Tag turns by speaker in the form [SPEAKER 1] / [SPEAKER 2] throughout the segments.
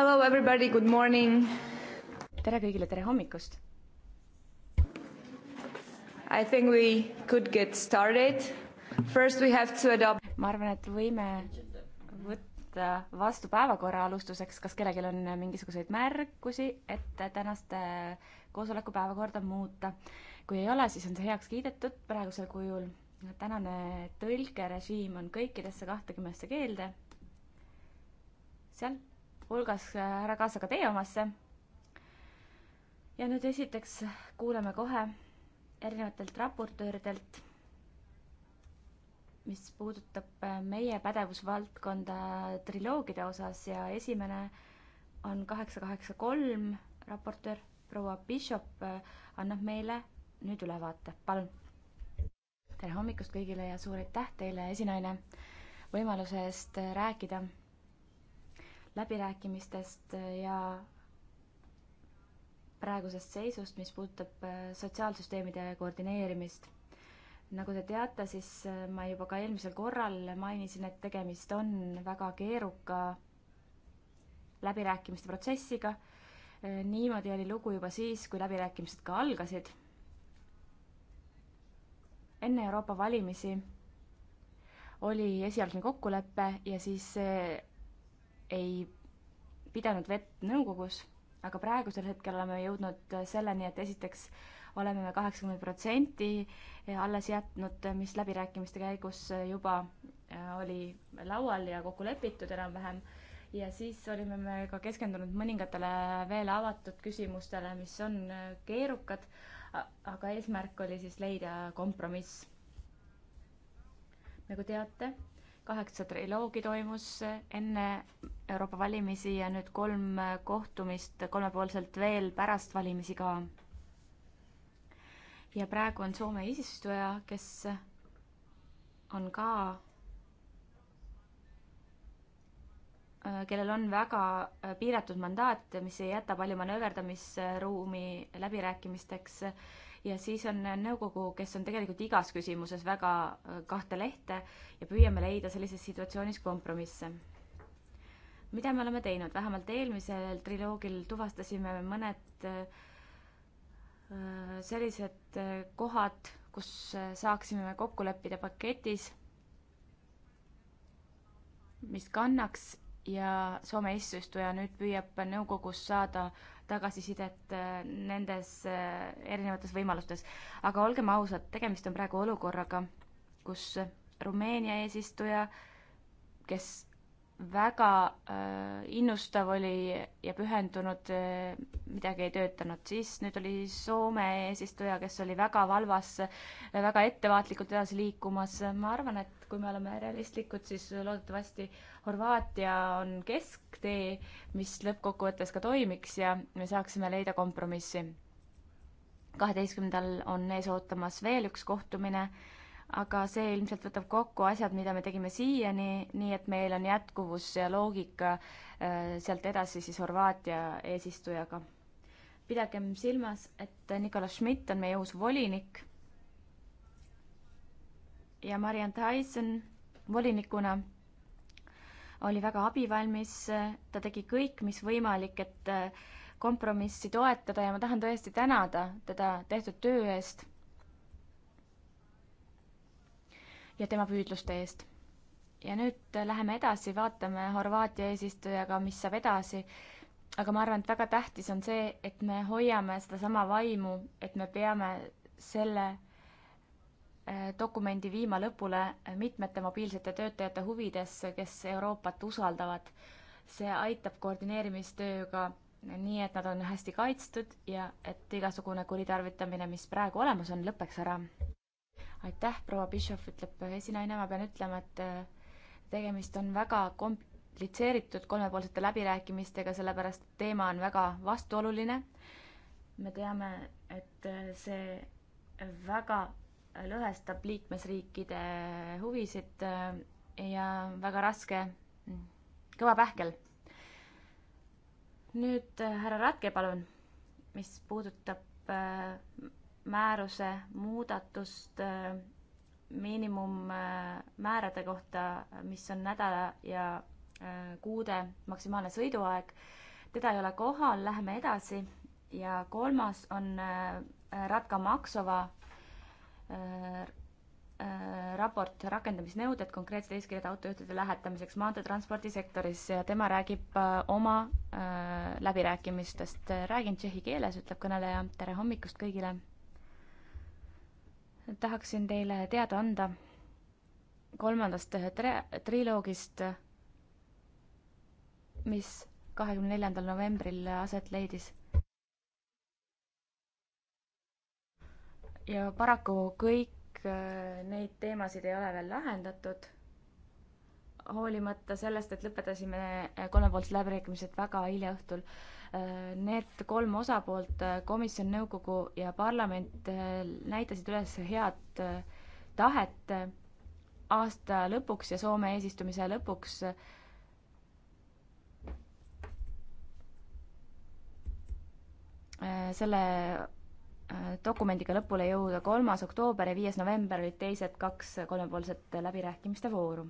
[SPEAKER 1] Hello everybody, good morning. tere kõigile, tere hommikust. I think we could get started. First we have to adopt. ma arvan, et võime võtta vastu päevakorra alustuseks, kas kellelgi on mingisuguseid märkusi, et tänast äh, koosoleku päevakorda muuta. kui ei ole, siis on see heaks kiidetud praegusel kujul. tänane tõlkerežiim on kõikidesse kahtekümmesse keelde seal hulgas äh, härra Kaasa ka teie omasse. ja nüüd esiteks kuulame kohe erinevatelt raportööridelt, mis puudutab äh, meie pädevusvaldkonda triloogide osas ja esimene on kaheksa kaheksa kolm raportöör proua Bishop äh, annab meile nüüd ülevaate, palun. tere hommikust kõigile ja suur aitäh teile, esinaine, võimaluse eest rääkida läbirääkimistest äh, ja praegusest seisust, mis puudutab äh, sotsiaalsüsteemide koordineerimist. nagu te teate, siis äh, ma juba ka eelmisel korral mainisin, et tegemist on väga keeruka läbirääkimiste protsessiga. niimoodi oli lugu juba siis, kui läbirääkimised ka algasid. enne Euroopa valimisi oli esialgne kokkulepe ja siis see ei pidanud vett nõukogus, aga praegusel hetkel oleme jõudnud selleni, et esiteks oleme me kaheksakümmend protsenti alles jätnud, mis läbirääkimiste käigus juba äh, oli laual ja kokku lepitud enam-vähem. ja siis olime me ka keskendunud mõningatele veel avatud küsimustele, mis on äh, keerukad, aga eesmärk oli siis leida kompromiss. nagu teate kaheksa triloogi toimus enne Euroopa valimisi ja nüüd kolm kohtumist kolmepoolselt veel pärast valimisi ka. ja praegu on Soome eesistuja, kes on ka, kellel on väga piiratud mandaat, mis ei jäta palju manööverdamisruumi läbirääkimisteks ja siis on nõukogu, kes on tegelikult igas küsimuses väga äh, kahte lehte ja püüame leida sellises situatsioonis kompromisse. mida me oleme teinud, vähemalt eelmisel triloogil tuvastasime mõned äh, sellised äh, kohad, kus saaksime me kokku leppida paketis, mis kannaks ja Soome eesistuja nüüd püüab nõukogus saada äh, tagasisidet äh, nendes äh, erinevates võimalustes. aga olgem ausad, tegemist on praegu olukorraga, kus Rumeenia eesistuja, kes väga äh, innustav oli ja pühendunud, äh, midagi ei töötanud, siis nüüd oli Soome eesistuja, kes oli väga valvas, äh, väga ettevaatlikult edasi liikumas, ma arvan, et kui me oleme realistlikud, siis loodetavasti Horvaatia on kesktee, mis lõppkokkuvõttes ka toimiks ja me saaksime leida kompromissi. kaheteistkümnendal on ees ootamas veel üks kohtumine aga see ilmselt võtab kokku asjad, mida me tegime siiani, nii et meil on jätkuvus ja loogika äh, sealt edasi siis Horvaatia eesistujaga. pidagem silmas, et Nicolas Schmidt on meie uus volinik ja Mariann Tyson volinikuna oli väga abivalmis, ta tegi kõik, mis võimalik, et äh, kompromissi toetada ja ma tahan tõesti tänada teda tehtud töö eest ja tema püüdluste eest. ja nüüd äh, läheme edasi, vaatame Horvaatia eesistujaga, mis saab edasi. aga ma arvan, et väga tähtis on see, et me hoiame sedasama vaimu, et me peame selle äh, dokumendi viima lõpule äh, mitmete mobiilsete töötajate huvides, kes Euroopat usaldavad. see aitab koordineerimistööga nii, et nad on hästi kaitstud ja et igasugune kuritarvitamine, mis praegu olemas on, lõpeks ära aitäh, proua Bischoff, ütleb esinaine, ma pean ütlema, et äh, tegemist on väga komplitseeritud kolmepoolsete läbirääkimistega, sellepärast teema on väga vastuoluline. me teame, et äh, see väga lõhestab liikmesriikide huvisid äh, ja väga raske, mm, kõva pähkel. nüüd härra Ratke, palun, mis puudutab määruse muudatust äh, miinimummäärade kohta, mis on nädala ja äh, kuude maksimaalne sõiduaeg. teda ei ole kohal, läheme edasi ja kolmas on äh, Ratka Maksova raport rakendamisnõuded konkreetsed eeskirjad autojuhtide lähetamiseks maanteetranspordisektoris ja tema räägib oma läbirääkimistest. räägin tšehhi keeles, ütleb kõneleja. tere hommikust kõigile! tahaksin teile teada anda kolmandast tri-, triloogist, mis kahekümne neljandal novembril aset leidis. ja paraku kõik äh, neid teemasid ei ole veel lahendatud, hoolimata sellest, et lõpetasime äh, kolmepoolsed läbirääkimised väga hilja õhtul Äh, need kolm osapoolt, äh, komisjon, nõukogu ja parlament, äh, näitasid üles head tahet aasta lõpuks ja Soome eesistumise lõpuks selle dokumendiga lõpule jõuda. kolmas oktoober ja viies november olid teised kaks kolmepoolset läbirääkimiste vooru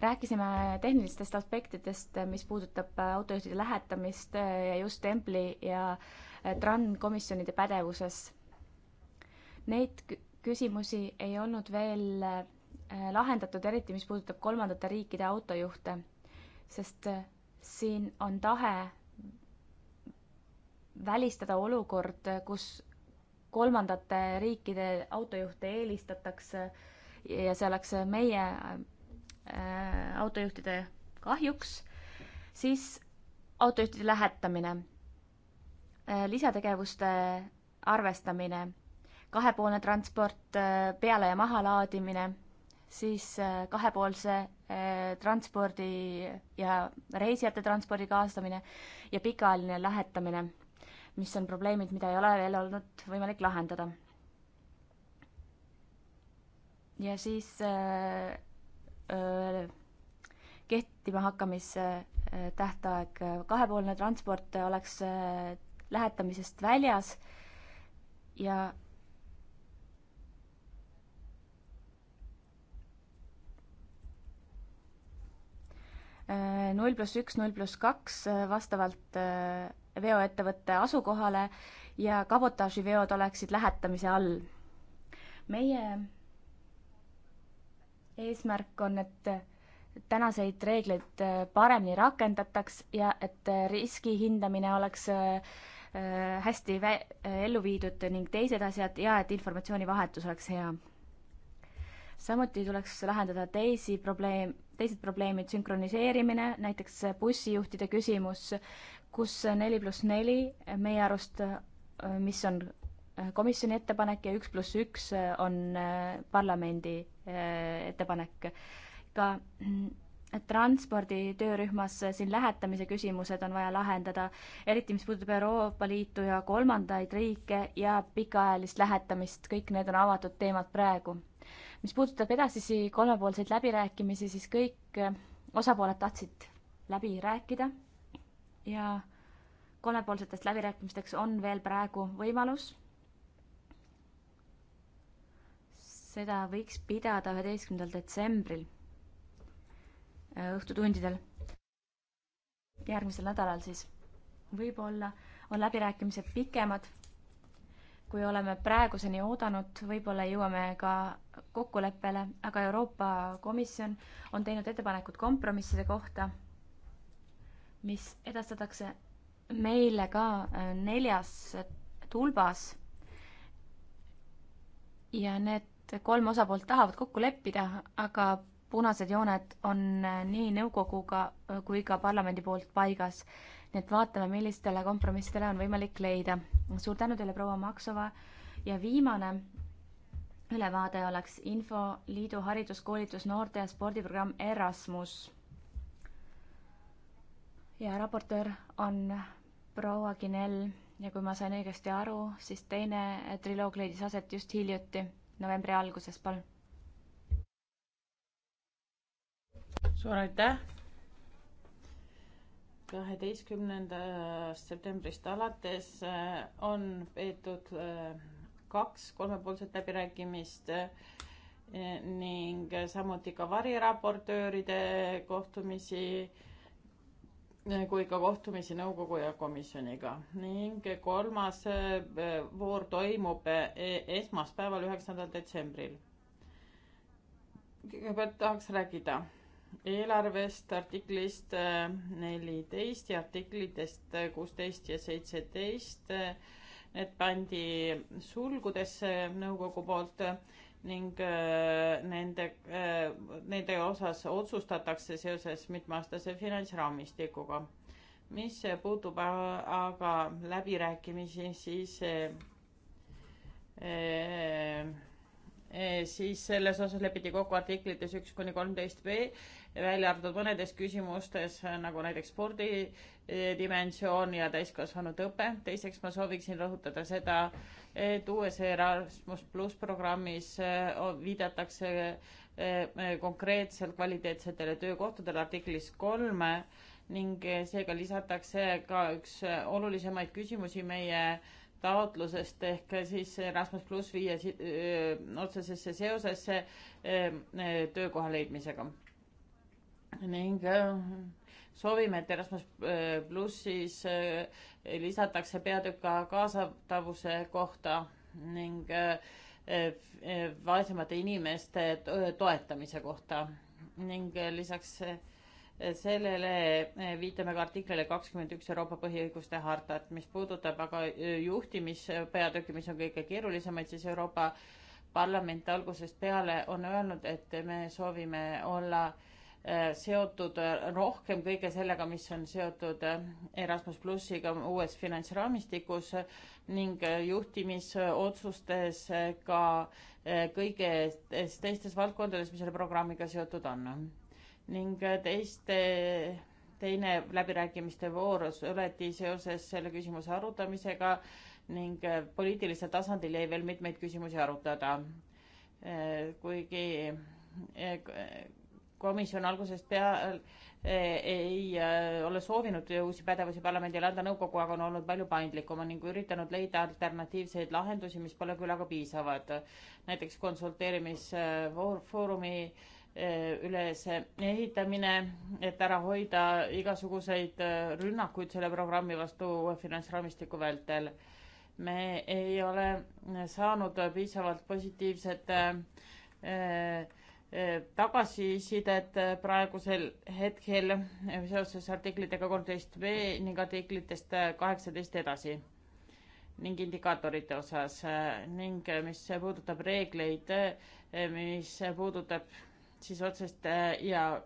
[SPEAKER 1] rääkisime tehnilistest aspektidest, mis puudutab äh, autojuhtide lähetamist äh, ja just templi ja äh, TRAN komisjonide pädevuses. Neid küsimusi ei olnud veel lahendatud, eriti mis puudutab kolmandate riikide autojuhte, sest siin on tahe välistada olukord, kus kolmandate riikide autojuhte eelistatakse ja see oleks meie Äh, autojuhtide kahjuks, siis autojuhtide lähetamine, äh, lisategevuste arvestamine, kahepoolne transport, äh, peale- ja mahalaadimine, siis kahepoolse transpordi ja reisijate transpordi kaasamine ja pikaajaline lähetamine, mis on probleemid, mida ei ole veel olnud võimalik lahendada. ja siis kehtima hakkamise tähtaeg, kahepoolne transport oleks lähetamisest väljas ja null pluss üks, null pluss kaks vastavalt veoettevõtte asukohale ja kabotaaživeod oleksid lähetamise all. meie eesmärk on, et tänaseid reegleid äh, paremini rakendataks ja et äh, riski hindamine oleks äh, hästi vä-, ellu viidud ning teised asjad ja et informatsioonivahetus oleks hea. samuti tuleks lahendada teisi probleem, teised probleemid, sünkroniseerimine, näiteks bussijuhtide küsimus, kus neli pluss neli meie arust, mis on komisjoni ettepanek ja üks pluss üks äh, on äh, parlamendi äh, ettepanek. ka transpordi töörühmas siin lähetamise küsimused on vaja lahendada, eriti mis puudutab Euroopa Liitu ja kolmandaid riike ja pikaajalist lähetamist, kõik need on avatud teemad praegu. mis puudutab edasisi kolmepoolseid läbirääkimisi, siis kõik osapooled tahtsid läbi rääkida ja kolmepoolseteks läbirääkimisteks on veel praegu võimalus seda võiks pidada üheteistkümnendal detsembril äh, õhtutundidel. järgmisel nädalal siis. võib-olla on läbirääkimised pikemad, kui oleme praeguseni oodanud, võib-olla jõuame ka kokkuleppele, aga Euroopa Komisjon on teinud ettepanekud kompromisside kohta, mis edastatakse meile ka äh, neljas tulbas. ja need et kolm osapoolt tahavad kokku leppida, aga punased jooned on nii nõukoguga kui ka parlamendi poolt paigas. nii et vaatame, millistele kompromissidele on võimalik leida. suur tänu teile, proua Maksova. ja viimane ülevaade oleks Infoliidu hariduskoolitus noorte ja spordiprogramm Erasmus. ja raportöör on proua Ginell ja kui ma sain õigesti aru, siis teine triloog leidis aset just hiljuti novembri alguses, palun.
[SPEAKER 2] suur aitäh. kaheteistkümnendast septembrist alates äh, on peetud äh, kaks kolmepoolset läbirääkimist äh, ning samuti ka variraportööride kohtumisi kui ka kohtumisi nõukogu ja komisjoniga ning kolmas eh, voor toimub eh, esmaspäeval, üheksandal detsembril. kõigepealt tahaks rääkida eelarvest, artiklist eh, neliteist ja artiklitest kuusteist ja seitseteist. Need pandi sulgudesse nõukogu poolt ning äh, nende, äh, nende osas otsustatakse seoses mitmeaastase finantsraamistikuga. mis puutub aga läbirääkimisi, siis äh, siis selles osas lepiti kokku artiklites üks kuni kolmteist B välja arvatud mõnedes küsimustes, nagu näiteks spordidimensioon eh, ja täiskasvanute õpe. teiseks ma sooviksin rõhutada seda, et uues Erasmus pluss programmis eh, viidatakse eh, konkreetselt kvaliteetsetele töökohtadele artiklis kolm ning seega lisatakse ka üks olulisemaid küsimusi meie taotlusest ehk siis Erasmus pluss viia öö, otsesesse seosesse öö, töökoha leidmisega ning äh, soovime, et Erasmus äh, plussis äh, lisatakse peatükk ka kaasatavuse kohta ning vaesemate inimeste toetamise kohta ning lisaks sellele viitame ka artiklile kakskümmend üks Euroopa põhiõiguste hartat, mis puudutab aga juhtimispeatükki, mis on kõige keerulisemaid, siis Euroopa Parlament algusest peale on öelnud, et me soovime olla äh, Äh, seotud äh, rohkem kõige sellega, mis on seotud äh, Erasmus plussiga uues finantsraamistikus ning juhtimisotsustes ka kõiges teistes valdkondades, mis selle programmiga seotud on. ning teiste, teine läbirääkimiste voor suleti seoses selle küsimuse arutamisega ning poliitilisel tasandil jäi veel mitmeid küsimusi arutada. kuigi komisjon algusest peale eh, ei eh, ole soovinud uusi pädevusi parlamendile anda, nõukogu aga on olnud palju paindlikum ning üritanud leida alternatiivseid lahendusi, mis pole küll aga piisavad. näiteks konsulteerimisfoorumi eh, üles ehitamine, et ära hoida igasuguseid rünnakuid selle programmi vastu uue finantsraamistiku vältel. me ei ole saanud piisavalt positiivset äh, tagasisidet eh, praegusel hetkel eh, seoses artiklitega kolmteist B ning artiklitest eh, kaheksateist edasi ning indikaatorite osas ning mis puudutab reegleid, mis puudutab siis otsest ja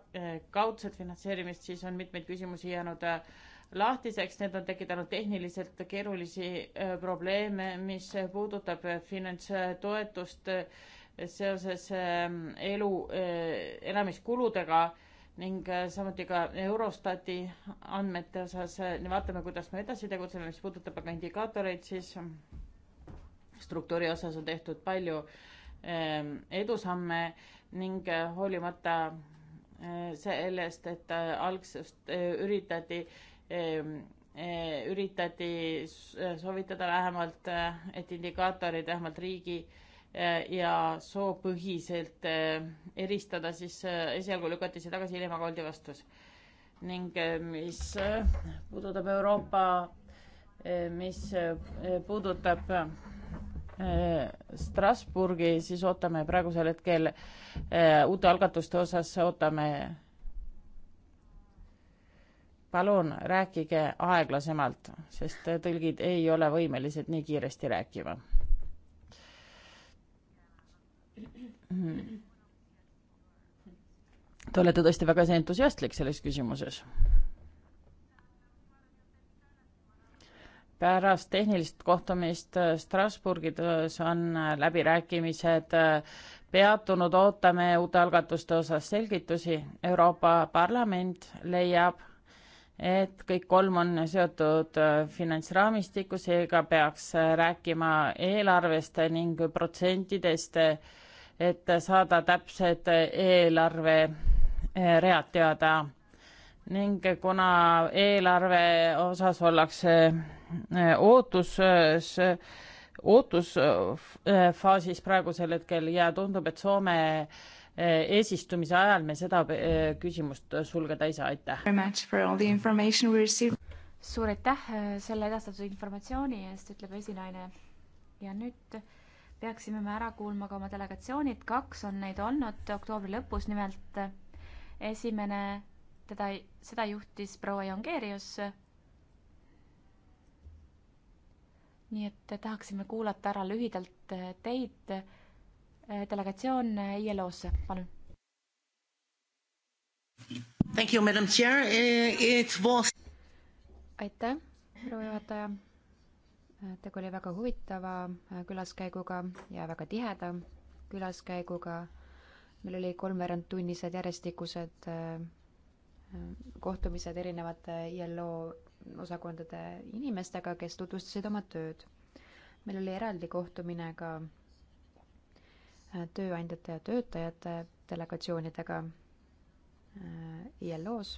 [SPEAKER 2] kaudset finantseerimist, siis on mitmeid küsimusi jäänud lahtiseks, need on tekitanud tehniliselt keerulisi probleeme, mis puudutab finantstoetust äh, seoses ähm, elu, äh, elamiskuludega ning äh, samuti ka Eurostati andmete osas, äh, vaatame, kuidas me edasi tegutseme, mis puudutab aga indikaatoreid, siis ähm, struktuuri osas on tehtud palju ähm, edusamme ning hoolimata sellest, et algsest üritati, üritati soovitada vähemalt, et indikaatorid vähemalt riigi Eh, ja soopõhiselt eh, eristada, siis eh, esialgu lükati see tagasi hiljem, aga oldi vastus. ning mis puudutab Euroopa, mis puudutab Strasburgi, siis ootame praegusel hetkel uute algatuste osas, ootame. palun rääkige aeglasemalt, sest tõlgid ei ole võimelised nii kiiresti rääkima Mhm. Te olete tõesti väga entusiastlik selles küsimuses. pärast tehnilist kohtumist Strasbourgis on läbirääkimised peatunud, ootame uute algatuste osas selgitusi. Euroopa Parlament leiab, et kõik kolm on seotud finantsraamistiku, seega peaks rääkima eelarvest ning protsentidest äh, et saada täpsed eelarveread eh, teada. ning kuna eelarve osas ollakse eh, ootuses, ootusfaasis praegusel hetkel ja tundub, et Soome eh, eesistumise ajal me seda küsimust sulgeda ei saa, aitäh.
[SPEAKER 1] suur aitäh selle edastatud informatsiooni eest, ütleb esinaine. ja nüüd peaksime me ära kuulma ka oma delegatsioonid, kaks on neid olnud oktoobri lõpus, nimelt esimene, teda, seda juhtis proua Jongeerius. nii et tahaksime kuulata ära lühidalt teid, delegatsioon ILO-sse, palun.
[SPEAKER 2] Eh,
[SPEAKER 3] aitäh, proua juhataja tegu oli väga huvitava äh, külaskäiguga ja väga tiheda külaskäiguga. meil oli kolmveerandtunnised järjestikused äh, äh, kohtumised erinevate ILO osakondade inimestega, kes tutvustasid oma tööd. meil oli eraldi kohtumine ka tööandjate ja töötajate delegatsioonidega ILO-s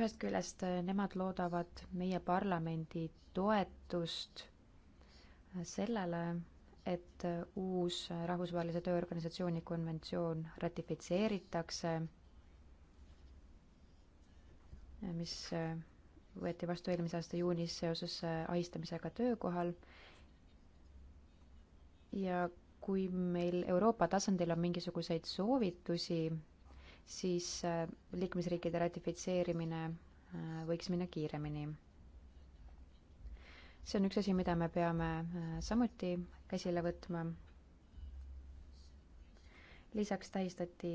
[SPEAKER 3] ühest küljest äh, nemad loodavad meie parlamendi toetust äh, sellele, et äh, uus Rahvusvahelise Tööorganisatsiooni konventsioon ratifitseeritakse, mis võeti vastu eelmise aasta juunis seoses ahistamisega töökohal. ja kui meil Euroopa tasandil on mingisuguseid soovitusi siis äh, liikmesriikide ratifitseerimine äh, võiks minna kiiremini. see on üks asi, mida me peame äh, samuti käsile võtma. lisaks tähistati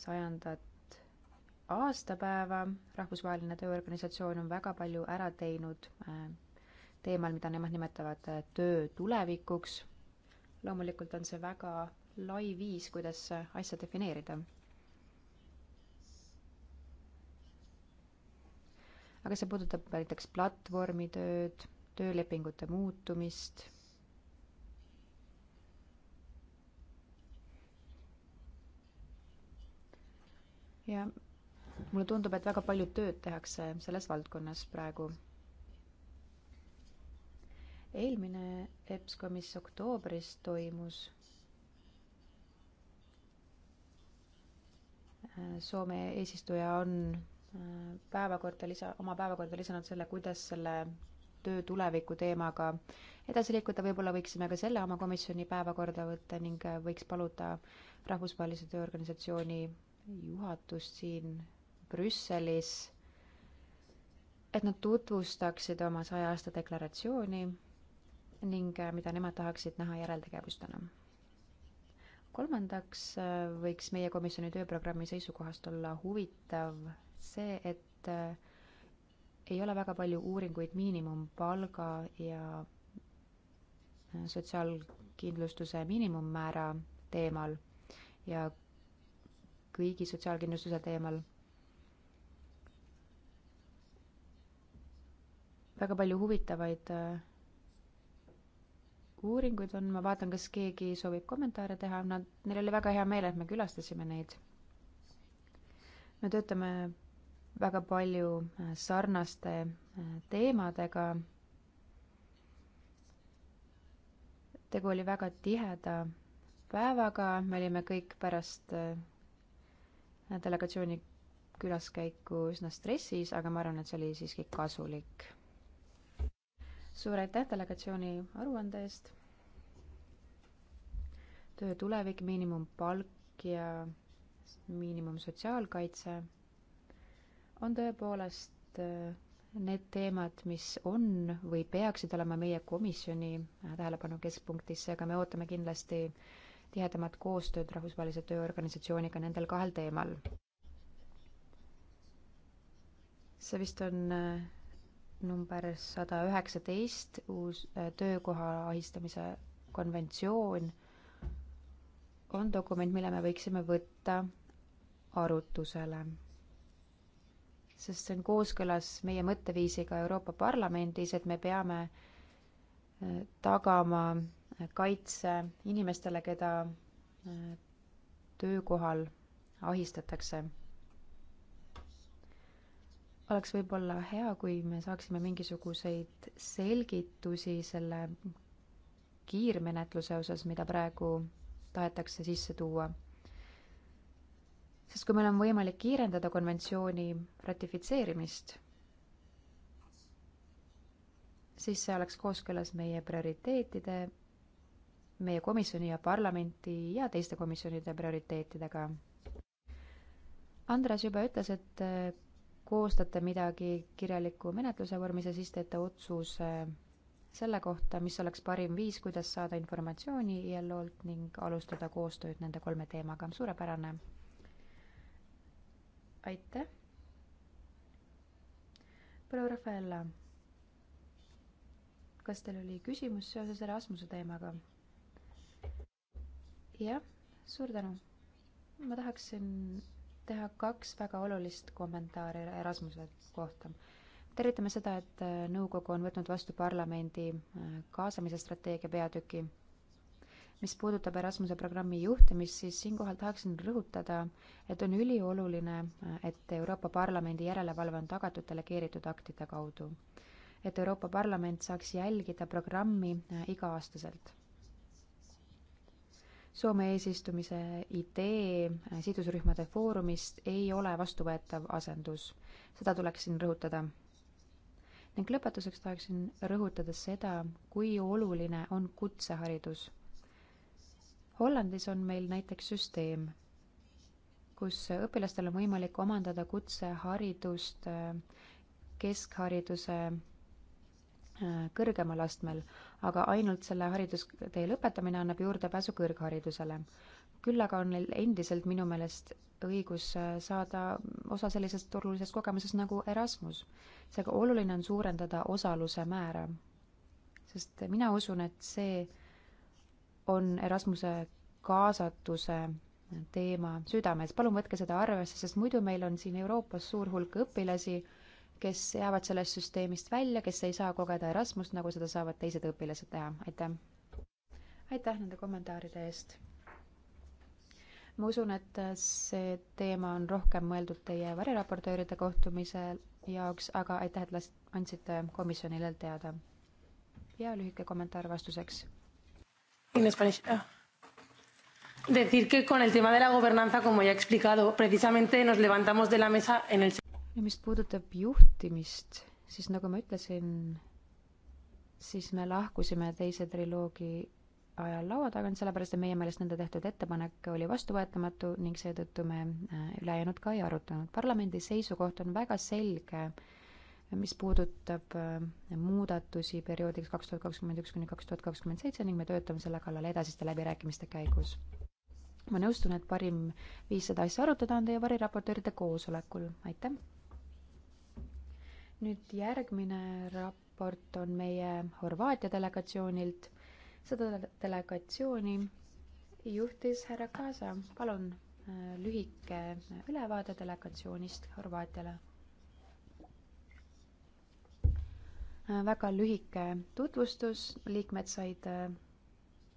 [SPEAKER 3] sajandat aastapäeva, Rahvusvaheline Tööorganisatsioon on väga palju ära teinud teemal, mida nemad nimetavad töö tulevikuks. loomulikult on see väga lai viis, kuidas asja defineerida aga see puudutab näiteks platvormitööd, töölepingute muutumist. ja mulle tundub, et väga palju tööd tehakse selles valdkonnas praegu. eelmine EBSCO, mis oktoobris toimus äh, Soome eesistuja on päevakorda lisa, oma päevakorda lisanud selle, kuidas selle töö tuleviku teemaga edasi liikuda, võib-olla võiksime ka selle oma komisjoni päevakorda võtta ning äh, võiks paluda Rahvusvahelise Tööorganisatsiooni juhatust siin Brüsselis, et nad tutvustaksid oma saja aasta deklaratsiooni ning äh, mida nemad tahaksid näha järeltegevustena. kolmandaks äh, võiks meie komisjoni tööprogrammi seisukohast olla huvitav see, et äh, ei ole väga palju uuringuid miinimumpalga ja äh, sotsiaalkindlustuse miinimummäära teemal ja kõigi sotsiaalkindlustuse teemal. väga palju huvitavaid äh, uuringuid on, ma vaatan, kas keegi soovib kommentaare teha, nad, neil oli väga hea meel, et me külastasime neid. me töötame väga palju äh, sarnaste äh, teemadega. tegu oli väga tiheda päevaga, me olime kõik pärast äh, delegatsiooni külaskäiku üsna stressis, aga ma arvan, et see oli siiski kasulik. suur aitäh delegatsiooni aruande eest. töö tulevik, miinimumpalk ja miinimum sotsiaalkaitse on tõepoolest äh, need teemad, mis on või peaksid olema meie komisjoni äh, tähelepanu keskpunktis, seega me ootame kindlasti tihedamat koostööd Rahvusvahelise Tööorganisatsiooniga nendel kahel teemal. see vist on äh, number sada üheksateist, uus töökoha ahistamise konventsioon on dokument, mille me võiksime võtta arutusele sest see on kooskõlas meie mõtteviisiga Euroopa Parlamendis, et me peame äh, tagama äh, kaitse inimestele, keda äh, töökohal ahistatakse. oleks võib-olla hea, kui me saaksime mingisuguseid selgitusi selle kiirmenetluse osas, mida praegu tahetakse sisse tuua sest kui meil on võimalik kiirendada konventsiooni ratifitseerimist, siis see oleks kooskõlas meie prioriteetide, meie komisjoni ja parlamenti ja teiste komisjonide prioriteetidega. Andres juba ütles, et äh, koostate midagi kirjaliku menetluse vormis ja siis teete otsuse selle kohta, mis oleks parim viis, kuidas saada informatsiooni ILO-lt ning alustada koostööd nende kolme teemaga. suurepärane aitäh. proua Rafaela, kas teil oli küsimus seoses Erasmuse teemaga? jah, suur tänu. ma tahaksin teha kaks väga olulist kommentaari Erasmuse kohta tervitame seda, et nõukogu on võtnud vastu parlamendi äh, kaasamise strateegia peatüki mis puudutab Erasmuse programmi juhtimist, siis siinkohal tahaksin rõhutada, et on ülioluline, et Euroopa Parlamendi järelevalve on tagatud delegeeritud aktide kaudu. et Euroopa Parlament saaks jälgida programmi äh, iga-aastaselt. Soome eesistumise idee äh, sidusrühmade foorumist ei ole vastuvõetav asendus. seda tuleks siin rõhutada ning lõpetuseks tahaksin rõhutada seda, kui oluline on kutseharidus Hollandis on meil näiteks süsteem, kus õpilastel on võimalik omandada kutseharidust äh, keskhariduse äh, kõrgemal astmel, aga ainult selle haridustee lõpetamine annab juurdepääsu kõrgharidusele. küll aga on neil endiselt minu meelest õigus äh, saada osa sellisest olulisest kogemusest nagu Erasmus. seega oluline on suurendada osaluse määra. sest mina usun, et see on Erasmuse kaasatuse teema südames. palun võtke seda arvesse, sest muidu meil on siin Euroopas suur hulk õpilasi, kes jäävad sellest süsteemist välja, kes ei saa kogeda Erasmust, nagu seda saavad teised õpilased teha. aitäh! aitäh nende kommentaaride eest! ma usun, et see teema on rohkem mõeldud teie variraportööride kohtumise jaoks, aga aitäh, et las-, andsite komisjonile teada. ja lühike kommentaar vastuseks en Spanish.
[SPEAKER 2] Ah. Decir que con el tema de la gobernanza, como ya he explicado, precisamente nos levantamos de la mesa en el. ja
[SPEAKER 3] mis puudutab juhtimist, siis nagu ma ütlesin, siis me lahkusime teise triloogi ajal laua tagant, sellepärast et meie meelest nende tehtud ettepanek oli vastuvõetamatu ning seetõttu me äh, ülejäänud ka ei arutanud. parlamendi seisukoht on väga selge äh, mis puudutab äh, muudatusi perioodiks kaks tuhat kakskümmend üks kuni kaks tuhat kakskümmend seitse ning me töötame selle kallal edasiste läbirääkimiste käigus. ma nõustun, et parim viis seda asja arutada on teie variraportööride koosolekul, aitäh! nüüd järgmine raport on meie Horvaatia delegatsioonilt. seda delegatsiooni juhtis härra Kaasa, palun äh, lühike ülevaade delegatsioonist Horvaatiale Äh, väga lühike tutvustus, liikmed said äh,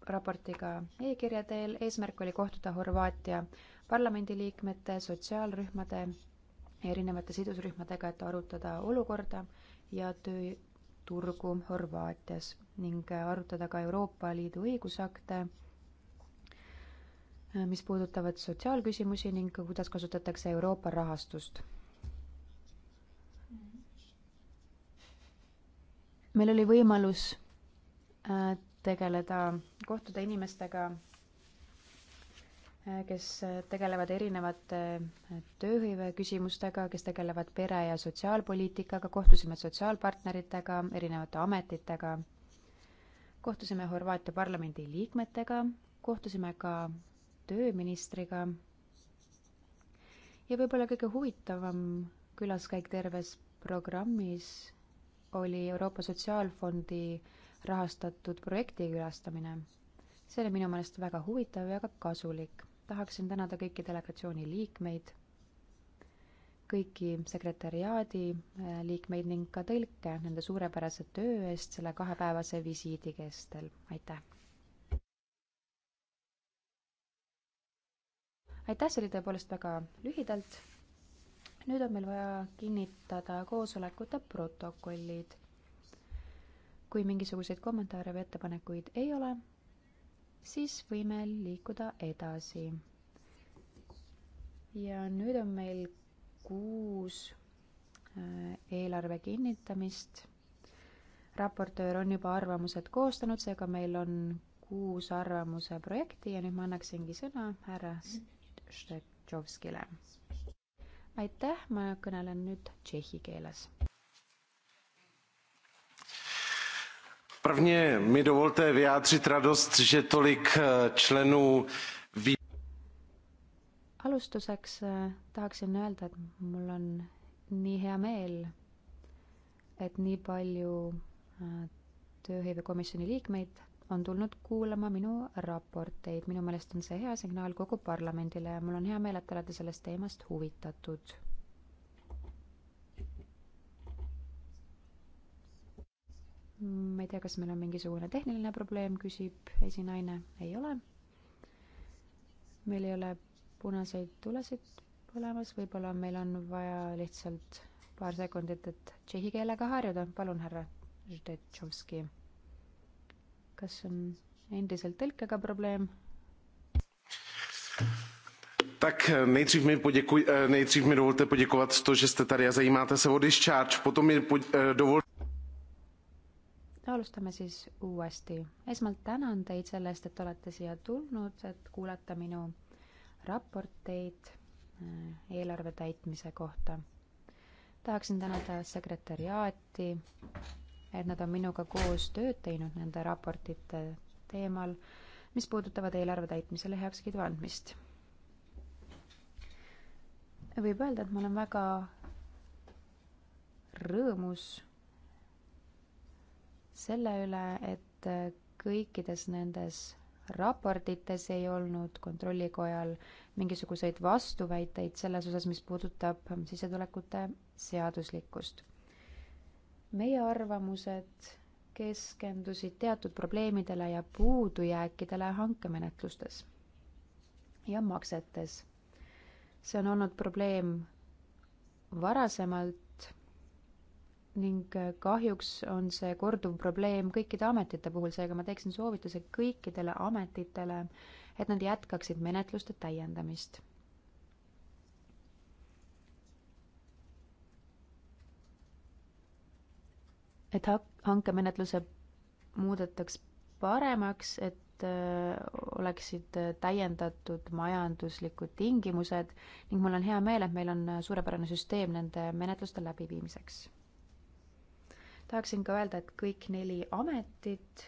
[SPEAKER 3] raportiga e-kirja teel, eesmärk oli kohtuda Horvaatia parlamendiliikmete, sotsiaalrühmade ja erinevate sidusrühmadega, et arutada olukorda ja tööturgu Horvaatias ning äh, arutada ka Euroopa Liidu õigusakte, mis puudutavad sotsiaalküsimusi ning kuidas kasutatakse Euroopa rahastust meil oli võimalus äh, tegeleda, kohtuda inimestega, äh, kes tegelevad erinevate äh, tööhõive küsimustega, kes tegelevad pere- ja sotsiaalpoliitikaga, kohtusime sotsiaalpartneritega, erinevate ametitega, kohtusime Horvaatia parlamendi liikmetega, kohtusime ka tööministriga ja võib-olla kõige huvitavam külaskäik terves programmis oli Euroopa Sotsiaalfondi rahastatud projekti külastamine. see oli minu meelest väga huvitav ja ka kasulik. tahaksin tänada kõiki delegatsiooni liikmeid, kõiki sekretäriaadi äh, liikmeid ning ka tõlke nende suurepärase töö eest selle kahepäevase visiidi kestel, aitäh! aitäh, see oli tõepoolest väga lühidalt nüüd on meil vaja kinnitada koosolekute protokollid. kui mingisuguseid kommentaare või ettepanekuid ei ole, siis võime liikuda edasi. ja nüüd on meil kuus äh, eelarve kinnitamist. raportöör on juba arvamused koostanud, seega meil on kuus arvamuse projekti ja nüüd ma annaksingi sõna härra Štetšovskile aitäh, ma kõnelen nüüd tšehhi keeles.
[SPEAKER 2] Prvně mi dovolte vyjádřit radost, že tolik eh, členů ví...
[SPEAKER 3] Alustuseks eh, tahaksin öelda, et mul on nii hea meel, et nii palju eh, tööhõivekomisjoni liikmeid on tulnud kuulama minu raporteid. minu meelest on see hea signaal kogu parlamendile ja mul on hea meel, et te olete sellest teemast huvitatud. ma ei tea, kas meil on mingisugune tehniline probleem, küsib esinaine. ei ole. meil ei ole punaseid tulesid põlemas, võib-olla meil on vaja lihtsalt paar sekundit, et tšehhi keelega harjuda. palun, härra Ždetšovski kas on endiselt tõlkega probleem? Tak eh, nejdřív mi, poděkuj, eh, nejdřív mi dovolte poděkovat to, že jste tady a zajímáte se o discharge. Potom mi pod, eh, dovolte... alustame siis uuesti. esmalt tänan teid selle eest, et olete siia tulnud, et kuulata minu raporteid eelarve täitmise kohta. tahaksin tänada sekretäriaati et nad on minuga koos tööd teinud nende raportite teemal, mis puudutavad eelarve täitmisele heakskiidu andmist. võib öelda, et ma olen väga rõõmus selle üle, et kõikides nendes raportites ei olnud kontrollikojal mingisuguseid vastuväiteid selles osas, mis puudutab sissetulekute seaduslikkust meie arvamused keskendusid teatud probleemidele ja puudujääkidele hankemenetlustes ja maksetes. see on olnud probleem varasemalt ning kahjuks on see korduv probleem kõikide ametite puhul, seega ma teeksin soovituse kõikidele ametitele, et nad jätkaksid menetluste täiendamist et hankemenetluse muudetaks paremaks, et äh, oleksid äh, täiendatud majanduslikud tingimused ning mul on hea meel, et meil on äh, suurepärane süsteem nende menetluste läbiviimiseks. tahaksin ka öelda, et kõik neli ametit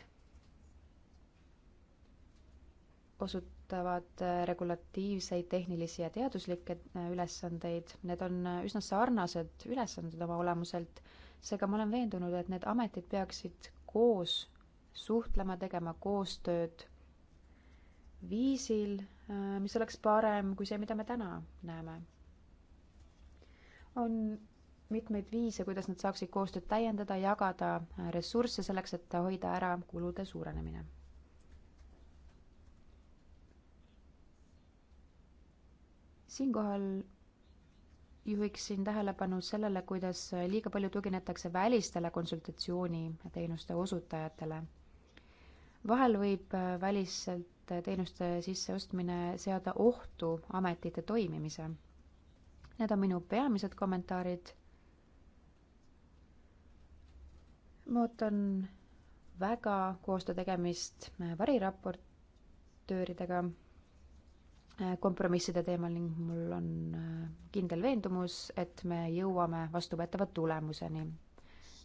[SPEAKER 3] osutavad regulatiivseid, tehnilisi ja teaduslikke ülesandeid, need on üsna sarnased ülesanded oma olemuselt seega ma olen veendunud, et need ametid peaksid koos suhtlema, tegema koostööd viisil, äh, mis oleks parem kui see, mida me täna näeme. on mitmeid viise, kuidas nad saaksid koostööd täiendada, jagada äh, ressursse selleks, et hoida ära kulude suurenemine. siinkohal juhiksin tähelepanu sellele, kuidas liiga palju tuginetakse välistele konsultatsiooniteenuste osutajatele. vahel võib väliselt teenuste sisseostmine seada ohtu ametite toimimise. Need on minu peamised kommentaarid. ma ootan väga koostöö tegemist variraportööridega Äh, kompromisside teemal ning mul on äh, kindel veendumus, et me jõuame vastuvõetava tulemuseni.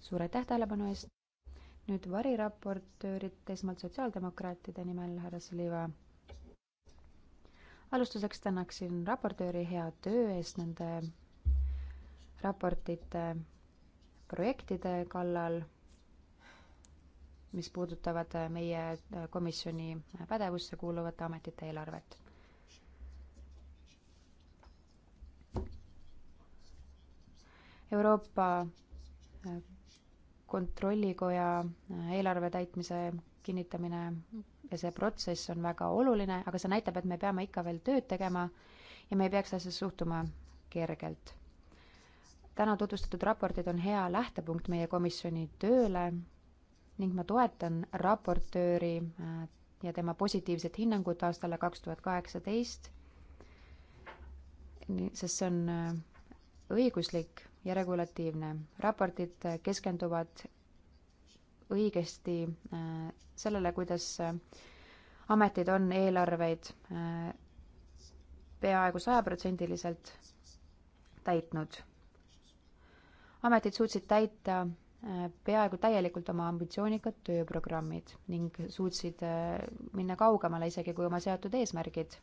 [SPEAKER 3] suur aitäh tähelepanu eest! nüüd variraportöörid, esmalt sotsiaaldemokraatide nimel härra Siliva. alustuseks tänaksin raportööri hea töö eest nende raportite projektide kallal mis puudutavad meie komisjoni pädevusse kuuluvate ametite eelarvet. Euroopa äh, Kontrollikoja äh, eelarve täitmise kinnitamine ja see protsess on väga oluline, aga see näitab, et me peame ikka veel tööd tegema ja me ei peaks asjasse suhtuma kergelt. täna tutvustatud raportid on hea lähtepunkt meie komisjoni tööle ning ma toetan raportööri äh, ja tema positiivset hinnangut aastale kaks tuhat kaheksateist, sest see on õiguslik ja regulatiivne. raportid keskenduvad õigesti äh, sellele, kuidas äh, ametid on eelarveid äh, peaaegu sajaprotsendiliselt täitnud. ametid suutsid täita peaaegu täielikult oma ambitsioonikad tööprogrammid ning suutsid minna kaugemale isegi kui oma seatud eesmärgid,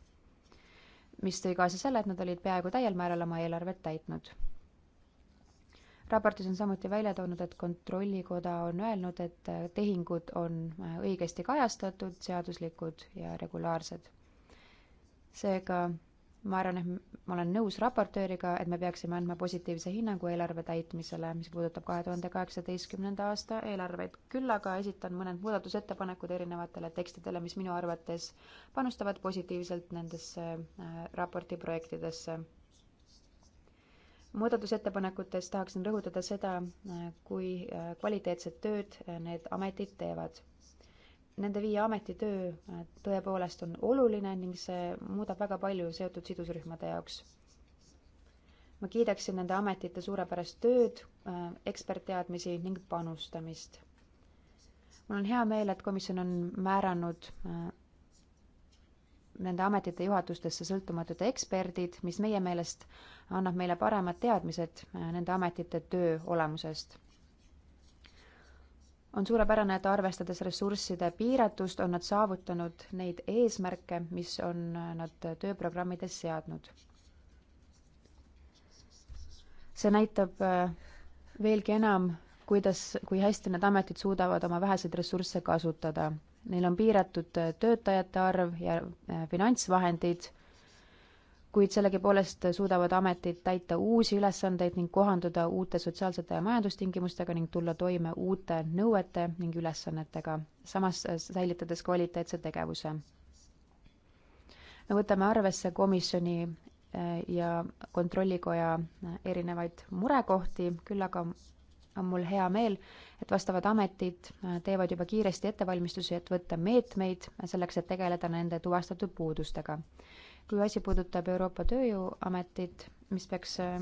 [SPEAKER 3] mis tõi kaasa selle, et nad olid peaaegu täiel määral oma eelarvet täitnud raportis on samuti välja toonud, et Kontrollikoda on öelnud, et tehingud on õigesti kajastatud, seaduslikud ja regulaarsed. seega ma arvan, et ma olen nõus raportööriga, et me peaksime andma positiivse hinnangu eelarve täitmisele, mis puudutab kahe tuhande kaheksateistkümnenda aasta eelarveid. küll aga esitan mõned muudatusettepanekud erinevatele tekstidele, mis minu arvates panustavad positiivselt nendesse äh, raporti projektidesse muudatusettepanekutes tahaksin rõhutada seda, kui äh, kvaliteetset tööd äh, need ametid teevad. Nende viie ameti töö äh, tõepoolest on oluline ning see muudab väga palju seotud sidusrühmade jaoks. ma kiidaksin nende ametite suurepärast tööd, ekspertteadmisi ning panustamist. mul on hea meel, et komisjon on määranud nende ametite juhatustesse sõltumatud eksperdid, mis meie meelest annab meile paremad teadmised äh, nende ametite töö olemusest. on suurepärane, et arvestades ressursside piiratust, on nad saavutanud neid eesmärke, mis on äh, nad tööprogrammides seadnud. see näitab äh, veelgi enam, kuidas, kui hästi need ametid suudavad oma väheseid ressursse kasutada neil on piiratud äh, töötajate arv ja äh, finantsvahendid, kuid sellegipoolest suudavad ametid täita uusi ülesandeid ning kohanduda uute sotsiaalsete ja majandustingimustega ning tulla toime uute nõuete ning ülesannetega, samas äh, säilitades kvaliteetse tegevuse. me võtame arvesse komisjoni ja Kontrollikoja erinevaid murekohti, küll aga on mul hea meel, et vastavad ametid äh, teevad juba kiiresti ettevalmistusi, et võtta meetmeid äh, selleks, et tegeleda nende tuvastatud puudustega. kui asi puudutab Euroopa Tööjõuametit, mis peaks äh,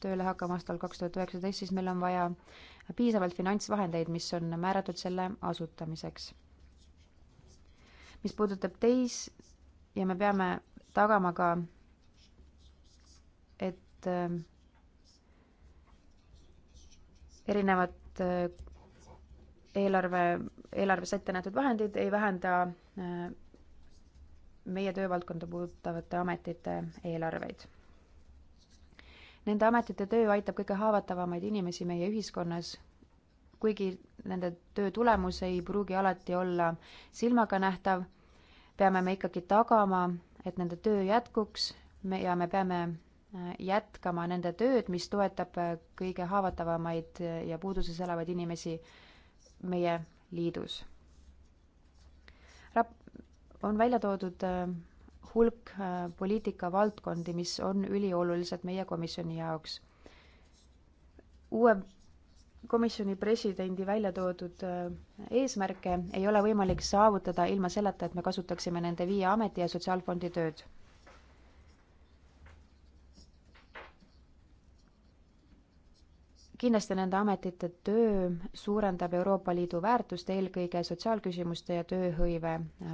[SPEAKER 3] tööle hakkama aastal kaks tuhat üheksateist, siis meil on vaja piisavalt finantsvahendeid, mis on määratud selle asutamiseks. mis puudutab teis- ja me peame tagama ka, et äh, erinevad äh, eelarve, eelarves ette nähtud vahendid ei vähenda äh, meie töövaldkonda puudutavate ametite eelarveid. Nende ametite töö aitab kõige haavatavamaid inimesi meie ühiskonnas, kuigi nende töö tulemus ei pruugi alati olla silmaga nähtav, peame me ikkagi tagama, et nende töö jätkuks me ja me peame jätkama nende tööd, mis toetab äh, kõige haavatavamaid äh, ja puuduses elavaid inimesi meie liidus. Rap-, on välja toodud äh, hulk poliitikavaldkondi, mis on üliolulised meie komisjoni jaoks. uue komisjoni presidendi välja toodud eesmärke ei ole võimalik saavutada ilma selleta, et me kasutaksime nende viie ameti ja sotsiaalfondi tööd kindlasti nende ametite töö suurendab Euroopa Liidu väärtust eelkõige sotsiaalküsimuste ja tööhõive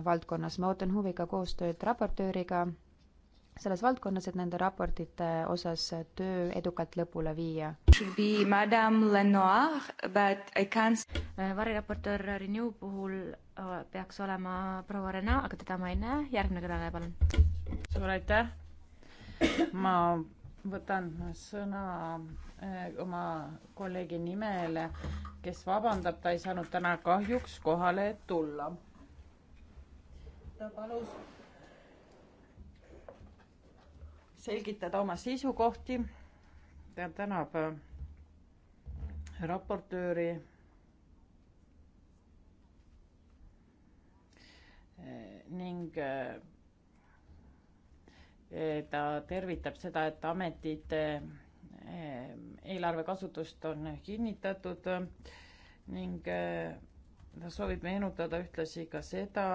[SPEAKER 3] valdkonnas. ma ootan huviga koostööd raportööriga selles valdkonnas, et nende raportite osas töö edukalt lõpule viia.
[SPEAKER 1] Äh, variraportöör Renew puhul äh, peaks olema proua Rena, aga teda
[SPEAKER 2] ma ei näe, järgmine kõneleja, palun. suur aitäh, ma võtan sõna eh, oma kolleegi nimel, kes vabandab, ta ei saanud täna kahjuks kohale tulla. ta palus selgitada oma seisukohti. ta tänab eh, raportööri. Eh, ning ta tervitab seda, et ametite eh, eelarve kasutust on kinnitatud ning eh, ta soovib meenutada ühtlasi ka seda,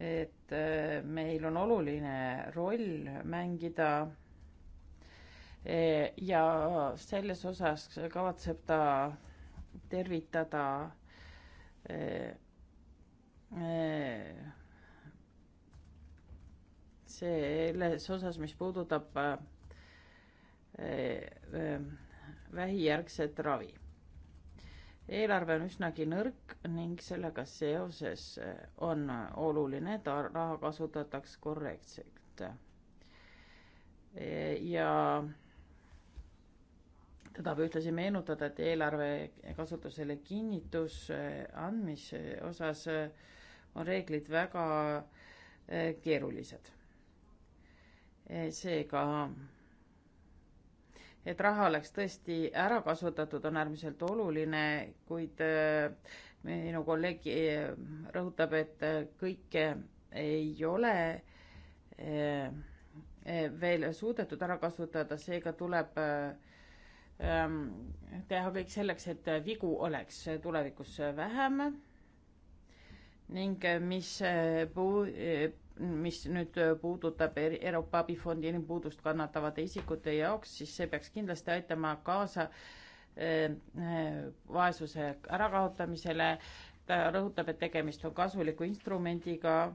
[SPEAKER 2] et eh, meil on oluline roll mängida ja selles osas kavatseb ta tervitada selles osas, mis puudutab äh, äh, vähijärgset ravi. eelarve on üsnagi nõrk ning sellega seoses äh, on oluline, et raha kasutataks korrektselt. ja ta tahab ühtlasi meenutada, et eelarve kasutusele kinnituse andmise osas on reeglid väga keerulised Eh, seega, et raha oleks tõesti ära kasutatud, on äärmiselt oluline, kuid eh, minu kolleeg eh, rõhutab, et kõike ei ole veel suudetud ära kasutada, seega tuleb ehm, teha kõik selleks, et vigu oleks tulevikus vähem ning mis puu-, mis nüüd puudutab Euroopa abifondi inimpuudust kannatavate isikute jaoks, siis see peaks kindlasti aitama kaasa eh, eh, vaesuse ärakaotamisele. ta rõhutab, et tegemist on kasuliku instrumendiga,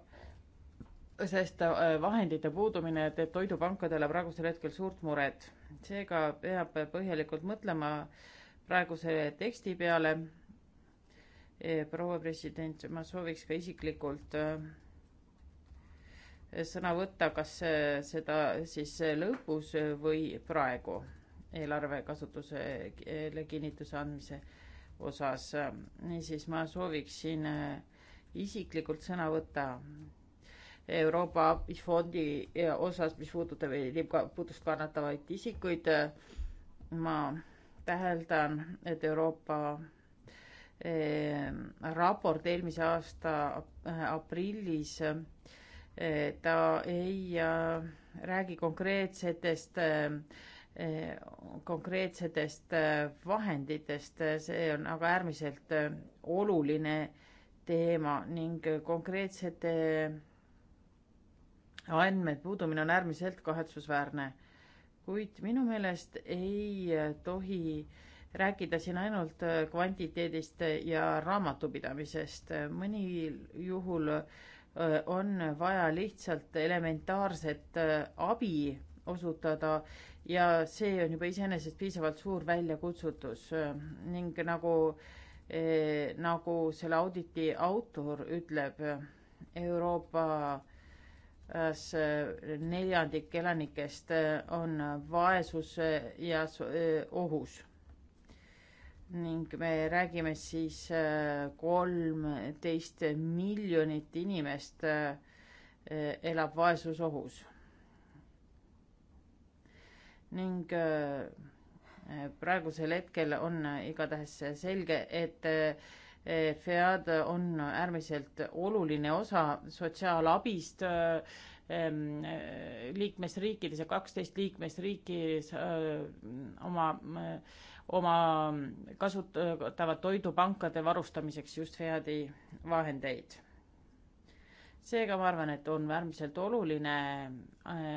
[SPEAKER 2] sest eh, vahendite puudumine teeb toidupankadele praegusel hetkel suurt muret. seega peab põhjalikult mõtlema praeguse teksti peale. proua president, ma sooviks ka isiklikult äh, sõna võtta, kas äh, seda siis äh, lõpus äh, või praegu eelarve kasutusele kinnituse andmise osas. niisiis ma sooviksin isiklikult sõna võtta Euroopa abifondi osas, mis puudutab puudust kannatavaid isikuid. ma täheldan, et Euroopa raport eelmise aasta aprillis ta ei äh, räägi konkreetsetest, äh, konkreetsetest äh, vahenditest, see on aga äärmiselt oluline teema ning konkreetsete andmed puudumine on äärmiselt kahetsusväärne. kuid minu meelest ei tohi rääkida siin ainult kvantiteedist ja raamatupidamisest, mõni juhul on vaja lihtsalt elementaarset abi osutada ja see on juba iseenesest piisavalt suur väljakutsutus ning nagu eh,, nagu selle auditi autor ütleb, Euroopas e, neljandik elanikest e, on vaesuse ja e, ohus ning me räägime siis äh, kolmteist miljonit inimest äh, elab vaesusohus. ning äh, praegusel hetkel on igatahes selge, et FEAD on äärmiselt oluline osa sotsiaalabist ähm, liikmesriikides ja kaksteist liikmesriiki oma oma kasutavad toidupankade varustamiseks just FEAD-i vahendeid. seega ma arvan, et on äärmiselt oluline äh,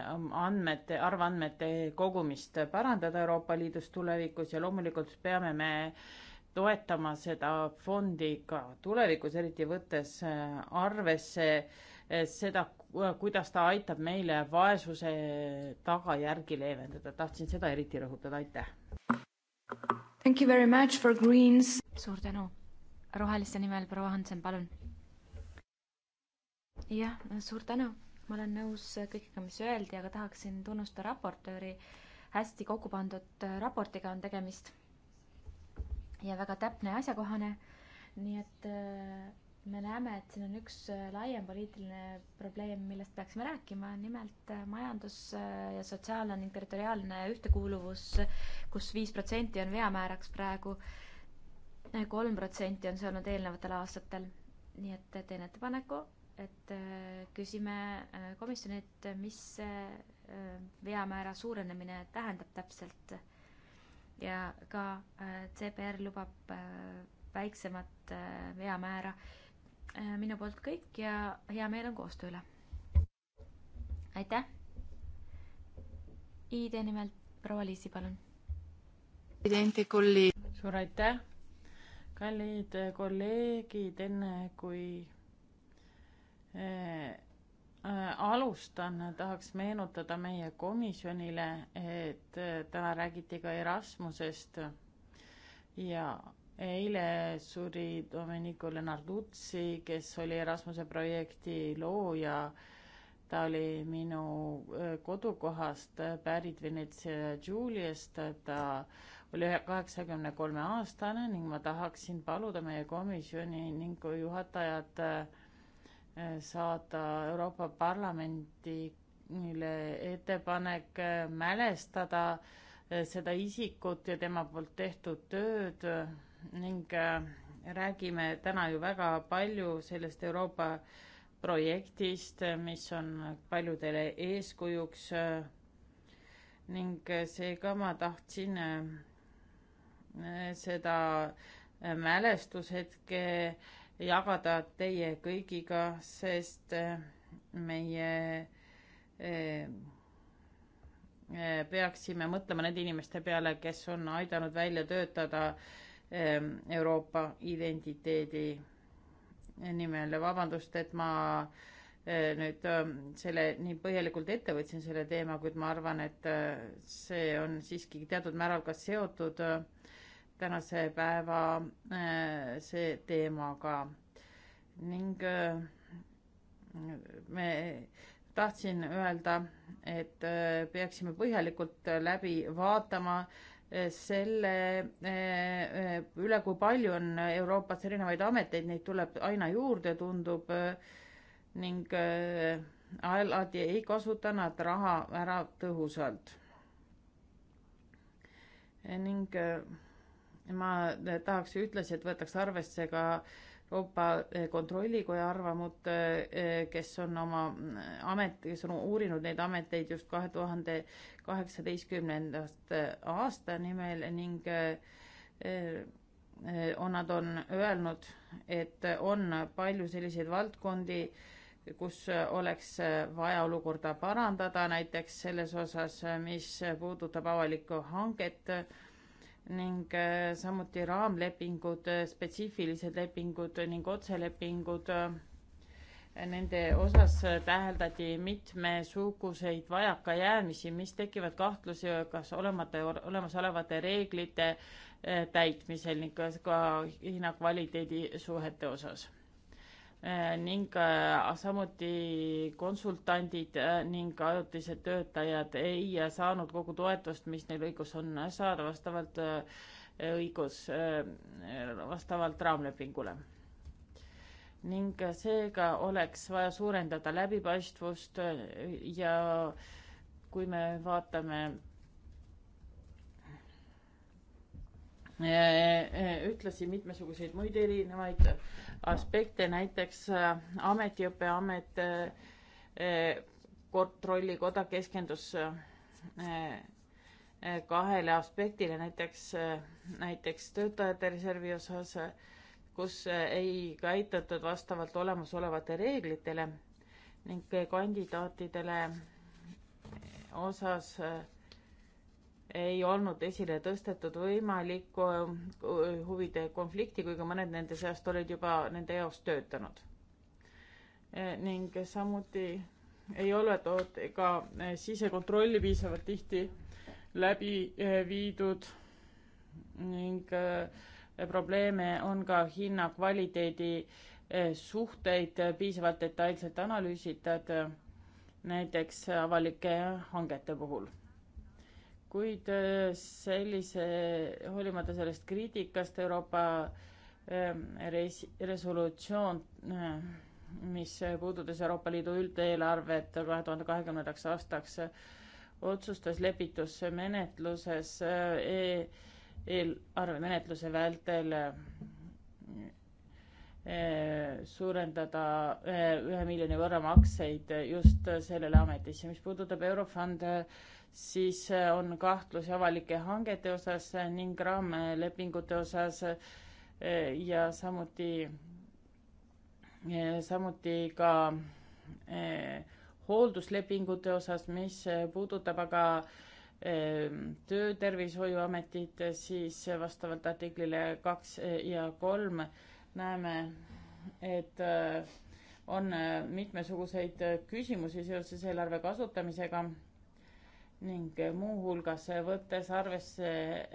[SPEAKER 2] andmete, arvandmete kogumist parandada Euroopa Liidus tulevikus ja loomulikult peame me toetama seda fondi ka tulevikus, eriti võttes äh, arvesse äh, seda, kuidas ta aitab meile vaesuse tagajärgi leevendada. tahtsin seda eriti rõhutada, aitäh
[SPEAKER 1] Thank you very much for Greens. suur tänu. roheliste nimel proua Hansen, palun. jah, suur tänu. ma olen nõus kõigega, mis öeldi, aga tahaksin tunnustada raportööri. hästi kokku pandud raportiga on tegemist ja väga täpne ja asjakohane. nii et äh, me näeme, et siin on üks äh, laiem poliitiline probleem, millest peaksime rääkima, nimelt äh, majandus- äh, ja sotsiaalne ning territoriaalne ühtekuuluvus kus, kus viis protsenti on veamääraks praegu, kolm protsenti on see olnud eelnevatel aastatel. nii et teen ettepaneku, et küsime komisjonilt, mis see veamäära suurenemine tähendab täpselt ja ka CPR lubab väiksemat veamäära äh, Äh, minu poolt kõik ja hea meel on
[SPEAKER 2] koostöö üle. aitäh.
[SPEAKER 1] ID nimel proua Liisi, palun.
[SPEAKER 2] suur aitäh, kallid kolleegid, enne kui äh, äh alustan, tahaks meenutada meie komisjonile, et äh, täna räägiti ka Erasmusest ja eile suri Domenico Lenarduzzi, kes oli Erasmuse projekti looja. ta oli minu äh, kodukohast äh, pärit Venetsia Giuliast, ta oli kaheksakümne kolme aastane ning ma tahaksin paluda meie komisjoni ning juhatajad äh, saada Euroopa Parlamendile ettepanek mälestada seda isikut ja tema poolt tehtud tööd ning äh, räägime täna ju väga palju sellest Euroopa projektist, mis on paljudele eeskujuks äh, ning äh, seega ma tahtsin seda mälestushetke jagada teie kõigiga, sest meie peaksime mõtlema nende inimeste peale, kes on aidanud välja töötada äh, Ehm, Euroopa identiteedi nimel. vabandust, et ma eh, nüüd ehm, selle nii põhjalikult ette võtsin, selle teema, kuid ma arvan, et eh, see on siiski teatud määral ka seotud eh, tänase päeva see teemaga. ning me tahtsin öelda, et peaksime põhjalikult läbi vaatama äh, selle eh, üle, kui palju on Euroopas erinevaid ameteid, neid tuleb aina juurde, tundub, ning eh, alati ei kasuta nad raha ära tõhusalt. Eh, ning ma tahaks ühtlasi, et võetakse arvesse ka äh, Euroopa eh, Kontrollikoja arvamut, eh, eh, kes on oma amet, kes on uurinud neid ameteid just kahe tuhande kaheksateistkümnendast aasta nimel ning on, nad on öelnud, et on palju selliseid valdkondi, kus oleks vaja olukorda parandada, näiteks selles osas, mis puudutab avalikku hanget ning äh, samuti raamlepingud, äh, spetsiifilised lepingud ning otselepingud. Äh, nende osas täheldati mitmesuguseid vajakajäämisi, mis tekivad kahtlusi kas olemata, olemasolevate reeglite täitmisel ning ka hinna kvaliteedisuhete osas Äh, ning äh, samuti konsultandid äh, ning ajutised töötajad ei saanud kogu toetust, mis neil õigus on saada vastavalt õigus, vastavalt raamlepingule. ning seega oleks vaja suurendada läbipaistvust ja kui me vaatame ühtlasi mitmesuguseid muid erinevaid aspekte, näiteks äh, ametiõpe, amet, äh, äh, kontrollikoda keskendus kahele aspektile, näiteks, näiteks töötajate reservi osas, kus ei käitutud vastavalt olemasolevate reeglitele ning kandidaatidele osas äh, ei olnud esile tõstetud võimalikku äh, huvide konflikti, kuigi mõned nende seast olid juba nende jaoks töötanud. Eh, ning samuti ei ole tood- ka eh, sisekontrolli piisavalt tihti läbi eh, viidud ning probleeme on ka hinna kvaliteedi suhteid piisavalt detailselt analüüsitud, näiteks avalike hangete puhul kuid äh, sellise, hoolimata sellest kriitikast Euroopa ähm, res-, resolutsioon, äh, mis puudutas Euroopa Liidu üldeelarvet kahe tuhande kahekümnendaks aastaks, otsustas lepitusmenetluses äh, e, eelarvemenetluse vältel e, suurendada ühe miljoni võrra makseid just sellele ametisse. mis puudutab Eurofond siis äh, on kahtlusi avalike hangete osas ning raamlepingute osas äh, ja samuti, äh, samuti ka hoolduslepingute osas, mis puudutab aga töötervishoiuametit, siis vastavalt artiklile kaks ja kolm näeme, et on mitmesuguseid küsimusi seoses eelarve kasutamisega ning muuhulgas võttes arvesse,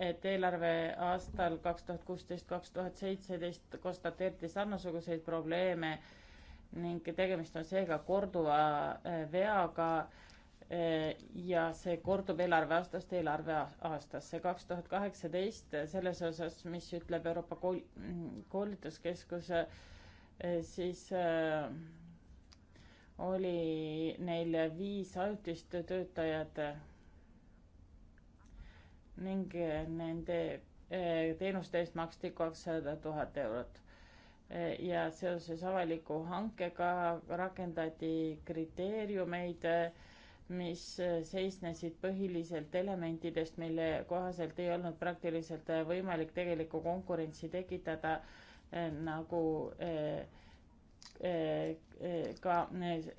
[SPEAKER 2] et eelarve aastal kaks tuhat kuusteist, kaks tuhat seitseteist konstateeriti samasuguseid probleeme ning tegemist on seega korduva äh, veaga äh, ja see kordub eelarveaastast eelarveaastasse. kaks tuhat kaheksateist äh, selles osas, mis ütleb Euroopa kool-, koolituskeskus, siis oli neil viis ajutist töötajat ning eh, nende eh, teenuste eest maksti kakssada tuhat eurot. Eh, ja seoses avaliku hankega rakendati kriteeriumeid, mis seisnesid põhiliselt elementidest, mille kohaselt ei olnud praktiliselt võimalik tegelikku konkurentsi tekitada nagu ka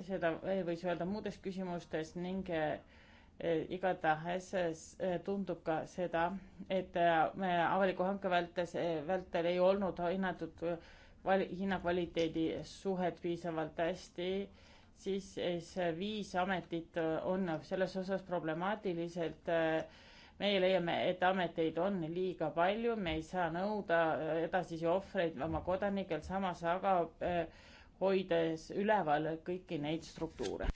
[SPEAKER 2] seda võis öelda muudes küsimustes ning Eh, igatahes eh, tundub ka seda, et eh, me avaliku hanke vältes, vältel ei olnud hinnatud val-, hinnakvaliteedi suhet piisavalt hästi, siis see viis ametit on selles osas problemaatiliselt. meie leiame, et ameteid on liiga palju, me ei saa nõuda edasisi ohvreid oma kodanikel, samas aga äh, hoides üleval kõiki neid struktuure.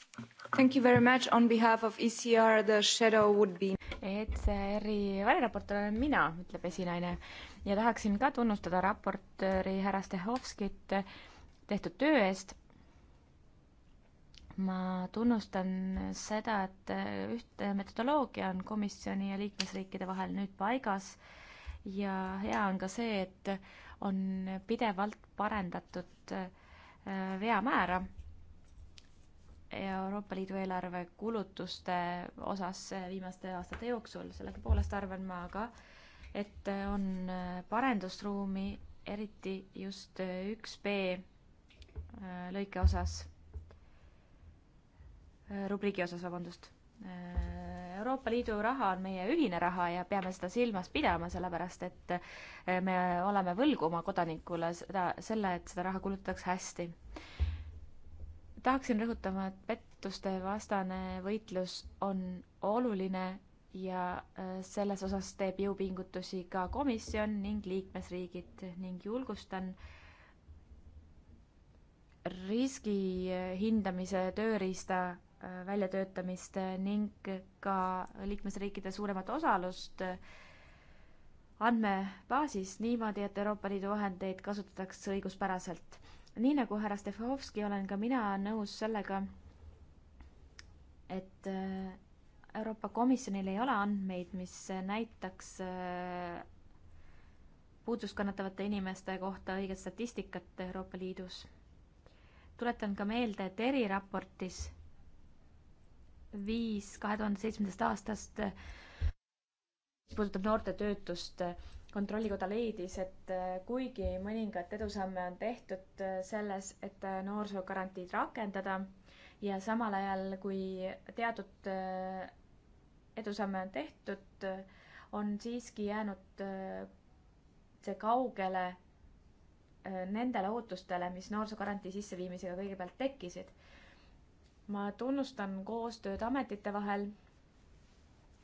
[SPEAKER 1] Thank you very much on behalf of ECR the shadow would be. ECR-i väliraportöör olen mina, ütleb esinaine ja tahaksin ka tunnustada raportööri härra Stehovskit tehtud töö eest. ma tunnustan seda, et üht metodoloogia on komisjoni ja liikmesriikide vahel nüüd paigas ja hea on ka see, et on pidevalt parendatud äh, veamäära Euroopa Liidu eelarve kulutuste osas viimaste aastate jooksul. sellegipoolest arvan ma ka, et on parendusruumi, eriti just üks B äh, lõike osas, äh, rubriigi osas, vabandust Euroopa Liidu raha on meie ühine raha ja peame seda silmas pidama, sellepärast et eh, me oleme võlgu oma kodanikule seda, selle, et seda raha kulutatakse hästi. tahaksin rõhutama, et pettuste vastane võitlus on oluline ja eh, selles osas teeb jõupingutusi ka komisjon ning liikmesriigid ning julgustan riski hindamise tööriista väljatöötamist ning ka liikmesriikide suuremat osalust andmebaasis niimoodi, et Euroopa Liidu vahendeid kasutatakse õiguspäraselt. nii nagu härra Stefhovski, olen ka mina nõus sellega, et äh, Euroopa Komisjonil ei ole andmeid, mis näitaks äh, puudust kannatavate inimeste kohta õiget statistikat Euroopa Liidus. tuletan ka meelde, et eriraportis viis kahe tuhande seitsmendast aastast, mis puudutab noorte töötust. kontrollikoda leidis, et äh, kuigi mõningat edusamme on tehtud äh, selles, et äh, noorsoogarantiid rakendada ja samal ajal, kui teatud edusamme on tehtud, on siiski jäänud see kaugele nendele ootustele, mis noorsoogarantii sisseviimisega kõigepealt tekkisid ma tunnustan koostööd ametite vahel,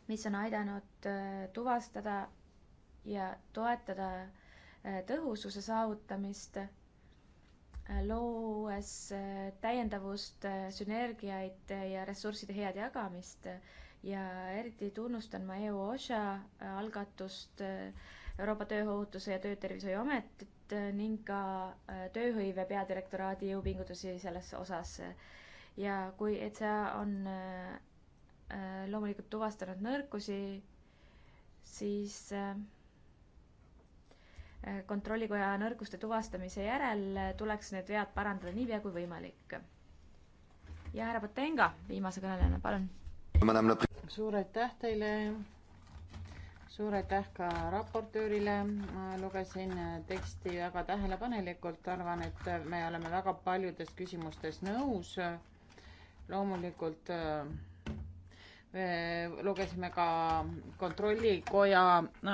[SPEAKER 1] mis on aidanud äh, tuvastada ja toetada äh, tõhususe saavutamist, äh, luues täiendavust, sünergiaid ja ressursside head jagamist ja eriti tunnustan ma EU OSHA algatust, Euroopa Tööohutuse ja Töötervishoiuametit ning ka tööhõive peadirektoraadi jõupingutusi selles osas ja kui ECA on äh, äh, loomulikult tuvastanud nõrkusi, siis äh, kontrollikoja nõrkuste tuvastamise järel tuleks need vead parandada niipea kui võimalik.
[SPEAKER 2] ja härra Potenga viimase kõnelejana, palun. suur aitäh teile. suur aitäh ka raportöörile. ma lugesin teksti väga tähelepanelikult, arvan, et me oleme väga paljudes küsimustes nõus loomulikult äh, lugesime ka Kontrollikoja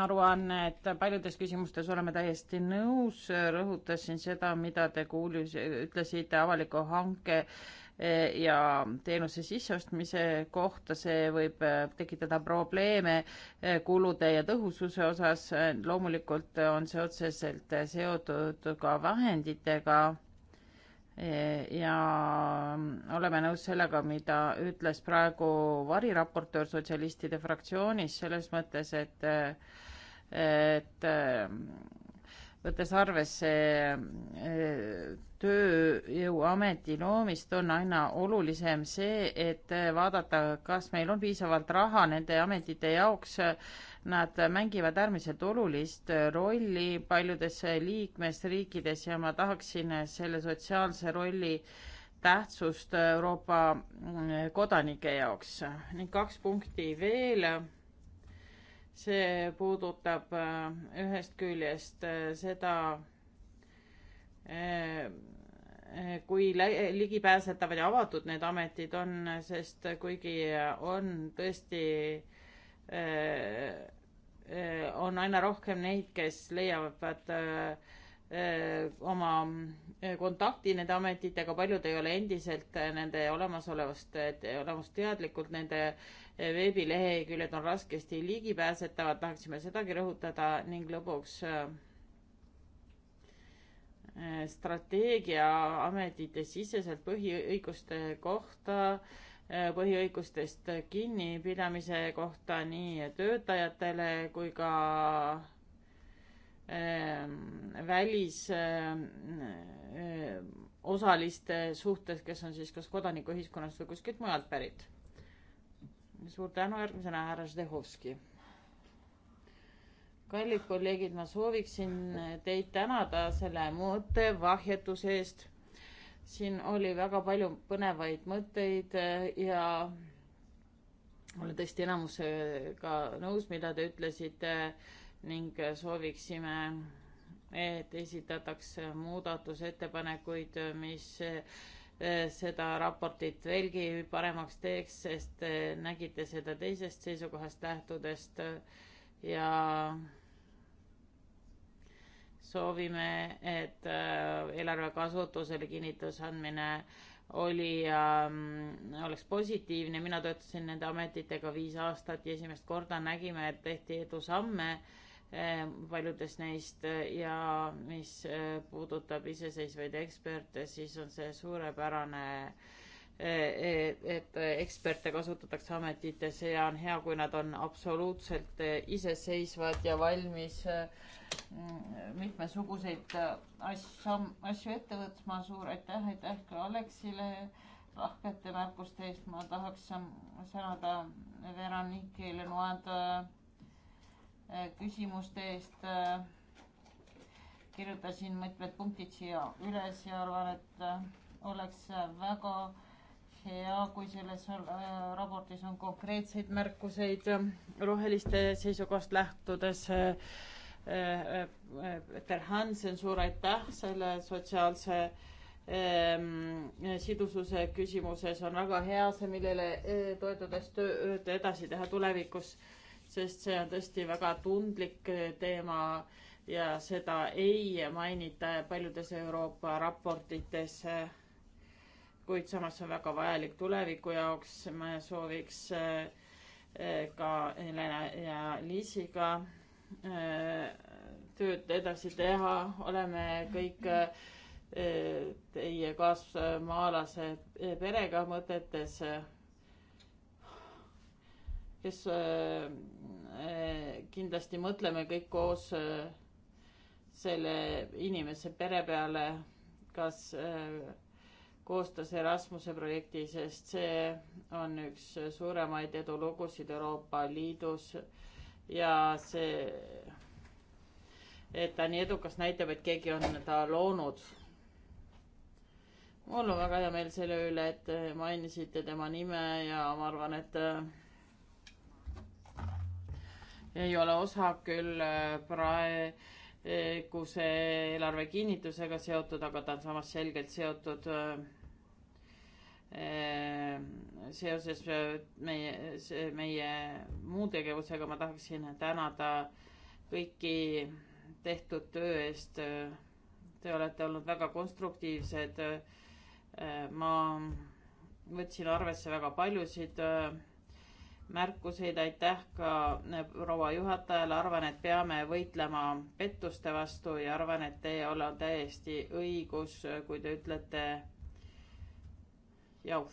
[SPEAKER 2] aruannet, paljudes küsimustes oleme täiesti nõus, rõhutasin seda, mida te kuulis-, ütlesite avaliku hanke äh, ja teenuse sisseostmise kohta, see võib äh, tekitada probleeme kulude ja tõhususe osas, loomulikult on see otseselt seotud ka vahenditega Eh, ja oleme nõus sellega, mida ütles praegu variraportöör sotsialistide fraktsioonis selles mõttes, et, et võttes arvesse eh, tööjõuameti loomist on aina olulisem see, et vaadata, kas meil on piisavalt raha nende ametite jaoks. Nad mängivad äärmiselt olulist rolli paljudes liikmesriikides ja ma tahaksin selle sotsiaalse rolli tähtsust Euroopa kodanike jaoks. ning kaks punkti veel see puudutab ühest küljest seda kui ligipääsetavad ja avatud need ametid on, sest kuigi on tõesti, äh, äh, on aina rohkem neid, kes leiavad äh, oma kontakti nende ametitega, paljud ei ole endiselt nende olemasolevast, olemust teadlikud, nende veebileheküljed on raskesti ligipääsetavad, tahaksime sedagi rõhutada ning lõpuks äh, strateegia ametite siseselt põhiõiguste kohta, põhiõigustest kinnipidamise kohta nii töötajatele kui ka ehm, välisosaliste ehm, suhtes, kes on siis kas kodanikuühiskonnast või kuskilt mujalt pärit. suur tänu, järgmisena härra Ždehovski kallid kolleegid, ma sooviksin teid tänada selle mõttevahetuse eest. siin oli väga palju põnevaid mõtteid eh, ja olen tõesti enamusega nõus, mida te ütlesite ning sooviksime, et esitataks muudatusettepanekuid, mis eh, seda raportit veelgi paremaks teeks, sest eh, nägite seda teisest seisukohast lähtudest ja soovime, et äh, eelarve kasutusele kinnituse andmine oli äh,, oleks positiivne, mina töötasin nende ametitega viis aastat ja esimest korda nägime, et tehti edusamme äh, paljudes neist äh, ja mis äh, puudutab iseseisvaid eksperte, siis on see suurepärane äh, E, e, et eksperte kasutatakse ametites ja on hea, kui nad on absoluutselt e, iseseisvad ja valmis mitmesuguseid asju, asju ette võtma. suur aitäh, aitäh ka Aleksile lahkete märkuste eest. ma tahaks sõnada Veronike Lenoad küsimuste eest. kirjutasin mitmed punktid siia üles ja arvan, et oleks väga ja kui selles äh, raportis on konkreetseid märkuseid äh, roheliste seisukohast lähtudes äh,, äh, äh Peter Hansen, suur aitäh selle sotsiaalse äh, sidususe küsimuses on väga hea see, millele toetudes tööd edasi teha tulevikus, sest see on tõesti väga tundlik teema ja seda ei mainita paljudes Euroopa raportites kuid samas on väga vajalik tuleviku jaoks. ma sooviks äh, ka Helena ja Liisiga äh, tööd edasi teha, oleme kõik äh, teie kaasmaalase perega mõtetes, kes kindlasti mõtleme kõik koos selle inimese pere peale, kas äh, koostas Erasmuse projekti, sest see on üks suuremaid edulugusid Euroopa Liidus ja see, et ta nii edukas näitab, et keegi on ta loonud. mul on väga hea meel selle üle, et mainisite tema nime ja ma arvan, et äh, ei ole osa küll äh, praegu Eh, kus eelarve kinnitusega seotud, aga ta on samas selgelt seotud eh, seoses eh, meie, meie muu tegevusega ma tahaksin tänada kõiki tehtud töö eest. Te olete olnud väga konstruktiivsed. ma võtsin arvesse väga paljusid märkuseid, aitäh ka äh, proua juhatajale, arvan, et peame võitlema pettuste vastu ja arvan, et teil on täiesti õigus, äh, kui te ütlete jauh.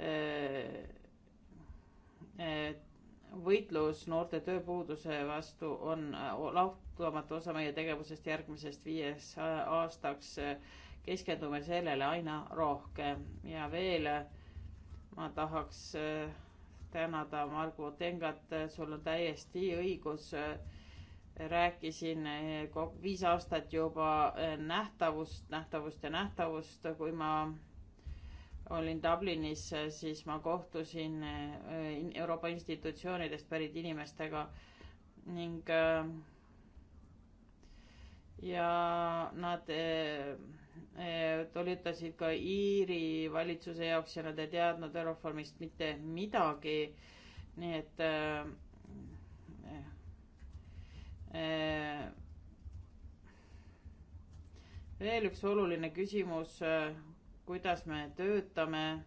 [SPEAKER 2] Äh, võitlus noorte tööpuuduse vastu on lahutamatu osa meie tegevusest järgmisest viies aastaks. keskendume sellele aina rohkem ja veel ma tahaks äh, tänada Margo Tengat, sul on täiesti õigus. rääkisin viis aastat juba eh, nähtavust, nähtavust ja nähtavust, kui ma olin Dublinis, siis ma kohtusin eh, Euroopa institutsioonidest pärit inimestega ning eh, ja nad tolitasid ka Iiri valitsuse jaoks ja nad ei teadnud Euroformist mitte midagi. nii et äh, äh, äh veel üks oluline küsimus, äh, kuidas me töötame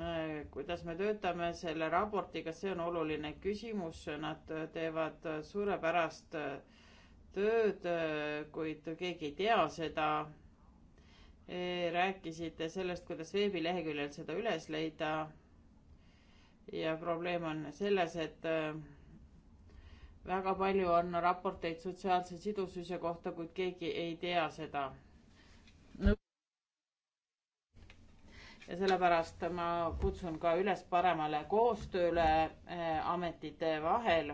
[SPEAKER 2] Äh, kuidas me töötame selle raportiga, see on oluline küsimus, nad teevad suurepärast äh, tööd, äh, kuid keegi ei tea seda. rääkisite sellest, kuidas veebileheküljel seda üles leida. ja probleem on selles, et väga palju on raporteid sotsiaalse sidususe kohta, kuid keegi ei tea seda no ja sellepärast ma kutsun ka üles paremale koostööle eh, ametite vahel.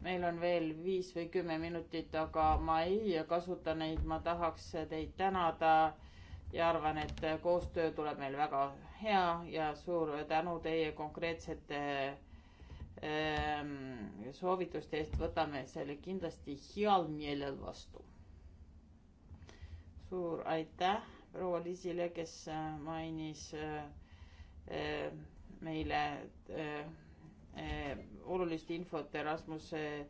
[SPEAKER 2] meil on veel viis või kümme minutit, aga ma ei kasuta neid, ma tahaks teid tänada ja arvan, et koostöö tuleb meil väga hea ja suur tänu teie konkreetsete eh, soovituste eest võtame selle kindlasti heal meelel vastu. suur aitäh proua Liisile, kes äh, mainis äh, äh, meile olulist infot Erasmuse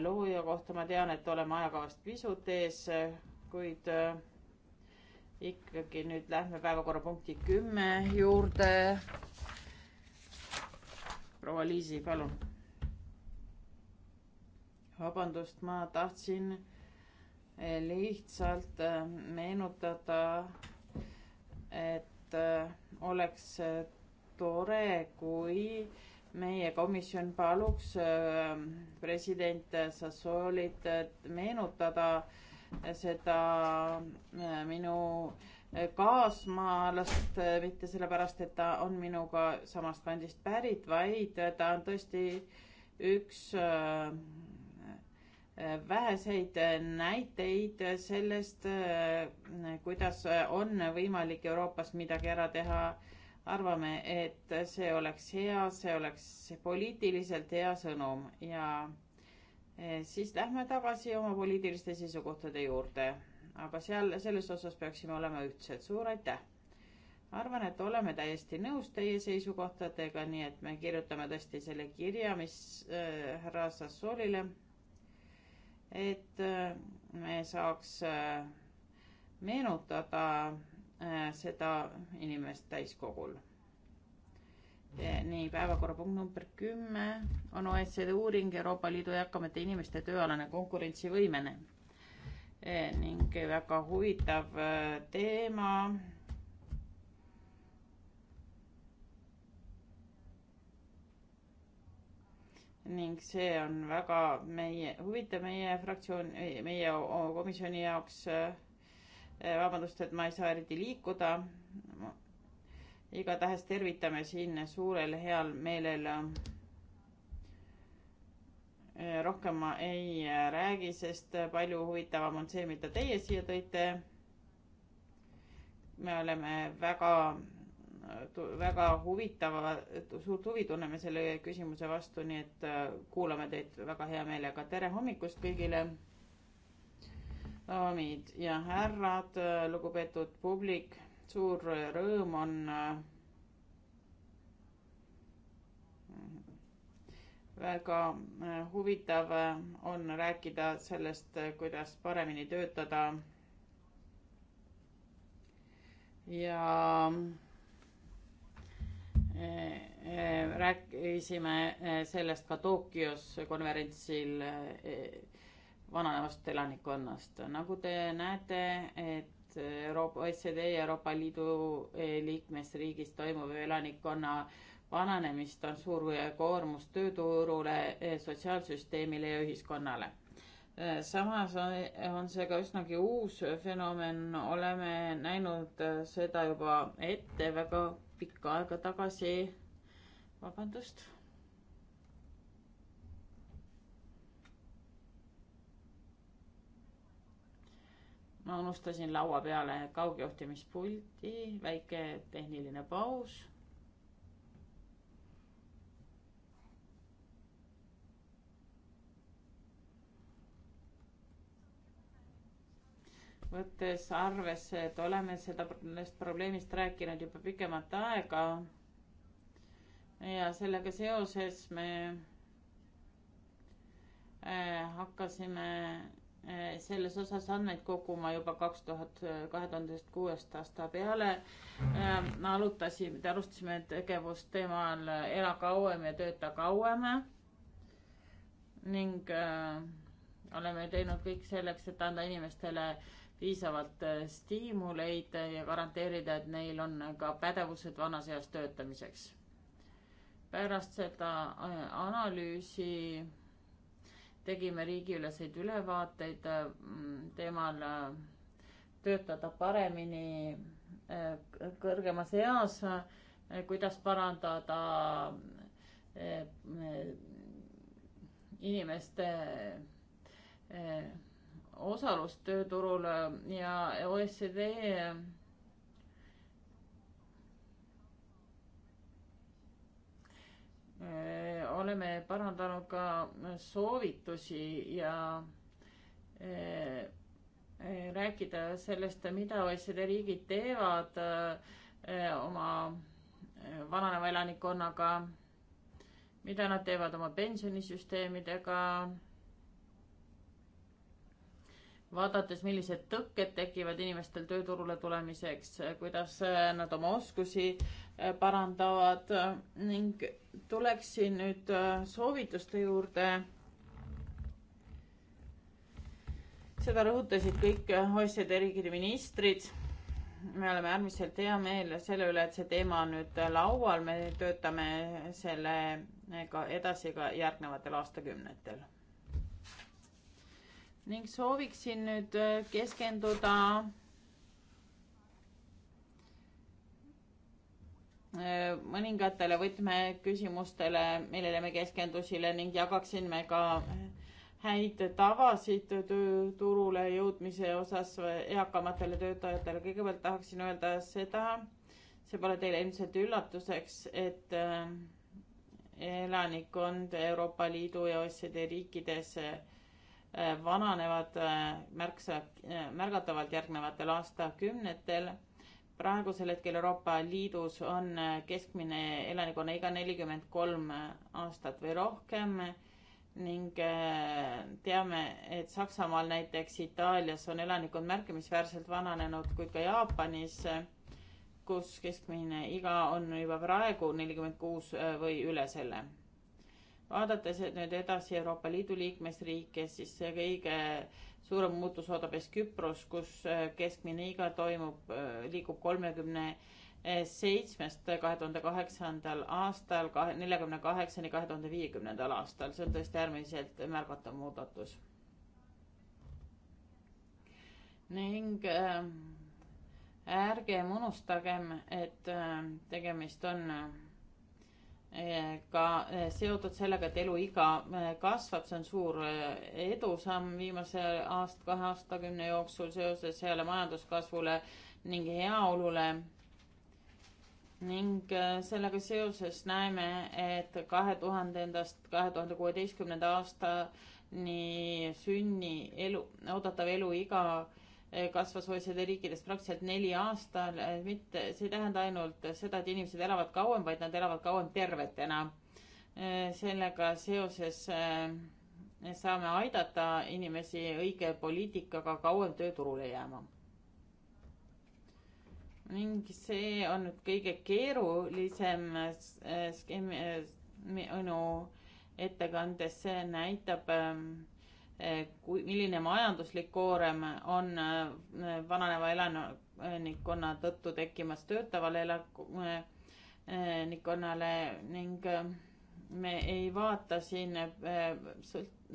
[SPEAKER 2] looja kohta. ma tean, et oleme ajakavast pisut ees, kuid ikkagi nüüd lähme päevakorrapunkti kümme juurde. proua Liisi, palun. vabandust, ma tahtsin lihtsalt äh, meenutada, et äh, oleks äh, tore, kui meie komisjon paluks president Sassoolit meenutada seda minu kaasmaalast, mitte sellepärast, et ta on minuga samast kandist pärit, vaid ta on tõesti üks väheseid näiteid sellest, kuidas on võimalik Euroopas midagi ära teha. arvame, et see oleks hea, see oleks poliitiliselt hea sõnum ja eh, siis lähme tagasi oma poliitiliste seisukohtade juurde. aga seal, selles osas peaksime olema ühtsed. suur aitäh! arvan, et oleme täiesti nõus teie seisukohtadega, nii et me kirjutame tõesti selle kirja, mis eh, härra äh, Sassoolile et äh, me saaks äh, meenutada äh, seda inimest täiskogul. nii, päevakorrapunkt number kümme on OECD uuring Euroopa Liidu eakamate inimeste tööalane konkurentsivõimene ning väga huvitav teema ning see on väga meie, huvitav meie fraktsioon, meie komisjoni jaoks. Äh, äh, vabandust, et ma ei saa eriti liikuda. igatahes tervitame siin suurel heal meelel. Äh, rohkem ma ei räägi, sest palju huvitavam on see, mida teie siia tõite. me oleme väga väga huvitava, suurt huvi tunneme selle küsimuse vastu, nii et äh, kuulame teid väga hea meelega. tere hommikust kõigile, daamid ja härrad, äh, lugupeetud publik. suur rõõm on äh, väga huvitav on rääkida sellest, kuidas paremini töötada ja rääkisime eh, sellest ka Tokyos konverentsil eh, vananevast elanikkonnast. nagu te näete, et Euroopa OECD ja Euroopa Liidu eh, liikmesriigis toimuv elanikkonna vananemist on suur koormus tööturule, sotsiaalsüsteemile ja ühiskonnale. samas on see ka üsnagi uus fenomen, oleme näinud seda juba ette väga pikka aega tagasi, vabandust. ma unustasin laua peale kaugjuhtimispuldi, väike tehniline paus võttes arvesse, et oleme seda, sellest probleemist rääkinud juba pikemat aega ja sellega seoses me äh, hakkasime äh, selles osas andmeid koguma juba kaks tuhat, kahe tuhande kuuest aasta peale. me arutasime, alustasime tegevust teemal Ela kauem ja tööta kauem ning äh, oleme teinud kõik selleks, et anda inimestele äh, piisavalt äh, stiimuleid ja garanteerida, et neil on ka pädevused vanas eas töötamiseks. pärast seda äh, analüüsi tegime riigiüleseid ülevaateid äh, teemal töötada paremini kõrgemas eas, kuidas parandada inimeste osalust tööturul ja OECD eh, oleme parandanud ka soovitusi ja eh, eh, rääkida sellest, mida OECD riigid teevad oma vananeva elanikkonnaga, mida nad teevad oma pensionisüsteemidega vaadates, millised tõkked tekivad inimestel tööturule tulemiseks, kuidas äh, nad oma oskusi äh, parandavad ning tuleksin nüüd äh, soovituste juurde. seda rõhutasid kõik OECD riikide ministrid. me oleme äärmiselt hea meel selle üle, et see teema on nüüd laual, me töötame sellega edasi ka järgnevatel aastakümnetel ning sooviksin nüüd äh, keskenduda äh, mõningatele võtmeküsimustele, millele me keskendusime ning jagaksime ka äh, häid tavasid tööturule jõudmise osas eakamatele töötajatele. kõigepealt tahaksin öelda seda, see pole teile ilmselt üllatuseks, et elanikkond Euroopa Liidu ja OECD riikides vananevad äh, märksa, äh, märgatavalt järgnevatel aastakümnetel. praegusel hetkel Euroopa Liidus on äh, keskmine elanikkonna iga nelikümmend kolm aastat või rohkem ning teame, et Saksamaal näiteks Itaalias on elanikud märkimisväärselt vananenud, kuid ka Jaapanis, kus keskmine iga on juba praegu nelikümmend kuus või üle selle vaadates nüüd edasi Euroopa Liidu liikmesriike, siis kõige suurem muutus oodab ees Küpros, kus äh, keskmine iga toimub, äh, liigub kolmekümne seitsmest kahe tuhande kaheksandal aastal kahe, neljakümne kaheksani kahe tuhande viiekümnendal aastal, see on tõesti äärmiselt märgatav muudatus. ning äh, ärgem unustagem, et äh, tegemist on äh, ka eh, seotud sellega, et eluiga eh, kasvab, see on suur eh, edusamm viimase aasta, kahe aastakümne jooksul seoses heale majanduskasvule ning heaolule. ning sellega seoses näeme, et kahe tuhandendast kahe tuhande kuueteistkümnenda aastani sünni elu, oodatav eluiga Eh, kasvas OECD riikides praktiliselt neli aastal, mitte, see ei tähenda ainult seda, et inimesed elavad kauem, vaid nad elavad kauem tervetena. Eh, sellega seoses eh, saame aidata inimesi õige poliitikaga kauem tööturule jääma. ning see on nüüd kõige keerulisem skeem minu ettekandes, see näitab äh, kui, milline majanduslik koorem on äh, vananeva elanikkonna tõttu tekkimas töötavale äh, elanikkonnale ning äh, me ei vaata siin sõlt-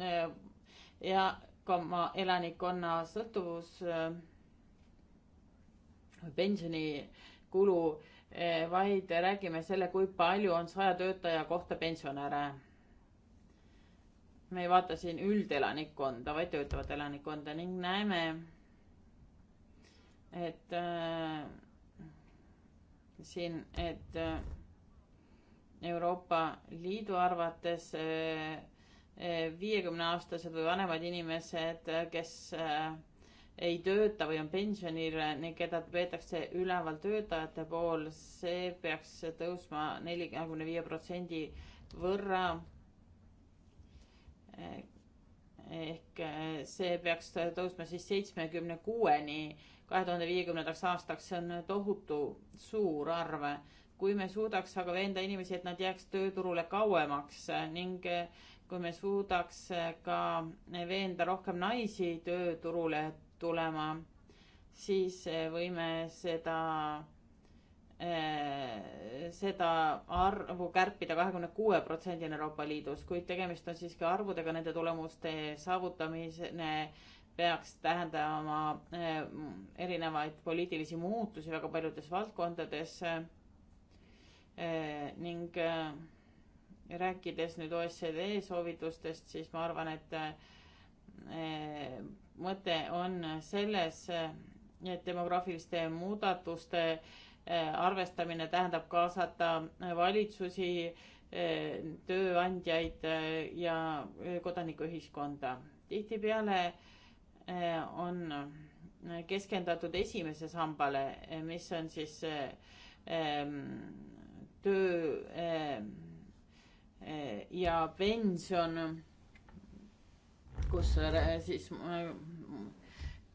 [SPEAKER 2] ja ka oma elanikkonna sõltuvus pensionikulu, vaid räägime selle, kui palju on saja töötaja kohta pensionäre me ei vaata siin üldelanikkonda, vaid töötavat elanikkonda ning näeme, et äh, siin, et äh, Euroopa Liidu arvates viiekümne äh, äh aastased või vanemad inimesed, äh, kes äh, ei tööta või on pensionil ning keda peetakse üleval töötajate pool, see peaks tõusma neljakümne viie protsendi võrra ehk eh, see peaks tõusma siis seitsmekümne kuueni kahe tuhande viiekümnendaks aastaks, see on tohutu suur arv. kui me suudaks aga veenda inimesi, et nad jääks tööturule kauemaks ning eh, kui me suudaks eh, ka veenda rohkem naisi tööturule tulema, siis võime seda Eh, seda arvu kärpida kahekümne kuue protsendini Euroopa Liidus, kuid tegemist on siiski arvudega, nende tulemuste saavutamine peaks tähendama eh, erinevaid poliitilisi muutusi väga paljudes valdkondades. Eh, ning rääkides nüüd OECD soovitustest, siis ma arvan, et mõte on selles, et demograafiliste muudatuste Äh, arvestamine tähendab kaasata äh, valitsusi, äh, tööandjaid ja kodanikuühiskonda. tihtipeale on keskendatud esimese sambale, mis on siis ähm, töö ja pension, kus siis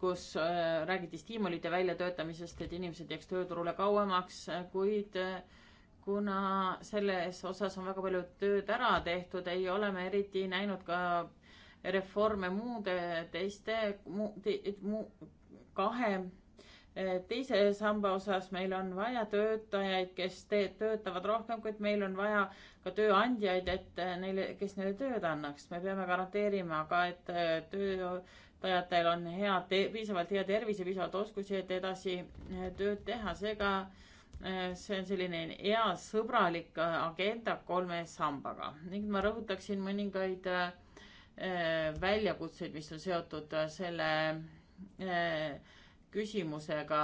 [SPEAKER 2] kus äh, räägiti stiimulite väljatöötamisest, et inimesed jääks tööturule kauemaks, äh, kuid äh, kuna selles osas on väga palju tööd ära tehtud, ei ole me eriti näinud ka reforme muude teiste mu,, te, mu, kahe teise samba osas meil on vaja töötajaid, kes te, töötavad rohkem, kuid meil on vaja ka tööandjaid, et neile, kes neile tööd annaks. me peame garanteerima ka, et töö vajatel on hea, piisavalt hea tervis ja piisavalt oskusi, et edasi eh, tööd teha, seega eh, see on selline hea sõbralik eh, agenda kolme sambaga ning ma rõhutaksin mõningaid väljakutseid, mis on seotud selle küsimusega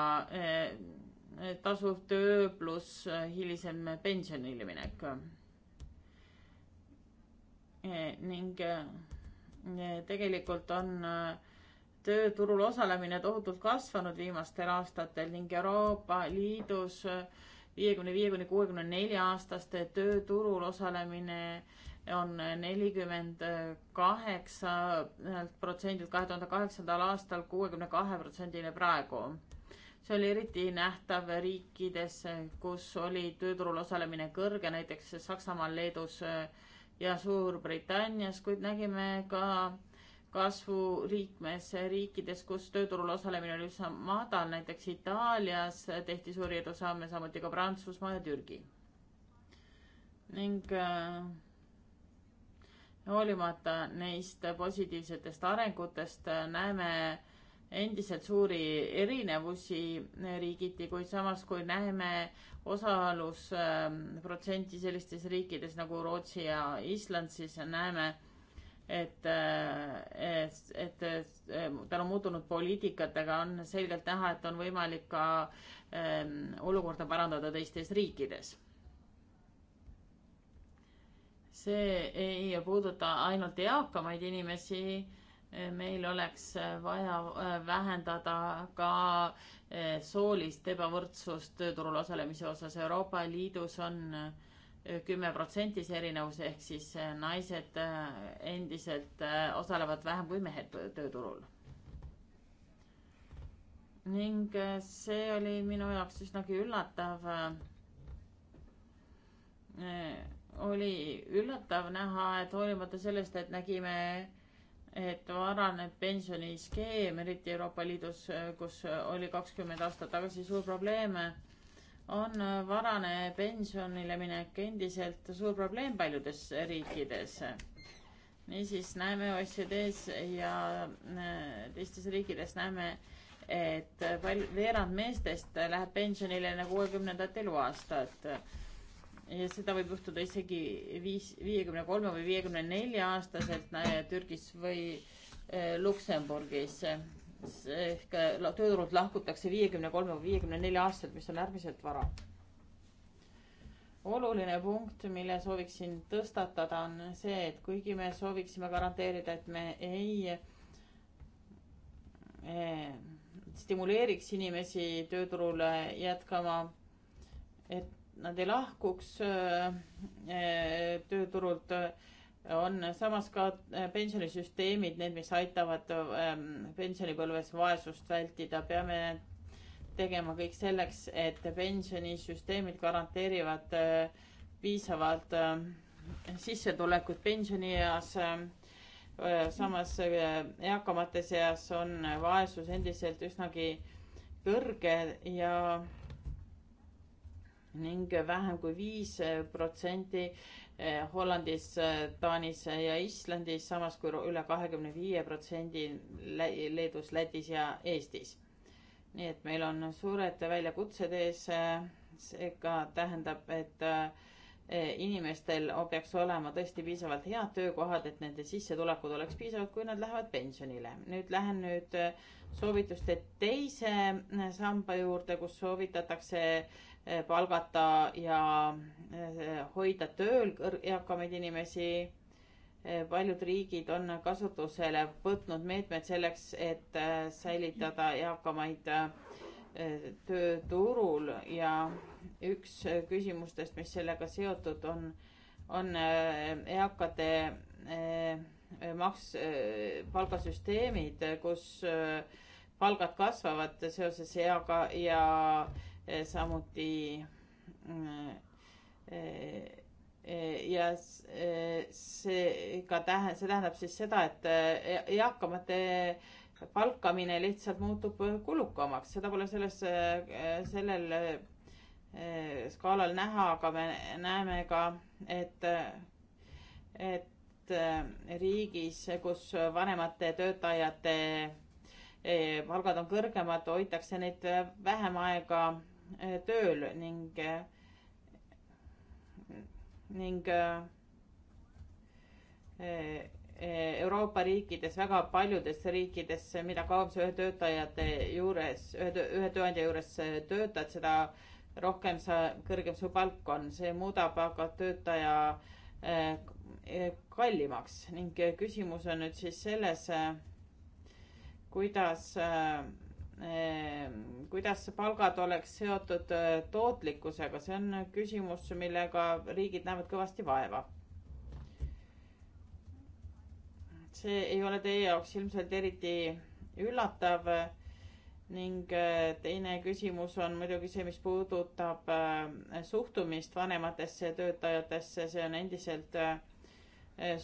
[SPEAKER 2] tasuv töö pluss hilisem pensionile minek. ning tegelikult on äh, tööturul osalemine tohutult kasvanud viimastel aastatel ning Euroopa Liidus viiekümne viie kuni kuuekümne nelja aastaste tööturul osalemine on nelikümmend kaheksalt protsendilt kahe tuhande kaheksandal aastal kuuekümne kahe protsendini praegu. see oli eriti nähtav riikides, kus oli tööturul osalemine kõrge, näiteks Saksamaal, Leedus ja Suurbritannias, kuid nägime ka kasvu liikmesriikides, kus tööturul osalemine oli üsna madal, näiteks Itaalias tehti suuri edusamme, samuti ka Prantsusmaa ja Türgi. ning äh, hoolimata äh, neist positiivsetest arengutest äh, näeme endiselt suuri erinevusi riigiti, kuid samas, kui näeme osalusprotsenti äh, sellistes riikides nagu Rootsi ja Island, siis näeme, et et, et, et, et tal on muutunud poliitikatega, on selgelt näha, et on võimalik ka ähm, olukorda parandada teistes riikides. see ei puuduta ainult eakamaid inimesi, meil oleks vaja äh, vähendada ka äh, soolist ebavõrdsust tööturul osalemise osas. Euroopa Liidus on äh, kümme protsenti see erinevus, ehk siis äh, naised äh, endiselt äh, osalevad vähem kui mehed tööturul. ning see oli minu jaoks üsnagi üllatav. oli üllatav näha, et hoolimata sellest, et nägime, et varane pensioniskeem, eriti Euroopa Liidus, kus oli kakskümmend aastat tagasi suur probleem on varane pensionile minek endiselt suur probleem paljudes riikides. niisiis näeme OECD-s ja äh, teistes riikides näeme, et pal-, veerand meestest läheb pensionile enne nagu kuuekümnendat eluaastat. ja seda võib juhtuda isegi viis, viiekümne kolme või viiekümne nelja aastaselt Türgis või äh, Luksemburgis ehk eh, tööturult lahkutakse viiekümne kolme või viiekümne nelja aastaselt, mis on äärmiselt vara. oluline punkt, mille sooviksin tõstatada, on see, et kuigi me sooviksime garanteerida, et me ei eh, stimuleeriks inimesi tööturule jätkama, et nad ei lahkuks eh, tööturult on samas ka äh, pensionisüsteemid, need, mis aitavad ähm, pensionipõlves vaesust vältida, peame tegema kõik selleks, et pensionisüsteemid garanteerivad äh, piisavalt äh, sissetulekut pensionieas. samas eakamate seas on vaesus endiselt üsnagi kõrge ja ning vähem kui viis protsenti Eh, Hollandis, eh, Taanis ja Islandis, samas kui üle kahekümne viie protsendi Leedus, Lätis ja Eestis. nii et meil on suured väljakutsed ees, eh, seega tähendab, et inimestel peaks olema tõesti piisavalt head töökohad, et nende sissetulekud oleks piisavad, kui nad lähevad pensionile. nüüd lähen nüüd soovituste teise samba juurde, kus soovitatakse äh, Eh, palgata ja eh, hoida tööl eakamaid inimesi. Eh, paljud riigid on kasutusele võtnud meetmed selleks, et säilitada eakamaid tööturul ja üks küsimustest, mis sellega seotud on, on eakate maks, palgasüsteemid, kus palgad kasvavad seoses eaga ja, ja Eh, samuti mm, eh, eh, ja see ka tähe-, see tähendab siis seda, et e-, eakamate palkamine lihtsalt muutub kulukamaks, seda pole selles, sellel skaalal näha, aga me näeme ka, et, et riigis, kus vanemate töötajate palgad on kõrgemad, hoitakse neid vähem aega Eh, tööl ning, eh, ning eh, Euroopa riikides, väga paljudes riikides, mida kauem sa ühe töötajate juures, ühe, ühe tööandja juures töötad, seda rohkem sa, kõrgem su palk on, see muudab aga töötaja kallimaks ning küsimus on nüüd siis selles, kuidas Ehm, kuidas palgad oleks seotud äh, tootlikkusega, see on küsimus, millega riigid näevad kõvasti vaeva. see ei ole teie jaoks ilmselt eriti üllatav ning äh, teine küsimus on muidugi see, mis puudutab äh, suhtumist vanematesse töötajatesse, see on endiselt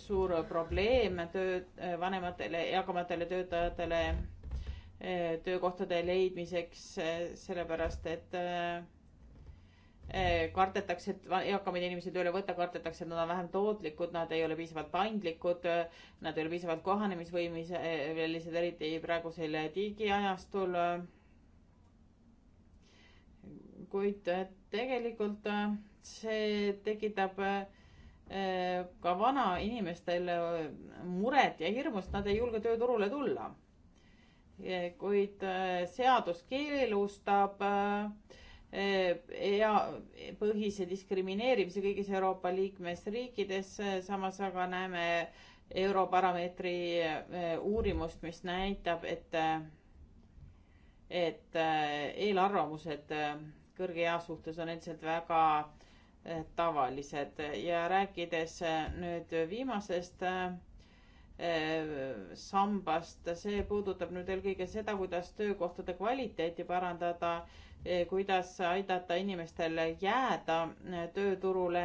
[SPEAKER 2] suur probleem töö, vanematele, eakamatele töötajatele Eh, töökohtade leidmiseks, eh, sellepärast et eh, kardetakse, et eakamaid inimesi tööle võtta, kardetakse, et nad on vähem tootlikud, nad ei ole piisavalt paindlikud, nad ei ole piisavalt kohanemisvõimelised, eriti praegusel digiajastul. kuid tegelikult see tekitab ka vanainimestel muret ja hirmu, sest nad ei julge tööturule tulla kuid äh, seadus keelustab eapõhise äh, äh, diskrimineerimise kõigis Euroopa liikmesriikides, samas aga näeme Europarameetri uurimust, mis näitab, et, et eelarvamused kõrge ea suhtes on endiselt väga tavalised ja rääkides nüüd viimasest äh, Eh, sambast, see puudutab nüüd eelkõige seda, kuidas töökohtade kvaliteeti parandada, eh, kuidas aidata inimestel jääda eh, tööturule.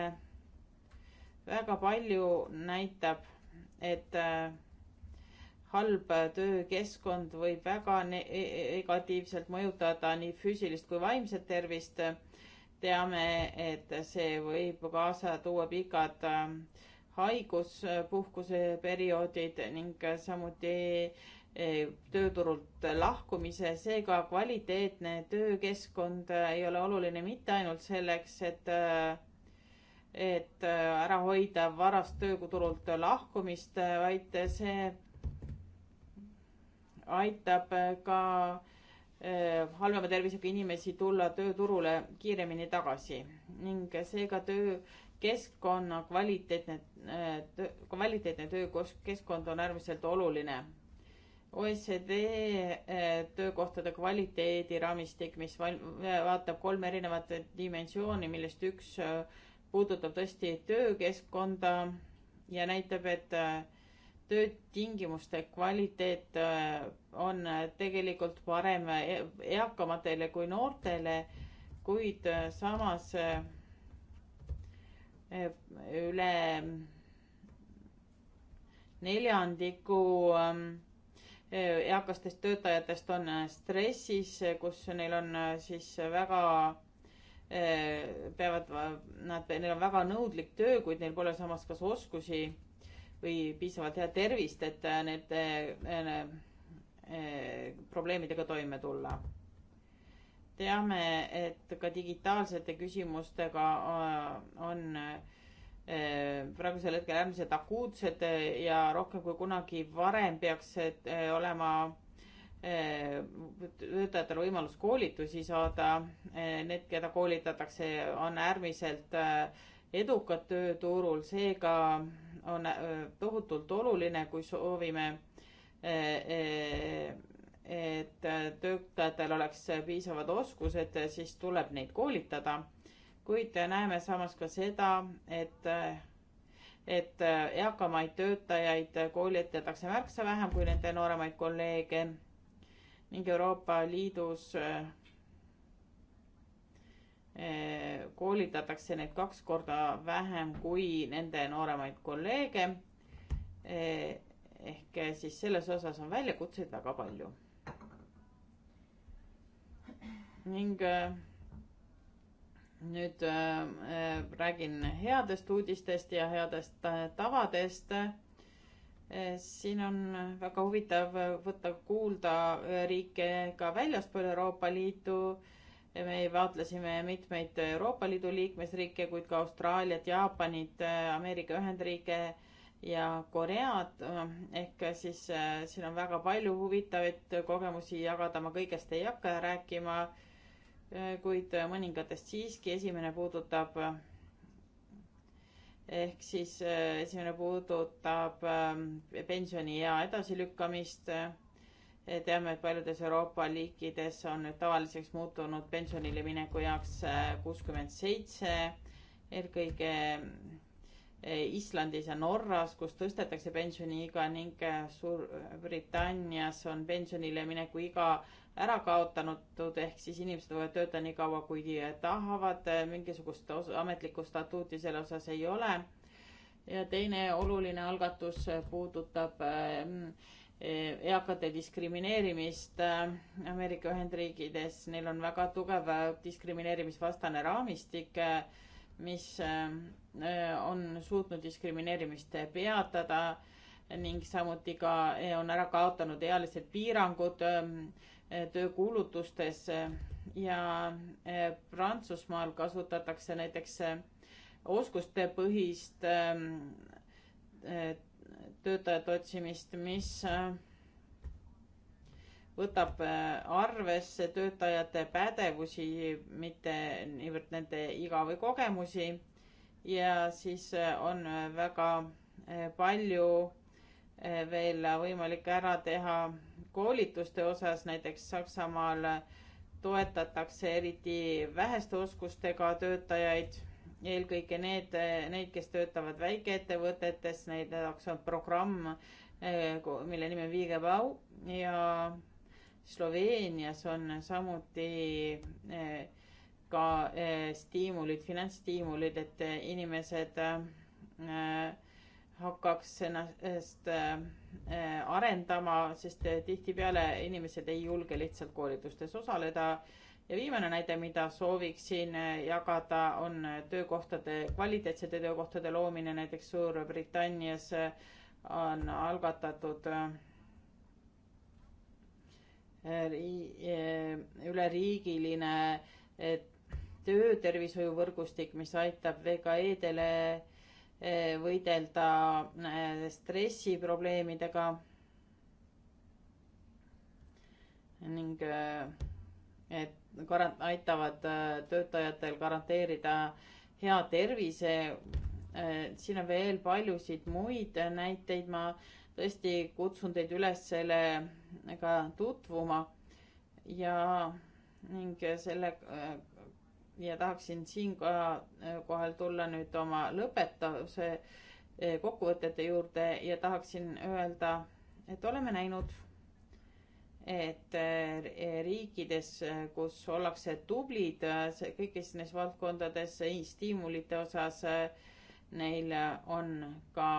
[SPEAKER 2] väga palju näitab, et halb töökeskkond võib väga e-, e-, negatiivselt mõjutada nii füüsilist kui vaimset tervist. teame, et see võib kaasa tuua pikad äh, haiguspuhkuse perioodid ning samuti eh, tööturult lahkumise, seega kvaliteetne töökeskkond ei ole oluline mitte ainult selleks, et, et ära hoida varast tööturult lahkumist, vaid see aitab ka eh, halvema tervisega inimesi tulla tööturule kiiremini tagasi ning seega töö keskkonna kvaliteetne, kvaliteetne töökeskkond on äärmiselt oluline. OECD eh, töökohtade kvaliteediraamistik, mis val-, vaatab kolme erinevat dimensiooni, millest üks eh, puudutab tõesti töökeskkonda ja näitab, et eh, töötingimuste kvaliteet on tegelikult parem e-, eakamatele kui noortele, kuid samas üle neljandiku ähm, äh, eakastest töötajatest on äh, stressis, kus neil on äh, siis väga peavad, nad, neil on väga nõudlik töö, kuid neil pole samas kas oskusi või piisavalt head tervist, et nende probleemidega toime tulla teame, et ka digitaalsete küsimustega äh, on äh, praegusel hetkel äärmiselt akuutsed äh, ja rohkem kui kunagi varem peaks olema töötajatel võimalus koolitusi saada. Need, keda koolitatakse, on äärmiselt edukad tööturul, seega on tohutult oluline, kui soovime et äh, töötajatel oleks piisavad oskused, siis tuleb neid koolitada. kuid näeme samas ka seda, et, et eakamaid töötajaid koolitatakse märksa vähem kui nende nooremaid kolleege ning Euroopa Liidus äh, koolitatakse neid kaks korda vähem kui nende nooremaid kolleege äh, ehk siis selles osas on väljakutseid väga palju ning äh, nüüd äh, äh, räägin headest uudistest ja headest tavadest. siin on väga huvitav võtta kuulda riike ka väljaspool Euroopa Liitu. me vaatlesime mitmeid Euroopa Liidu liikmesriike, kuid ka Austraaliat, Jaapanit, Ameerika Ühendriike ja Koread ehk siis siin on väga palju huvitavaid kogemusi jagada, ma kõigest ei hakka rääkima Äh, kuid äh, mõningatest siiski. esimene puudutab äh, ehk siis esimene puudutab pensioniea edasilükkamist. teame, et paljudes Euroopa liikides on nüüd tavaliseks muutunud pensionile mineku jaoks kuuskümmend seitse, eelkõige Islandis ja Norras, kus tõstetakse pensioniiga ning Suurbritannias on pensionile mineku iga ära kaotatud, ehk siis inimesed võivad töötada nii kaua, kui tahavad, eh, mingisugust ametlikku statuuti selle osas ei ole. ja teine oluline algatus puudutab ehm, eh, eakate diskrimineerimist eh, Ameerika Ühendriikides, neil on väga tugev diskrimineerimisvastane raamistik, mis on suutnud diskrimineerimist peatada ning samuti ka on ära kaotanud ealised piirangud ehm, töökuulutustes ja eh, Prantsusmaal kasutatakse näiteks eh, oskustepõhist eh, töötajate otsimist, mis võtab arvesse töötajate pädevusi, mitte niivõrd nende iga või kogemusi. ja siis on väga palju veel võimalik ära teha koolituste osas, näiteks Saksamaal toetatakse eriti väheste oskustega töötajaid, eelkõige need, neid, kes töötavad väikeettevõtetes, neid jaoks on programm, eh, mille nimi on Viige Vau ja Sloveenias on samuti eh, ka eh, stiimulid, finantsstiimulid, et inimesed hakkaks ennast äh, arendama, sest äh, tihtipeale inimesed ei julge lihtsalt koolitustes osaleda. ja viimane näide, mida sooviksin äh, jagada, on töökohtade, kvaliteetsete töökohtade loomine, näiteks Suurbritannias on algatatud üleriigiline töötervishoiuvõrgustik, mis aitab VKE-dele Eh, võidelda eh, stressiprobleemidega ning eh, et garant-, aitavad töötajatel garanteerida hea tervise. siin on veel paljusid muid näiteid, ma tõesti kutsun teid üles sellega tutvuma ja ning sellega ja tahaksin siinkohal tulla nüüd oma lõpetuse eh, kokkuvõtete juurde ja tahaksin öelda, et oleme näinud, et eh, riikides, kus ollakse tublid kõikides neis valdkondades stiimulite osas, eh, neil on ka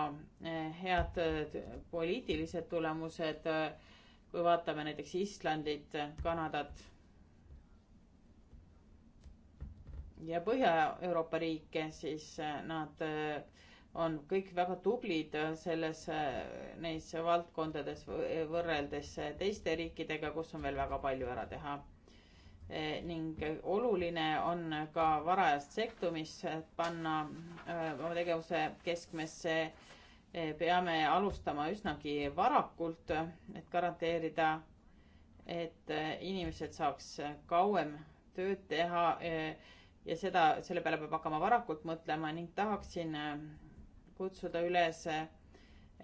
[SPEAKER 2] head poliitilised tulemused. kui vaatame näiteks Islandit, Kanadat ja Põhja-Euroopa riike, siis äh, nad äh, on kõik väga tublid äh, selles, neis valdkondades võrreldes teiste riikidega, kus on veel väga palju ära teha. ning oluline on ka varajast sekkumist panna oma tegevuse keskmesse. peame alustama üsnagi varakult, et garanteerida, et inimesed saaks kauem tööd teha ja seda, selle peale peab hakkama varakult mõtlema ning tahaksin äh, kutsuda üles, äh,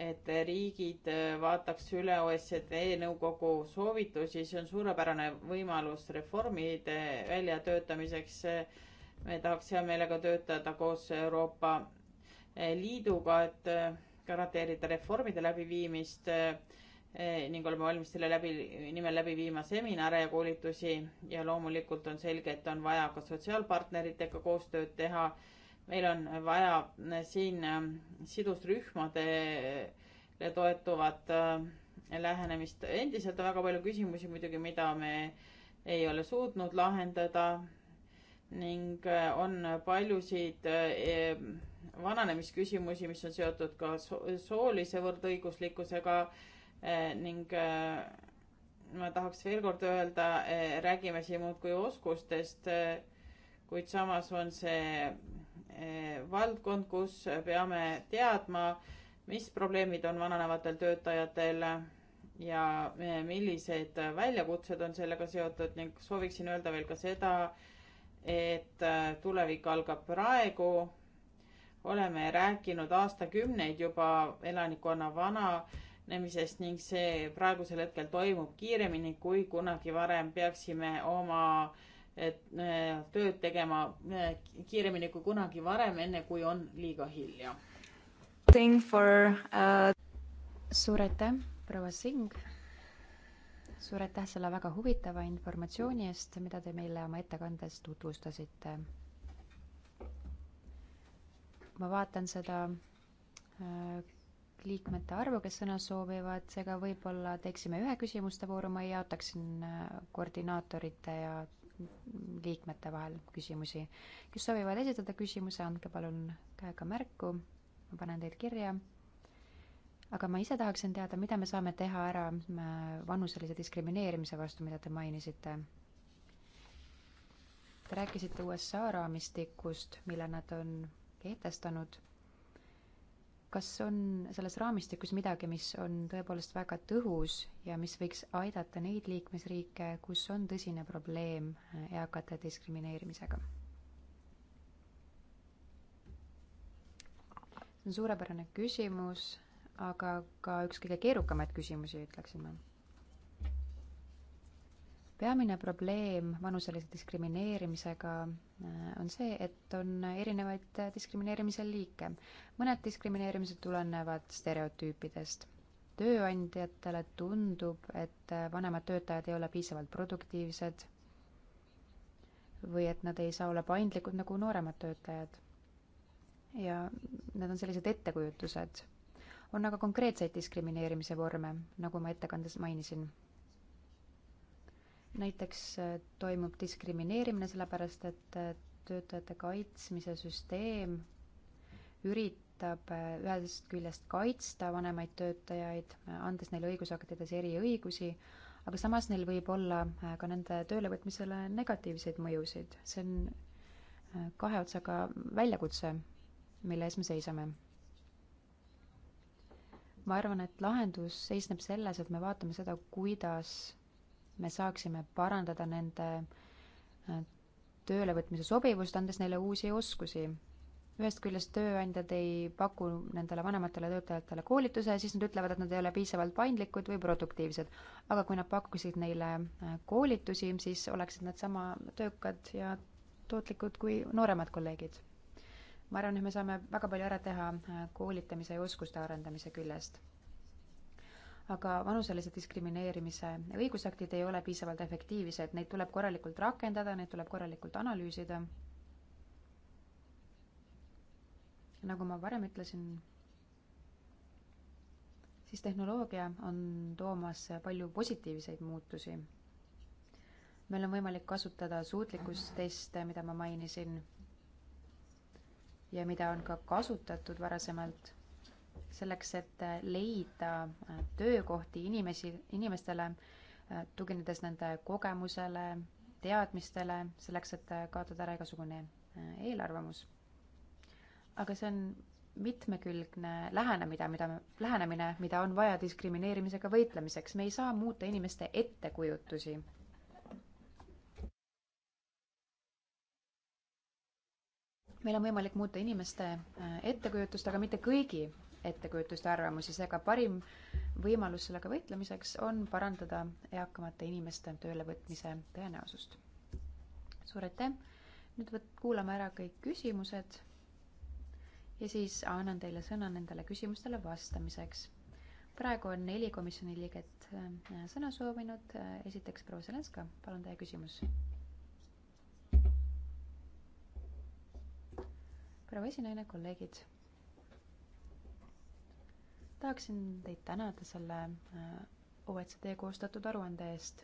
[SPEAKER 2] et riigid äh, vaataks üle OECD nõukogu soovitusi, see on suurepärane võimalus reformide väljatöötamiseks. me tahaks hea meelega töötada koos Euroopa Liiduga, et garanteerida reformide läbiviimist Eh, ning oleme valmis selle läbi, nimel läbi viima seminare ja koolitusi ja loomulikult on selge, et on vaja ka sotsiaalpartneritega koostööd teha. meil on vaja eh, siin eh, sidusrühmadele toetuvat lähenemist. endiselt on väga palju küsimusi muidugi, mida me ei ole suutnud lahendada ning on paljusid vananemisküsimusi, mis on seotud ka soolise võrdõiguslikkusega Eh, ning eh, ma tahaks veel kord öelda, eh, räägime siin muudkui oskustest, kuid samas on see valdkond, kus peame teadma, mis probleemid on vananevatel töötajatel ja millised väljakutsed on sellega seotud ning sooviksin öelda veel ka seda, et tulevik algab praegu. oleme rääkinud aastakümneid juba elanikkonna vana lähenemisest ning see praegusel hetkel toimub kiiremini kui kunagi varem. peaksime oma eh, tööd tegema eh, kiiremini kui kunagi varem, enne kui on liiga hilja.
[SPEAKER 3] Uh... suur aitäh, proua Singh. suur aitäh selle väga huvitava informatsiooni eest, mida te meile oma ettekandes tutvustasite. ma vaatan seda uh liikmete arvu, kes sõna soovivad, seega võib-olla teeksime ühe küsimuste vooru, ma jaotaksin äh, koordinaatorite ja liikmete vahel küsimusi. kes soovivad esitada küsimuse, andke palun käega märku, ma panen teid kirja. aga ma ise tahaksin teada, mida me saame teha ära äh, vanuselise diskrimineerimise vastu, mida te mainisite. Te rääkisite USA raamistikust, mille nad on kehtestanud kas on selles raamistikus midagi, mis on tõepoolest väga tõhus ja mis võiks aidata neid liikmesriike, kus on tõsine probleem äh, eakate diskrimineerimisega? see on suurepärane küsimus, aga ka üks kõige keerukamaid küsimusi, ütleksin ma peamine probleem vanuselise diskrimineerimisega äh, on see, et on erinevaid diskrimineerimise liike. mõned diskrimineerimised tulenevad stereotüüpidest. tööandjatele tundub, et vanemad töötajad ei ole piisavalt produktiivsed või et nad ei saa olla paindlikud nagu nooremad töötajad. ja need on sellised ettekujutused. on aga konkreetseid diskrimineerimise vorme, nagu ma ettekandes mainisin näiteks äh, toimub diskrimineerimine, sellepärast et äh, töötajate kaitsmise süsteem üritab äh, ühest küljest kaitsta vanemaid töötajaid, andes neile õigusaktides eriõigusi, aga samas neil võib olla ka nende töölevõtmisele negatiivseid mõjusid. see on kahe otsaga väljakutse, mille ees me seisame. ma arvan, et lahendus seisneb selles, et me vaatame seda, kuidas me saaksime parandada nende äh, töölevõtmise sobivust, andes neile uusi oskusi. ühest küljest tööandjad ei paku nendele vanematele töötajatele koolituse, siis nad ütlevad, et nad ei ole piisavalt paindlikud või produktiivsed. aga kui nad pakkusid neile äh, koolitusi, siis oleksid nad sama töökad ja tootlikud kui nooremad kolleegid. ma arvan, et me saame väga palju ära teha äh, koolitamise ja oskuste arendamise küljest aga vanuselise diskrimineerimise õigusaktid ei ole piisavalt efektiivsed, neid tuleb korralikult rakendada, neid tuleb korralikult analüüsida. nagu ma varem ütlesin, siis tehnoloogia on toomas palju positiivseid muutusi. meil on võimalik kasutada suutlikkusteste, mida ma mainisin ja mida on ka kasutatud varasemalt selleks, et äh, leida äh, töökohti inimesi, inimestele, äh, tuginedes nende kogemusele, teadmistele, selleks, et kaotada ära igasugune eelarvamus. aga see on mitmekülgne lähenemine, mida me, lähenemine, mida on vaja diskrimineerimisega võitlemiseks. me ei saa muuta inimeste ettekujutusi meil on võimalik muuta inimeste ettekujutust, aga mitte kõigi ettekujutust ja arvamusi, seega parim võimalus sellega võitlemiseks on parandada eakamate inimeste töölevõtmise tõenäosust. suur aitäh, nüüd võt-, kuulame ära kõik küsimused ja siis annan teile sõna nendele küsimustele vastamiseks. praegu on neli komisjoni liiget äh, sõna soovinud, äh, esiteks proua Zelenska, palun teie küsimus. proua esinaine, kolleegid tahaksin teid tänada selle äh, OECD koostatud aruande eest.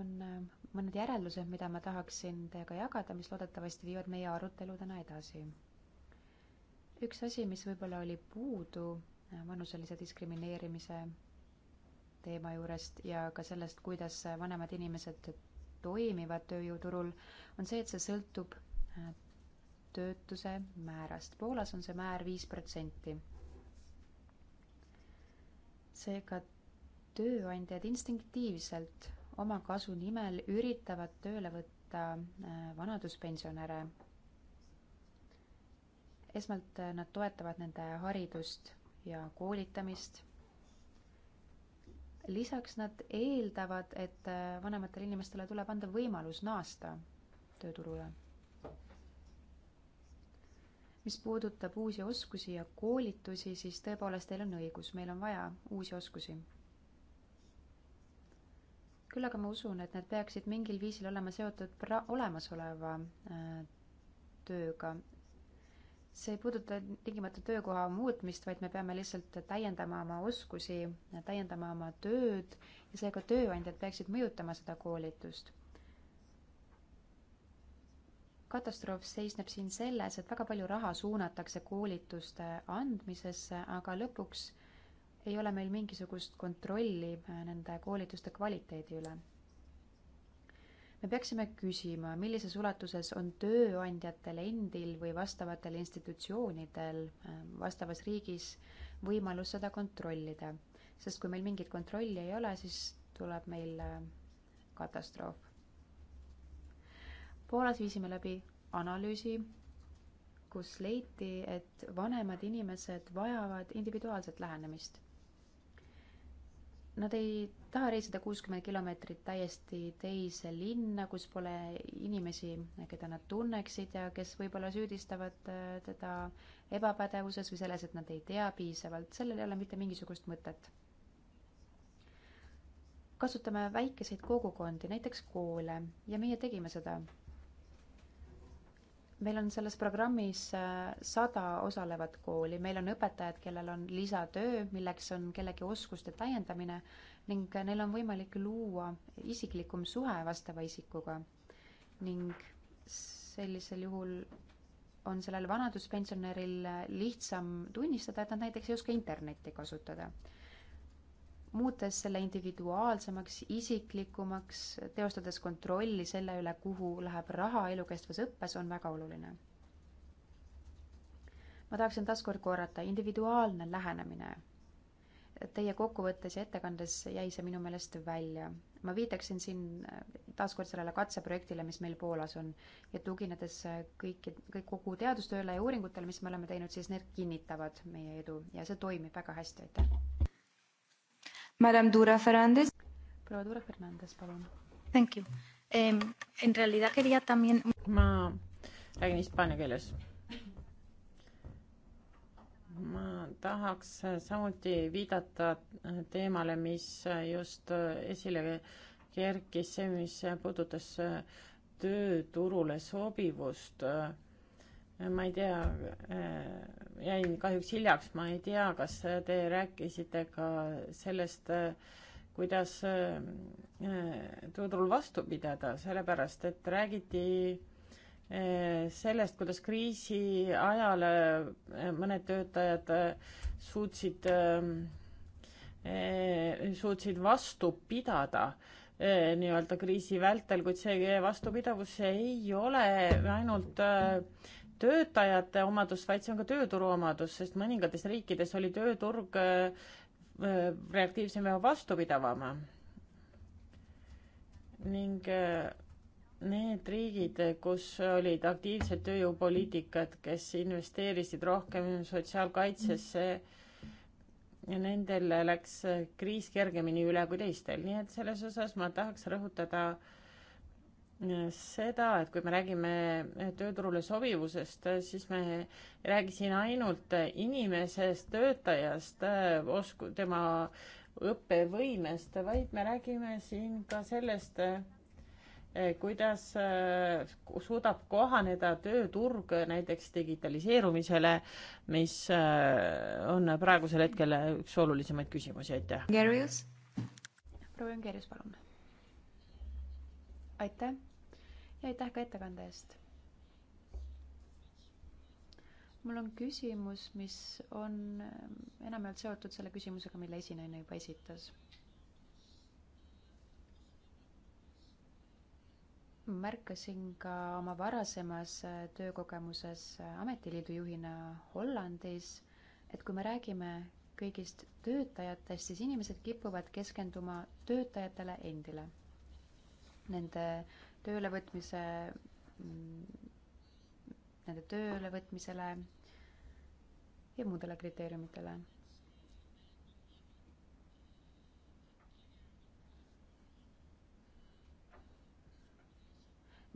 [SPEAKER 3] on äh, mõned järeldused, mida ma tahaksin teiega jagada, mis loodetavasti viivad meie arutelu täna edasi. üks asi, mis võib-olla oli puudu äh, vanuselise diskrimineerimise teema juurest ja ka sellest, kuidas vanemad inimesed toimivad tööjõuturul, on see, et see sõltub töötuse määrast. Poolas on see määr viis protsenti seega tööandjad instinktiivselt oma kasu nimel üritavad tööle võtta äh, vanaduspensionäre. esmalt äh, nad toetavad nende haridust ja koolitamist. lisaks nad eeldavad, et äh, vanematele inimestele tuleb anda võimalus naasta tööturule mis puudutab uusi oskusi ja koolitusi, siis tõepoolest, teil on õigus, meil on vaja uusi oskusi. küll aga ma usun, et need peaksid mingil viisil olema seotud pra-, olemasoleva äh, tööga. see ei puuduta tingimata töökoha muutmist, vaid me peame lihtsalt täiendama oma oskusi, täiendama oma tööd ja seega tööandjad peaksid mõjutama seda koolitust katastroof seisneb siin selles, et väga palju raha suunatakse koolituste andmisesse, aga lõpuks ei ole meil mingisugust kontrolli äh, nende koolituste kvaliteedi üle. me peaksime küsima, millises ulatuses on tööandjatel endil või vastavatel institutsioonidel äh, vastavas riigis võimalus seda kontrollida, sest kui meil mingit kontrolli ei ole, siis tuleb meil äh, katastroof. Poolas viisime läbi analüüsi, kus leiti, et vanemad inimesed vajavad individuaalset lähenemist. Nad ei taha reisida kuuskümmend kilomeetrit täiesti teise linna, kus pole inimesi, keda nad tunneksid ja kes võib-olla süüdistavad äh, teda ebapädevuses või selles, et nad ei tea piisavalt, sellel ei ole mitte mingisugust mõtet. kasutame väikeseid kogukondi, näiteks koole ja meie tegime seda meil on selles programmis äh, sada osalevat kooli, meil on õpetajad, kellel on lisatöö, milleks on kellegi oskuste täiendamine ning neil on võimalik luua isiklikum suhe vastava isikuga. ning sellisel juhul on sellel vanaduspensionäril lihtsam tunnistada, et nad näiteks ei oska internetti kasutada muutes selle individuaalsemaks, isiklikumaks, teostades kontrolli selle üle, kuhu läheb raha elukestvas õppes, on väga oluline. ma tahaksin taaskord korrata, individuaalne lähenemine. Teie kokkuvõttes ja ettekandes jäi see minu meelest välja. ma viitaksin siin taaskord sellele katseprojektile, mis meil Poolas on ja tuginedes kõiki, kõik kogu teadustööle ja uuringutele, mis me oleme teinud, siis need kinnitavad meie edu ja see toimib väga hästi, aitäh!
[SPEAKER 1] Madame Dura Fernández.
[SPEAKER 2] proua Dura Fernández, palun. Thank you eh,. En realidad quería también. ma räägin hispaania keeles. ma tahaks samuti viidata teemale, mis just esile kerkis, see, mis puudutas tööturule sobivust ma ei tea, äh, jäin kahjuks hiljaks, ma ei tea, kas te rääkisite ka sellest, äh, kuidas äh, tudrul vastu pidada, sellepärast et räägiti sellest, kuidas kriisi ajal mõned töötajad suutsid, suutsid vastu pidada nii-öelda kriisi vältel, kuid see vastupidavus ei ole ainult äh, töötajate omadus, vaid see on ka tööturu omadus, sest mõningates riikides oli tööturg äh, äh, reaktiivsem ja vastupidavam. ning äh, need riigid, kus olid aktiivsed tööjõupoliitikad, kes investeerisid rohkem sotsiaalkaitsesse, ja nendel läks kriis kergemini üle kui teistel, nii et selles osas ma tahaks rõhutada äh, seda, et kui me räägime tööturule sobivusest, siis me ei räägi siin ainult inimesest, töötajast, osku-, tema õppevõimest, vaid me räägime siin ka sellest, kuidas suudab kohaneda tööturg näiteks digitaliseerumisele, mis on praegusel hetkel üks olulisemaid küsimusi, aitäh.
[SPEAKER 3] proua Jõngerius, palun aitäh ja aitäh ka ettekande eest. mul on küsimus, mis on ähm, enamjaolt seotud selle küsimusega, mille esinaine juba esitas. märkasin ka oma varasemas äh, töökogemuses äh, ametiliidu juhina Hollandis, et kui me räägime kõigist töötajatest, siis inimesed kipuvad keskenduma töötajatele endile nende töölevõtmise, nende töölevõtmisele ja muudele kriteeriumitele.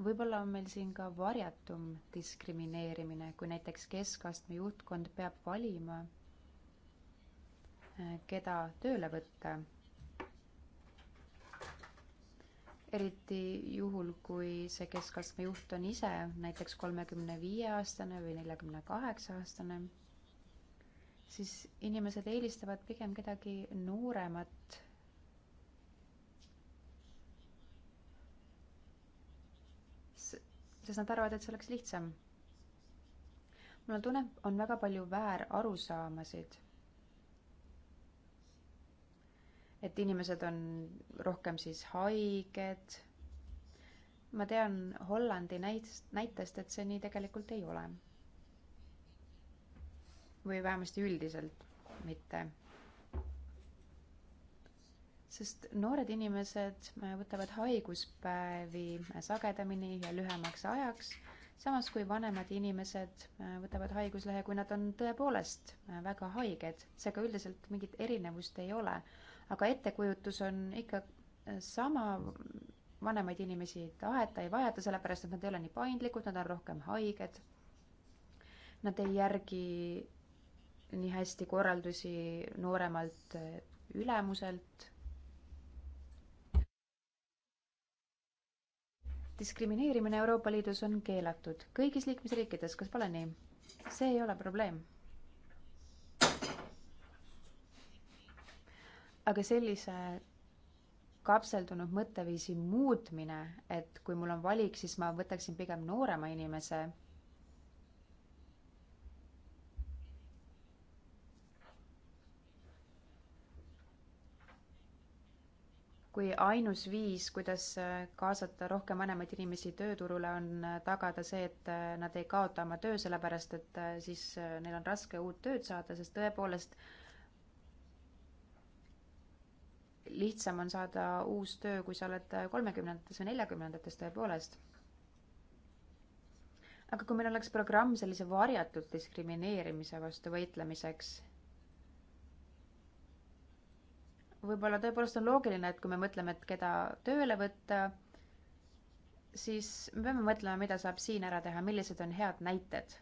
[SPEAKER 3] võib-olla on meil siin ka varjatum diskrimineerimine, kui näiteks keskastme juhtkond peab valima, keda tööle võtta eriti juhul, kui see keskastme juht on ise näiteks kolmekümne viie aastane või neljakümne kaheksa aastane, siis inimesed eelistavad pigem kedagi nooremat. sest nad arvavad, et see oleks lihtsam. mulle tunneb, on väga palju väärarusaamasid et inimesed on rohkem siis haiged. ma tean Hollandi näitest, näitest, et see nii tegelikult ei ole. või vähemasti üldiselt mitte. sest noored inimesed võtavad haiguspäevi sagedamini ja lühemaks ajaks, samas kui vanemad inimesed võtavad haiguslehe, kui nad on tõepoolest väga haiged, seega üldiselt mingit erinevust ei ole aga ettekujutus on ikka äh, sama, vanemaid inimesi ei taheta, ei vajata, sellepärast et nad ei ole nii paindlikud, nad on rohkem haiged. Nad ei järgi nii hästi korraldusi nooremalt äh, ülemuselt. diskrimineerimine Euroopa Liidus on keelatud kõigis liikmesriikides, kas pole nii? see ei ole probleem aga sellise kapseldunud mõtteviisi muutmine, et kui mul on valik, siis ma võtaksin pigem noorema inimese. kui ainus viis, kuidas äh, kaasata rohkem vanemaid inimesi tööturule, on äh, tagada see, et äh, nad ei kaota oma töö, sellepärast et siis neil on raske uut tööd saada, sest tõepoolest äh, lihtsam on saada uus töö, kui sa oled kolmekümnendates või neljakümnendates tõepoolest. aga kui meil oleks programm sellise varjatud diskrimineerimise vastu võitlemiseks, võib-olla tõepoolest on loogiline, et kui me mõtleme, et keda tööle võtta, siis me peame mõtlema, mida saab siin ära teha, millised on head näited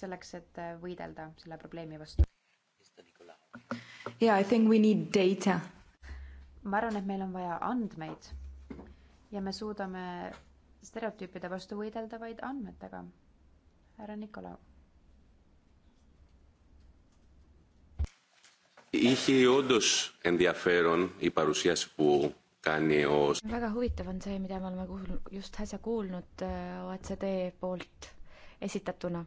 [SPEAKER 3] selleks, et võidelda selle probleemi vastu
[SPEAKER 1] yeah,? I think we need data.
[SPEAKER 3] ma arvan, et meil on vaja andmeid ja me suudame stereotüüpide vastu võidelda vaid andmetega. härra Nikolau.
[SPEAKER 2] Είχε όντω ενδιαφέρον η παρουσίαση που κάνει
[SPEAKER 3] ο...
[SPEAKER 1] Väga huvitav on see, mida me oleme kuul-, just äsja kuulnud äh, OECD poolt esitatuna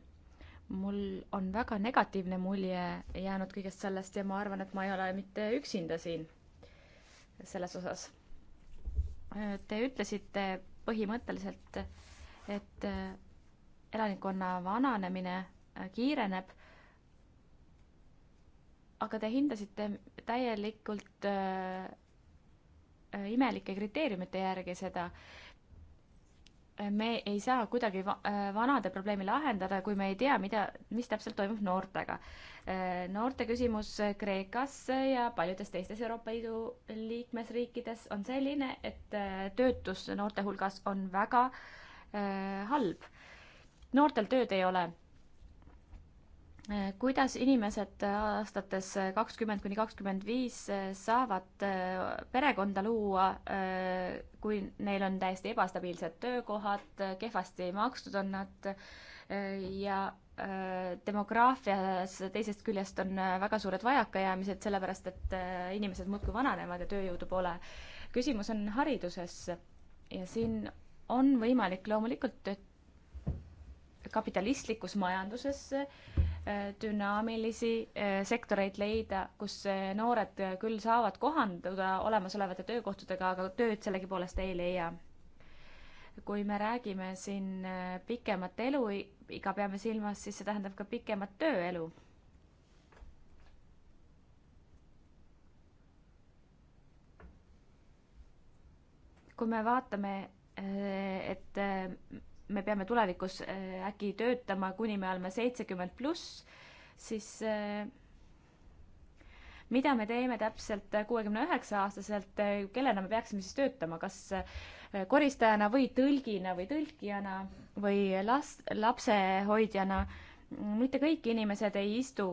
[SPEAKER 1] mul on väga negatiivne mulje jäänud kõigest sellest ja ma arvan, et ma ei ole mitte üksinda siin selles osas. Te ütlesite põhimõtteliselt, et elanikkonna vananemine kiireneb, aga te hindasite täielikult äh, äh, imelikke kriteeriumite järgi seda me ei saa kuidagi äh, vanade probleemi lahendada, kui me ei tea, mida, mis täpselt toimub noortega. Äh, noorte küsimus Kreekas ja paljudes teistes Euroopa Liidu liikmesriikides on selline, et äh, töötus noorte hulgas on väga halb. noortel tööd ei ole kuidas inimesed aastates kakskümmend kuni kakskümmend viis saavad äh, perekonda luua, äh, kui neil on täiesti ebastabiilsed töökohad, kehvasti makstud on nad äh, ja demograafias teisest küljest on väga suured vajakajäämised, sellepärast et inimesed muudkui vananevad ja tööjõudu pole. küsimus on hariduses ja siin on võimalik loomulikult kapitalistlikus majanduses äh, dünaamilisi eh, sektoreid leida, kus eh, noored eh, küll saavad kohanduda olemasolevate töökohtadega, aga tööd sellegipoolest ei leia. kui me räägime siin pikemat eluiga, peame silmas, siis see tähendab ka pikemat tööelu kui me vaatame, et me peame tulevikus äh, äkki töötama, kuni me oleme seitsekümmend pluss, siis äh, mida me teeme täpselt kuuekümne üheksa aastaselt, äh, kellena me peaksime siis töötama, kas koristajana või tõlgina või tõlkijana või last, lapsehoidjana? mitte kõik inimesed ei istu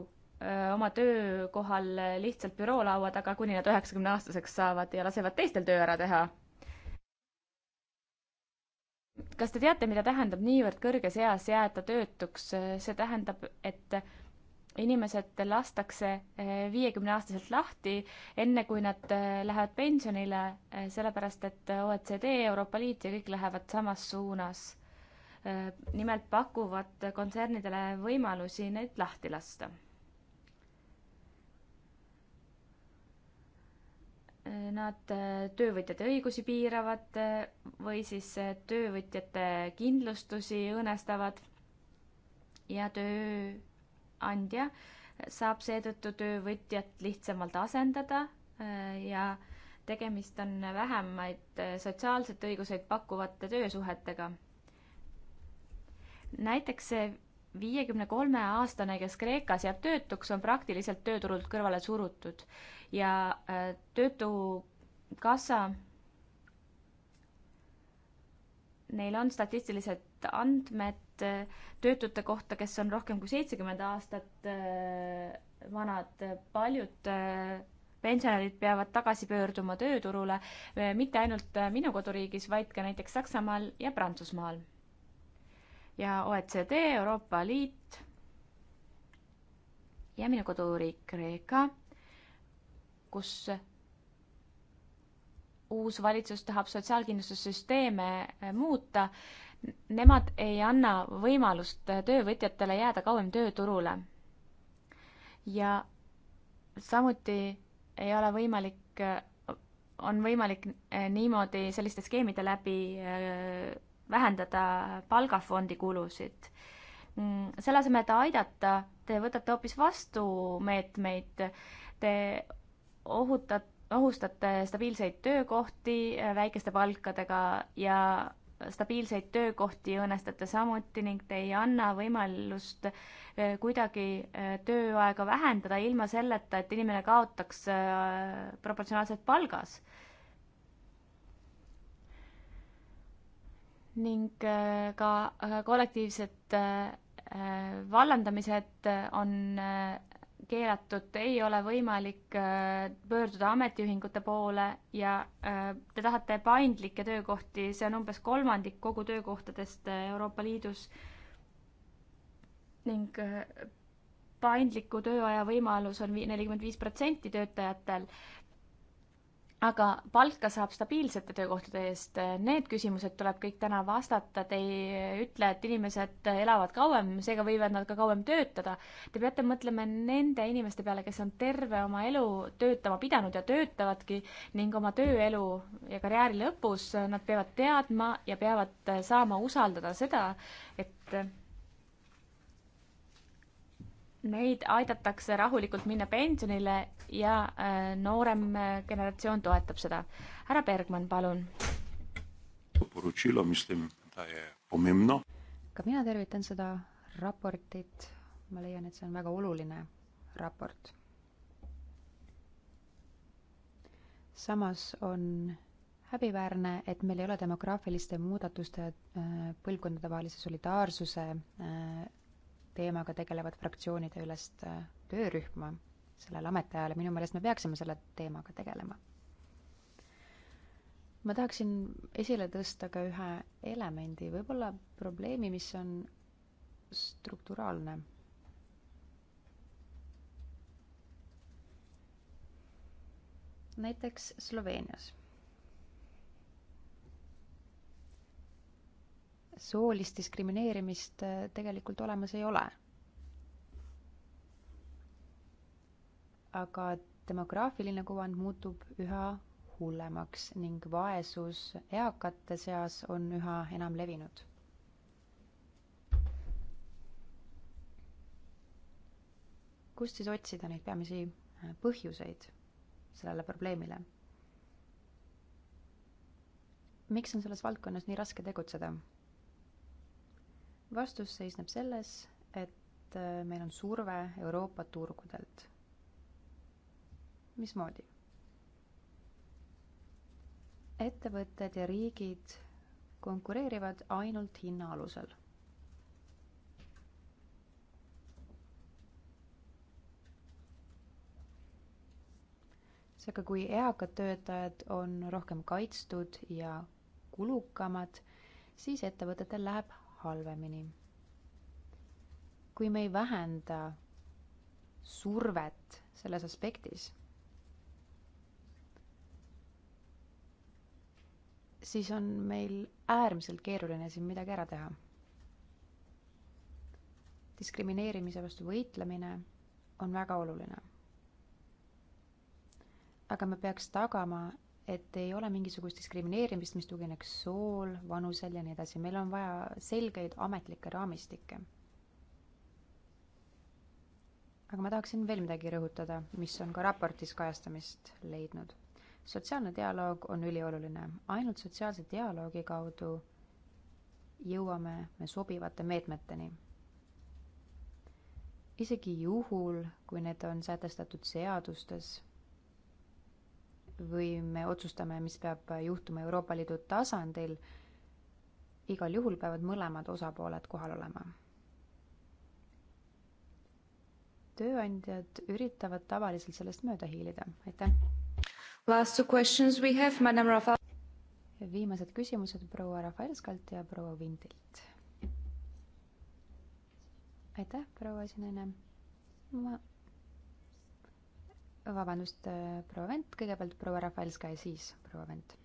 [SPEAKER 1] oma töökohal lihtsalt büroolaua taga, kuni nad üheksakümne aastaseks saavad ja lasevad teistel töö ära teha kas te teate, mida tähendab niivõrd kõrges eas jääda töötuks? see tähendab, et inimesed lastakse eh, viiekümneaastaselt lahti, enne kui nad eh, lähevad pensionile, eh, sellepärast et OECD, Euroopa Liit ja kõik lähevad samas suunas. nimelt pakuvad kontsernidele võimalusi neid lahti lasta Nad äh, töövõtjate õigusi piiravad äh, või siis äh, töövõtjate kindlustusi õõnestavad ja tööandja saab seetõttu töövõtjat lihtsamalt asendada ja tegemist on vähemaid sotsiaalseid õiguseid pakkuvate töösuhetega. näiteks viiekümne kolme aastane, kes Kreekas jääb töötuks, on praktiliselt tööturult kõrvale surutud ja äh, töötukassa, neil on statistilised andmed äh, töötute kohta, kes on rohkem kui seitsekümmend aastat äh, vanad, paljud pensionärid peavad tagasi pöörduma tööturule, mitte ainult minu koduriigis, vaid ka näiteks Saksamaal ja Prantsusmaal ja OECD, Euroopa Liit ja minu koduriik Kreeka, kus uus valitsus tahab sotsiaalkindlustussüsteeme eh, muuta, nemad ei anna võimalust eh, töövõtjatele jääda kauem tööturule. ja samuti ei ole võimalik, eh, on võimalik niimoodi selliste skeemide läbi vähendada palgafondi kulusid. Mm, selle asemel, et aidata, te võtate hoopis vastumeetmeid, te ohutate ohustate stabiilseid töökohti äh, väikeste palkadega ja stabiilseid töökohti õõnestate samuti ning te ei anna võimalust äh, kuidagi äh, tööaega vähendada ilma selleta, et inimene kaotaks proportsionaalselt palgas. ning äh, ka äh, kollektiivsed äh, vallandamised on keelatud, ei ole võimalik pöörduda ametiühingute poole ja te tahate paindlikke töökohti, see on umbes kolmandik kogu töökohtadest Euroopa Liidus. ning paindliku tööaja võimalus on nelikümmend viis protsenti töötajatel aga palka saab stabiilsete töökohtade eest, need küsimused tuleb kõik täna vastata, te ei ütle, et inimesed elavad kauem, seega võivad nad ka kauem töötada. Te peate mõtlema nende inimeste peale, kes on terve oma elu töötama pidanud ja töötavadki ning oma tööelu ja karjääri lõpus nad peavad teadma ja peavad saama usaldada seda, et neid aidatakse rahulikult minna pensionile ja äh, noorem äh, generatsioon toetab seda. härra Bergmann, palun. ka mina tervitan
[SPEAKER 3] seda raportit. ma leian, et see on väga oluline raport. samas on häbiväärne, et meil ei ole demograafiliste muudatuste äh, põlvkondadevahelise solidaarsuse teemaga tegelevat fraktsioonide ülest äh, töörühma sellel ametiajal ja minu meelest me peaksime selle teemaga tegelema. ma tahaksin esile tõsta ka ühe elemendi, võib-olla probleemi, mis on strukturaalne näiteks Sloveenias. soolist diskrimineerimist äh, tegelikult olemas ei ole. aga demograafiline kuvand muutub üha hullemaks ning vaesus eakate seas on üha enam levinud. kust siis otsida neid peamisi äh, põhjuseid sellele probleemile? miks on selles valdkonnas nii raske tegutseda? vastus seisneb selles, et äh, meil on surve Euroopa turgudelt. mismoodi? ettevõtted ja riigid konkureerivad ainult hinna alusel seega kui eakad töötajad on rohkem kaitstud ja kulukamad, siis ettevõtetel läheb halvemini. kui me ei vähenda survet selles aspektis, siis on meil äärmiselt keeruline siin midagi ära teha. diskrimineerimise vastu võitlemine on väga oluline. aga me peaks tagama, et ei ole mingisugust diskrimineerimist, mis tugineks sool, vanusel ja nii edasi, meil on vaja selgeid ametlikke raamistikke. aga ma tahaksin veel midagi rõhutada, mis on ka raportis kajastamist leidnud. sotsiaalne dialoog on ülioluline, ainult sotsiaalse dialoogi kaudu jõuame me sobivate meetmeteni isegi juhul, kui need on sätestatud seadustes või me otsustame, mis peab juhtuma Euroopa Liidu tasandil, igal juhul peavad mõlemad osapooled kohal olema. tööandjad üritavad tavaliselt sellest mööda hiilida, aitäh. Last two questions we have, madam Rafa. viimased küsimused proua Rafaelskalt ja proua Vindilt. aitäh, proua esinaine. ma vabandust, äh, proua Vent, kõigepealt proua Rafalska ja siis proua Vent.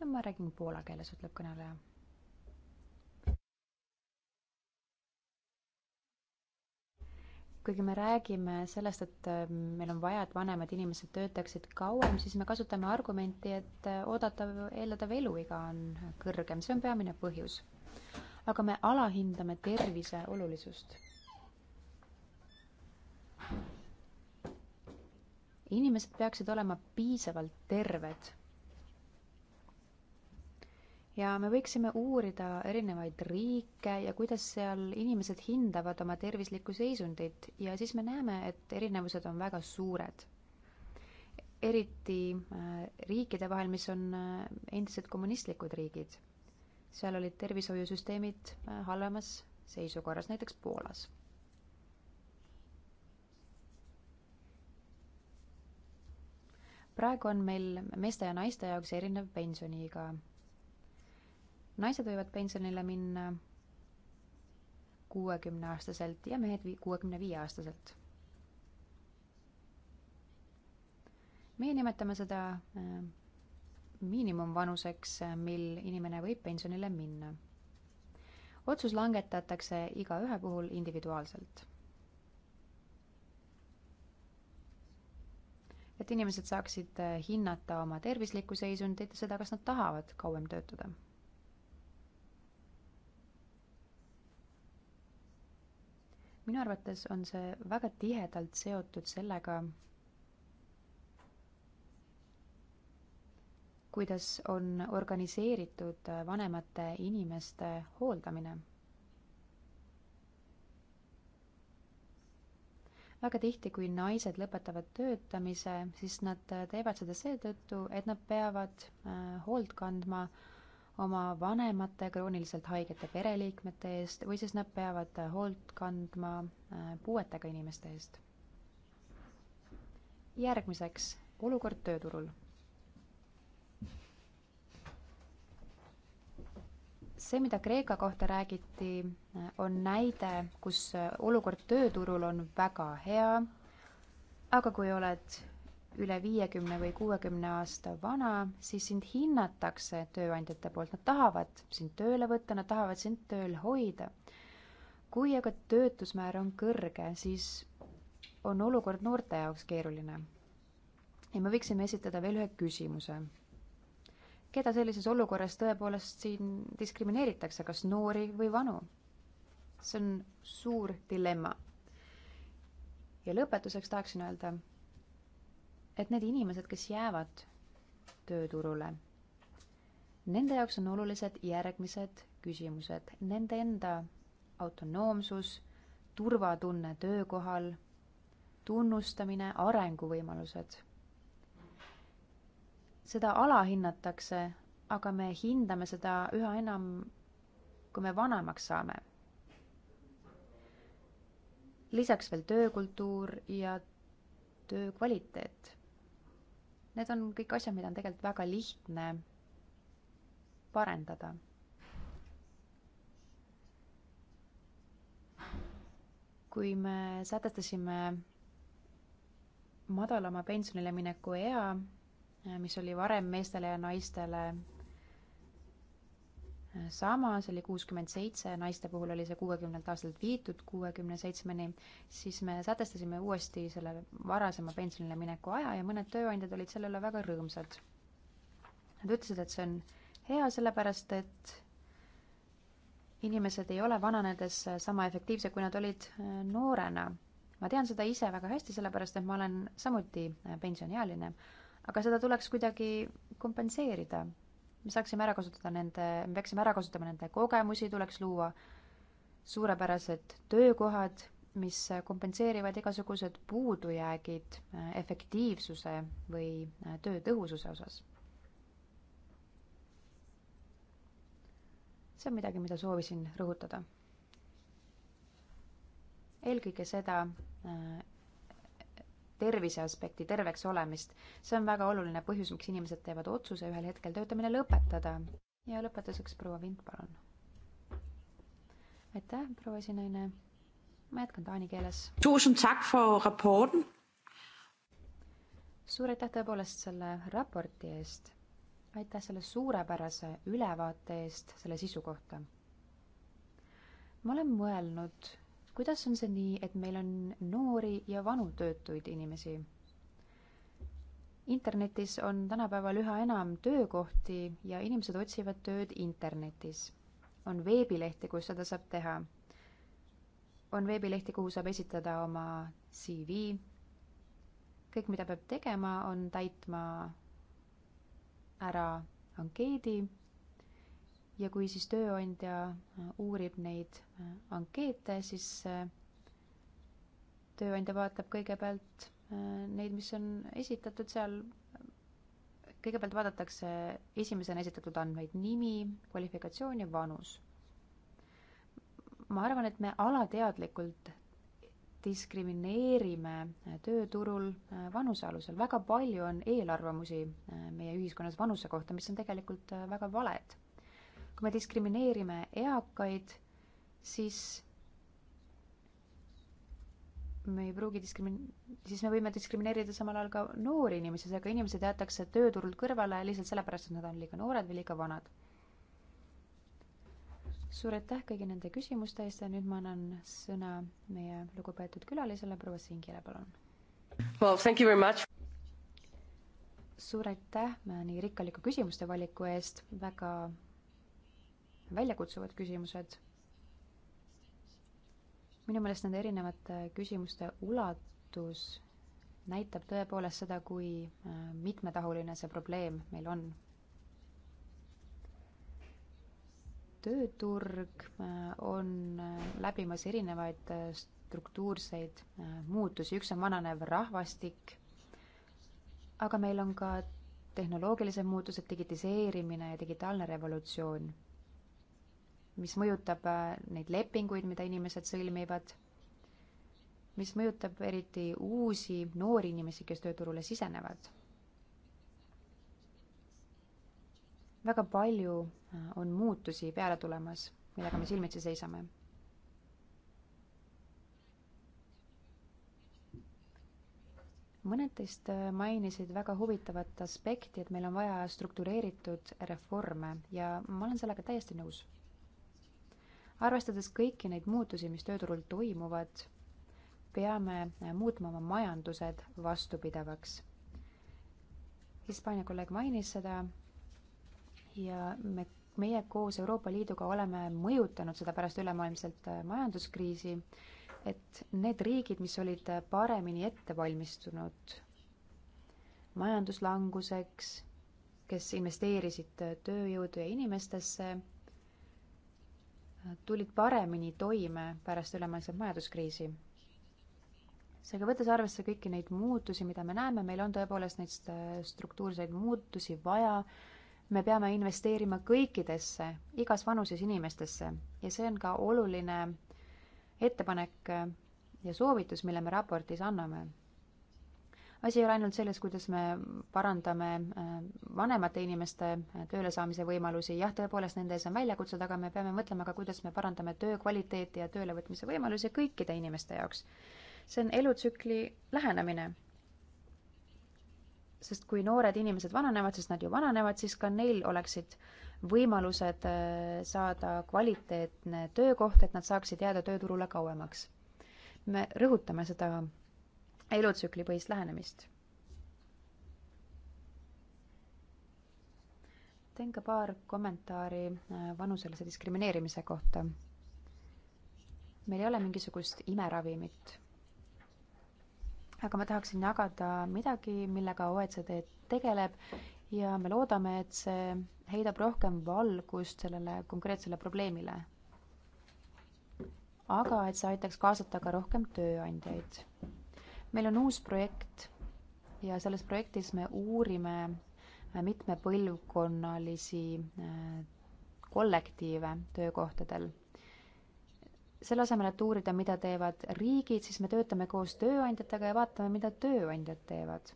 [SPEAKER 3] no ma räägin poola keeles, ütleb kõneleja. kuigi me räägime sellest, et äh, meil on vaja, et vanemad inimesed töötaksid kauem, siis me kasutame argumenti, et äh, oodatav, eeldatav eluiga on kõrgem, see on peamine põhjus aga me alahindame tervise olulisust. inimesed peaksid olema piisavalt terved. ja me võiksime uurida erinevaid riike ja kuidas seal inimesed hindavad oma tervislikku seisundit ja siis me näeme, et erinevused on väga suured. eriti äh, riikide vahel, mis on äh, endiselt kommunistlikud riigid seal olid tervishoiusüsteemid äh, halvemas seisukorras, näiteks Poolas. praegu on meil meeste ja naiste jaoks erinev pensioniiga. naised võivad pensionile minna kuuekümneaastaselt ja mehed kuuekümne viie aastaselt meie nimetame seda äh, miinimumvanuseks, mil inimene võib pensionile minna. otsus langetatakse igaühe puhul individuaalselt. et inimesed saaksid eh, hinnata oma tervislikku seisundit ja seda, kas nad tahavad kauem töötada minu arvates on see väga tihedalt seotud sellega, kuidas on organiseeritud vanemate inimeste hooldamine. väga tihti, kui naised lõpetavad töötamise, siis nad teevad seda seetõttu, et nad peavad äh, hoolt kandma oma vanemate krooniliselt haigete pereliikmete eest või siis nad peavad hoolt kandma äh, puuetega inimeste eest. järgmiseks olukord tööturul see, mida Kreeka kohta räägiti, on näide, kus olukord tööturul on väga hea, aga kui oled üle viiekümne või kuuekümne aasta vana, siis sind hinnatakse tööandjate poolt, nad tahavad sind tööle võtta, nad tahavad sind tööl hoida. kui aga töötusmäär on kõrge, siis on olukord noorte jaoks keeruline. ja me võiksime esitada veel ühe küsimuse keda sellises olukorras tõepoolest siin diskrimineeritakse, kas noori või vanu? see on suur dilemma. ja lõpetuseks tahaksin öelda, et need inimesed, kes jäävad tööturule, nende jaoks on olulised järgmised küsimused, nende enda autonoomsus, turvatunne töökohal, tunnustamine, arenguvõimalused seda alahinnatakse, aga me hindame seda üha enam, kui me vanemaks saame. lisaks veel töökultuur ja töö kvaliteet. Need on kõik asjad, mida on tegelikult väga lihtne parendada kui me sätestasime madalama pensionile mineku ea, Äh, mis oli varem meestele ja naistele äh, sama, see oli kuuskümmend seitse, naiste puhul oli see kuuekümnelt aastaselt viidud kuuekümne seitsmeni, siis me sätestasime uuesti selle varasema pensionile mineku aja ja mõned tööandjad olid selle üle väga rõõmsad. Nad ütlesid, et see on hea, sellepärast et inimesed ei ole vananedes sama efektiivsed, kui nad olid äh, noorena. ma tean seda ise väga hästi, sellepärast et ma olen samuti pensioniealine aga seda tuleks kuidagi kompenseerida. me saaksime ära kasutada nende, me peaksime ära kasutama nende kogemusi, tuleks luua suurepärased töökohad, mis kompenseerivad igasugused puudujäägid äh, efektiivsuse või äh, töö tõhususe osas. see on midagi, mida soovisin rõhutada. eelkõige seda, äh, tervise aspekti, terveks olemist. see on väga oluline põhjus, miks inimesed teevad otsuse ühel hetkel töötamine lõpetada. ja lõpetuseks proua Vint, palun. aitäh, proua esinaine. ma jätkan taani keeles. suur aitäh tõepoolest selle raporti eest. aitäh selle suurepärase ülevaate eest selle sisu kohta. ma olen mõelnud kuidas on see nii, et meil on noori ja vanu töötuid inimesi? internetis on tänapäeval üha enam töökohti ja inimesed otsivad tööd internetis. on veebilehti, kus seda saab teha. on veebilehti, kuhu saab esitada oma CV. kõik, mida peab tegema, on täitma ära ankeedi ja kui siis tööandja äh, uurib neid äh, ankeete, siis äh, tööandja vaatab kõigepealt neid, mis on esitatud seal, kõigepealt vaadatakse esimesena esitatud andmeid, nimi, kvalifikatsioon ja vanus. ma arvan, et me alateadlikult diskrimineerime tööturul vanuse alusel, väga palju on eelarvamusi meie ühiskonnas vanuse kohta, mis on tegelikult väga valed kui me diskrimineerime eakaid, siis me ei pruugi diskrimin-, siis me võime diskrimineerida samal ajal ka noori inimesi, seega inimesed jäetakse tööturult kõrvale lihtsalt sellepärast, et nad on liiga noored või liiga vanad. suur aitäh kõigi nende küsimuste eest ja nüüd ma annan sõna meie lugupeetud külalisele, proua Singile, palun.
[SPEAKER 2] Well, thank you very much
[SPEAKER 3] suur aitäh nii rikkaliku küsimuste valiku eest, väga väljakutsuvad küsimused. minu meelest nende erinevate küsimuste ulatus näitab tõepoolest seda, kui äh, mitmetahuline see probleem meil on. tööturg äh, on äh, läbimas erinevaid struktuurseid muutusi, üks on vananev rahvastik, aga meil on ka tehnoloogilised muutused, digitiseerimine ja digitaalne revolutsioon mis mõjutab äh, neid lepinguid, mida inimesed sõlmivad, mis mõjutab eriti uusi noori inimesi, kes tööturule sisenevad. väga palju äh, on muutusi peale tulemas, millega me silmitsi seisame. mõned teist äh, mainisid väga huvitavat aspekti, et meil on vaja struktureeritud reforme ja ma olen sellega täiesti nõus arvestades kõiki neid muutusi, mis tööturul toimuvad, peame muutma oma majandused vastupidavaks. Hispaania kolleeg mainis seda ja me, meie koos Euroopa Liiduga oleme mõjutanud seda pärast ülemaailmselt äh, majanduskriisi, et need riigid, mis olid äh, paremini ette valmistunud majanduslanguseks, kes investeerisid äh, tööjõudu ja inimestesse tulid paremini toime pärast ülemaailmset majanduskriisi. seega võttes arvesse kõiki neid muutusi, mida me näeme, meil on tõepoolest neid struktuurseid muutusi vaja, me peame investeerima kõikidesse, igas vanuses inimestesse ja see on ka oluline ettepanek ja soovitus, mille me raportis anname asi ei ole ainult selles, kuidas me parandame äh, vanemate inimeste äh, tööle saamise võimalusi, jah, tõepoolest, nende ees on väljakutsed, aga me peame mõtlema ka, kuidas me parandame töö kvaliteeti ja töölevõtmise võimalusi kõikide inimeste jaoks. see on elutsükli lähenemine sest kui noored inimesed vananevad, sest nad ju vananevad, siis ka neil oleksid võimalused äh, saada kvaliteetne töökoht, et nad saaksid jääda tööturule kauemaks. me rõhutame seda elutsüklipõhist lähenemist. teen ka paar kommentaari äh, vanuselise diskrimineerimise kohta. meil ei ole mingisugust imeravimit. aga ma tahaksin jagada midagi, millega OECD tegeleb ja me loodame, et see heidab rohkem valgust sellele konkreetsele probleemile. aga et see aitaks kaasata ka rohkem tööandjaid meil on uus projekt ja selles projektis me uurime äh, mitmepõlvkonnalisi äh, kollektiive töökohtadel. selle asemel, et uurida, mida teevad riigid, siis me töötame koos tööandjatega ja vaatame, mida tööandjad teevad.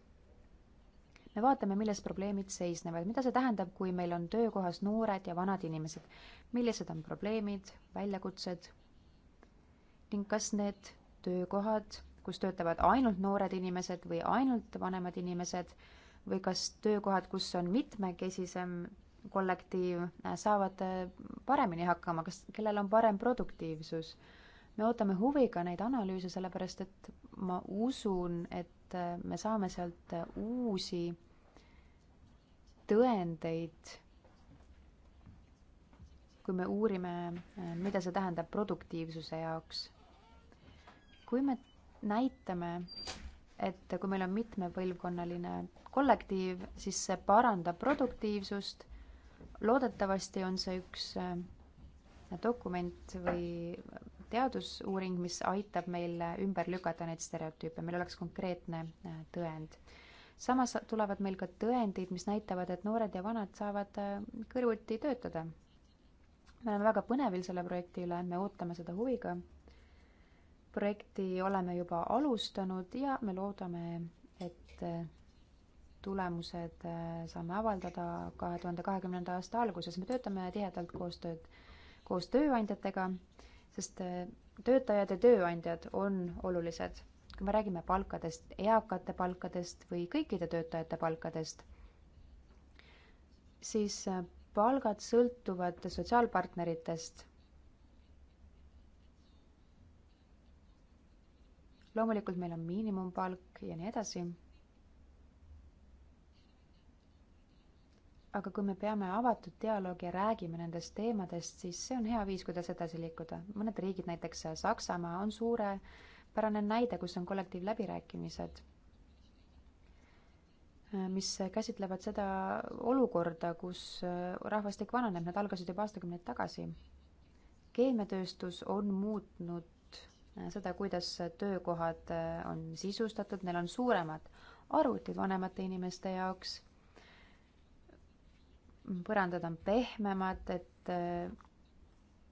[SPEAKER 3] me vaatame, milles probleemid seisnevad, mida see tähendab, kui meil on töökohas noored ja vanad inimesed, millised on probleemid, väljakutsed ning kas need töökohad kus töötavad ainult noored inimesed või ainult vanemad inimesed või kas töökohad, kus on mitmekesisem kollektiiv, saavad äh, paremini hakkama, kas, kellel on parem produktiivsus? me ootame huviga neid analüüse, sellepärast et ma usun, et äh, me saame sealt äh, uusi tõendeid, kui me uurime, mida see tähendab produktiivsuse jaoks. kui me näitame, et kui meil on mitmepõlvkonnaline kollektiiv, siis see parandab produktiivsust. loodetavasti on see üks äh, dokument või teadusuuring, mis aitab meil ümber lükata neid stereotüüpe, meil oleks konkreetne äh, tõend. samas tulevad meil ka tõendid, mis näitavad, et noored ja vanad saavad äh, kõrvuti töötada. me oleme väga põnevil selle projekti üle, me ootame seda huviga projekti oleme juba alustanud ja me loodame, et tulemused äh, saame avaldada kahe tuhande kahekümnenda aasta alguses. me töötame tihedalt koostööd, koos tööandjatega, sest äh, töötajad ja tööandjad on olulised. kui me räägime palkadest, eakate palkadest või kõikide töötajate palkadest, siis äh, palgad sõltuvad sotsiaalpartneritest loomulikult meil on miinimumpalk ja nii edasi. aga kui me peame avatud dialoogi ja räägime nendest teemadest, siis see on hea viis, kuidas edasi liikuda. mõned riigid, näiteks Saksamaa, on suurepärane näide, kus on kollektiivläbirääkimised, mis käsitlevad seda olukorda, kus rahvastik vananeb, need algasid juba aastakümneid tagasi. keemiatööstus on muutnud Äh, seda, kuidas töökohad äh, on sisustatud, neil on suuremad arvutid vanemate inimeste jaoks, põrandad on pehmemad, et äh,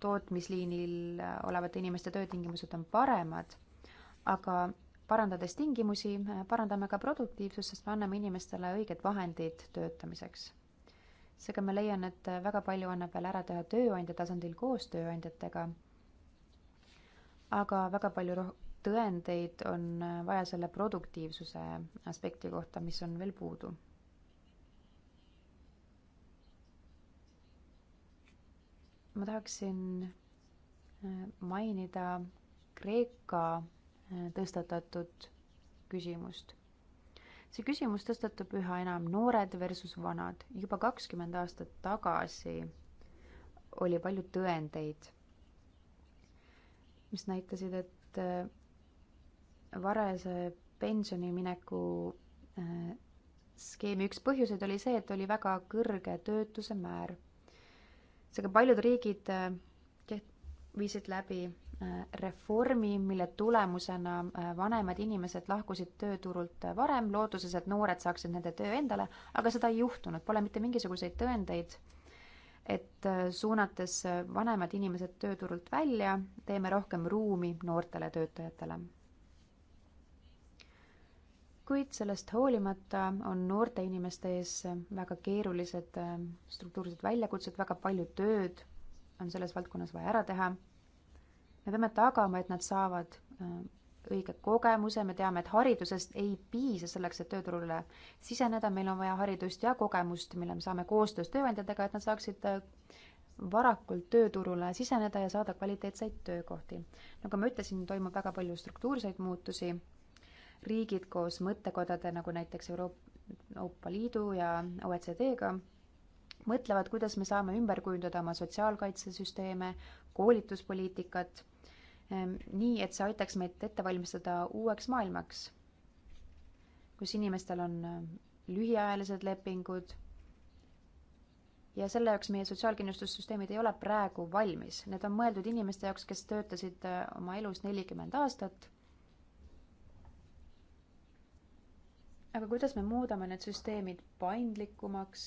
[SPEAKER 3] tootmisliinil olevate inimeste töötingimused on paremad, aga parandades tingimusi, parandame ka produktiivsust, sest me anname inimestele õiged vahendid töötamiseks. seega ma leian, et väga palju annab veel ära teha tööandja tasandil koos tööandjatega aga väga palju roh-, tõendeid on äh, vaja selle produktiivsuse aspekti kohta, mis on veel puudu ma tahaksin äh, mainida Kreeka äh, tõstatatud küsimust. see küsimus tõstatab üha enam noored versus vanad. juba kakskümmend aastat tagasi oli palju tõendeid mis näitasid, et äh, varese pensionimineku äh, skeemi üks põhjuseid oli see, et oli väga kõrge töötuse määr. seega paljud riigid äh, viisid läbi reformi, mille tulemusena vanemad inimesed lahkusid tööturult varem, lootuses, et noored saaksid nende töö endale, aga seda ei juhtunud, pole mitte mingisuguseid tõendeid et äh, suunates äh, vanemad inimesed tööturult välja, teeme rohkem ruumi noortele töötajatele. kuid sellest hoolimata on noorte inimeste ees äh, väga keerulised struktuursed väljakutsed, väga palju tööd on selles valdkonnas vaja ära teha. me peame tagama, et nad saavad õige kogemuse, me teame, et haridusest ei piisa selleks, et tööturule siseneda, meil on vaja haridust ja kogemust, mille me saame koostöös tööandjatega, et nad saaksid äh, varakult tööturule siseneda ja saada kvaliteetseid töökohti. nagu ma ütlesin, toimub väga palju struktuurseid muutusi, riigid koos mõttekodade, nagu näiteks Euroopa Liidu ja OECD-ga, mõtlevad, kuidas me saame ümber kujundada oma sotsiaalkaitsesüsteeme, koolituspoliitikat Ehm, nii et see aitaks meid ette valmistada uueks maailmaks, kus inimestel on ehm, lühiajalised lepingud ja selle jaoks meie sotsiaalkindlustussüsteemid ei ole praegu valmis. Need on mõeldud inimeste jaoks, kes töötasid ehm, oma elus nelikümmend aastat. aga kuidas me muudame need süsteemid paindlikumaks,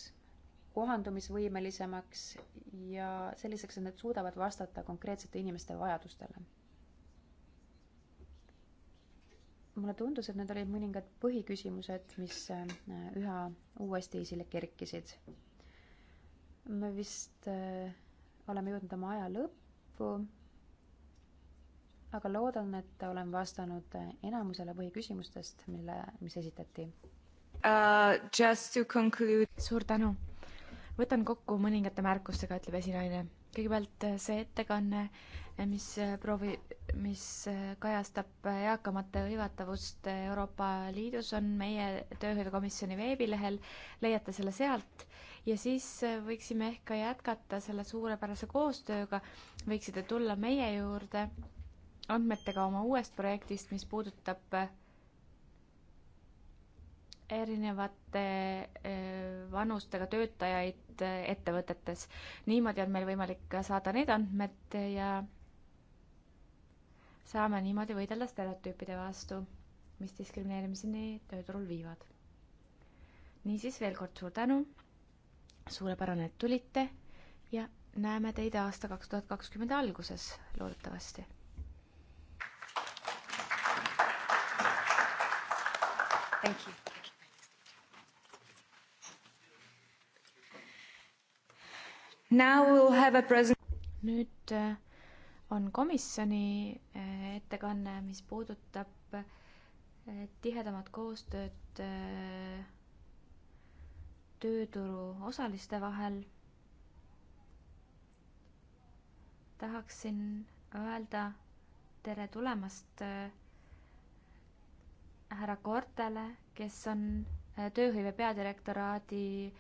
[SPEAKER 3] kohandumisvõimelisemaks ja selliseks, et need suudavad vastata konkreetsete inimeste vajadustele? mulle tundus, et need olid mõningad põhiküsimused, mis äh, üha uuesti esile kerkisid. me vist äh, oleme jõudnud oma aja lõppu. aga loodan, et olen vastanud äh, enamusele põhiküsimustest, mille, mis esitati
[SPEAKER 1] uh,. Just to conclude. suur tänu. võtan kokku mõningate märkustega, ütleb esinaine kõigepealt eh, see ettekanne, eh, mis eh, proovi, mis kajastab eakamate hõivatavust Euroopa Liidus, on meie tööhõivekomisjoni veebilehel, leiate selle sealt ja siis võiksime ehk ka jätkata selle suurepärase koostööga, võiksite tulla meie juurde andmetega oma uuest projektist, mis puudutab erinevate äh, vanustega töötajaid äh, ettevõtetes. niimoodi on meil võimalik saada need andmed ja saame niimoodi võidelda stereotüüpide vastu, mis diskrimineerimiseni tööturul viivad. niisiis veel kord suur tänu, suurepärane, et tulite ja näeme teid aasta kaks tuhat kakskümmend alguses loodetavasti Thank you. nüüd äh, on komisjoni äh, ettekanne, mis puudutab äh, tihedamat koostööd tööturu osaliste vahel. tahaksin öelda tere tulemast härra Kortele, kes on tööhõive peadirektoraadi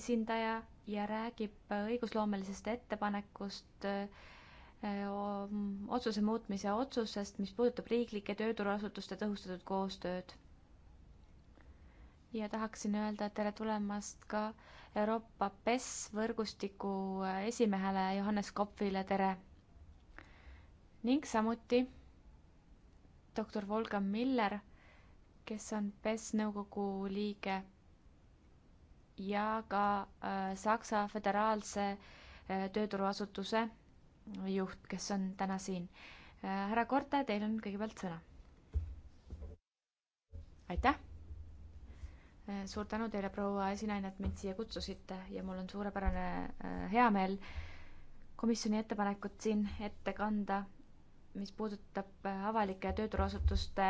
[SPEAKER 1] esindaja ja räägib õigusloomelisest ettepanekust äh, otsuse muutmise otsusest, mis puudutab riiklike tööturuasutuste tõhustatud koostööd. ja tahaksin öelda tere tulemast ka Euroopa PES võrgustiku äh, esimehele Johannes Kopfile, tere! ning samuti doktor Volga Miller, kes on PES nõukogu liige ja ka äh, Saksa föderaalse äh, tööturuasutuse juht, kes on täna siin. Äh, härra Korte, teil on kõigepealt sõna. aitäh! suur tänu teile, proua esinaine, et mind siia kutsusite ja mul on suurepärane heameel komisjoni ettepanekut siin ette kanda, mis puudutab avalike tööturuasutuste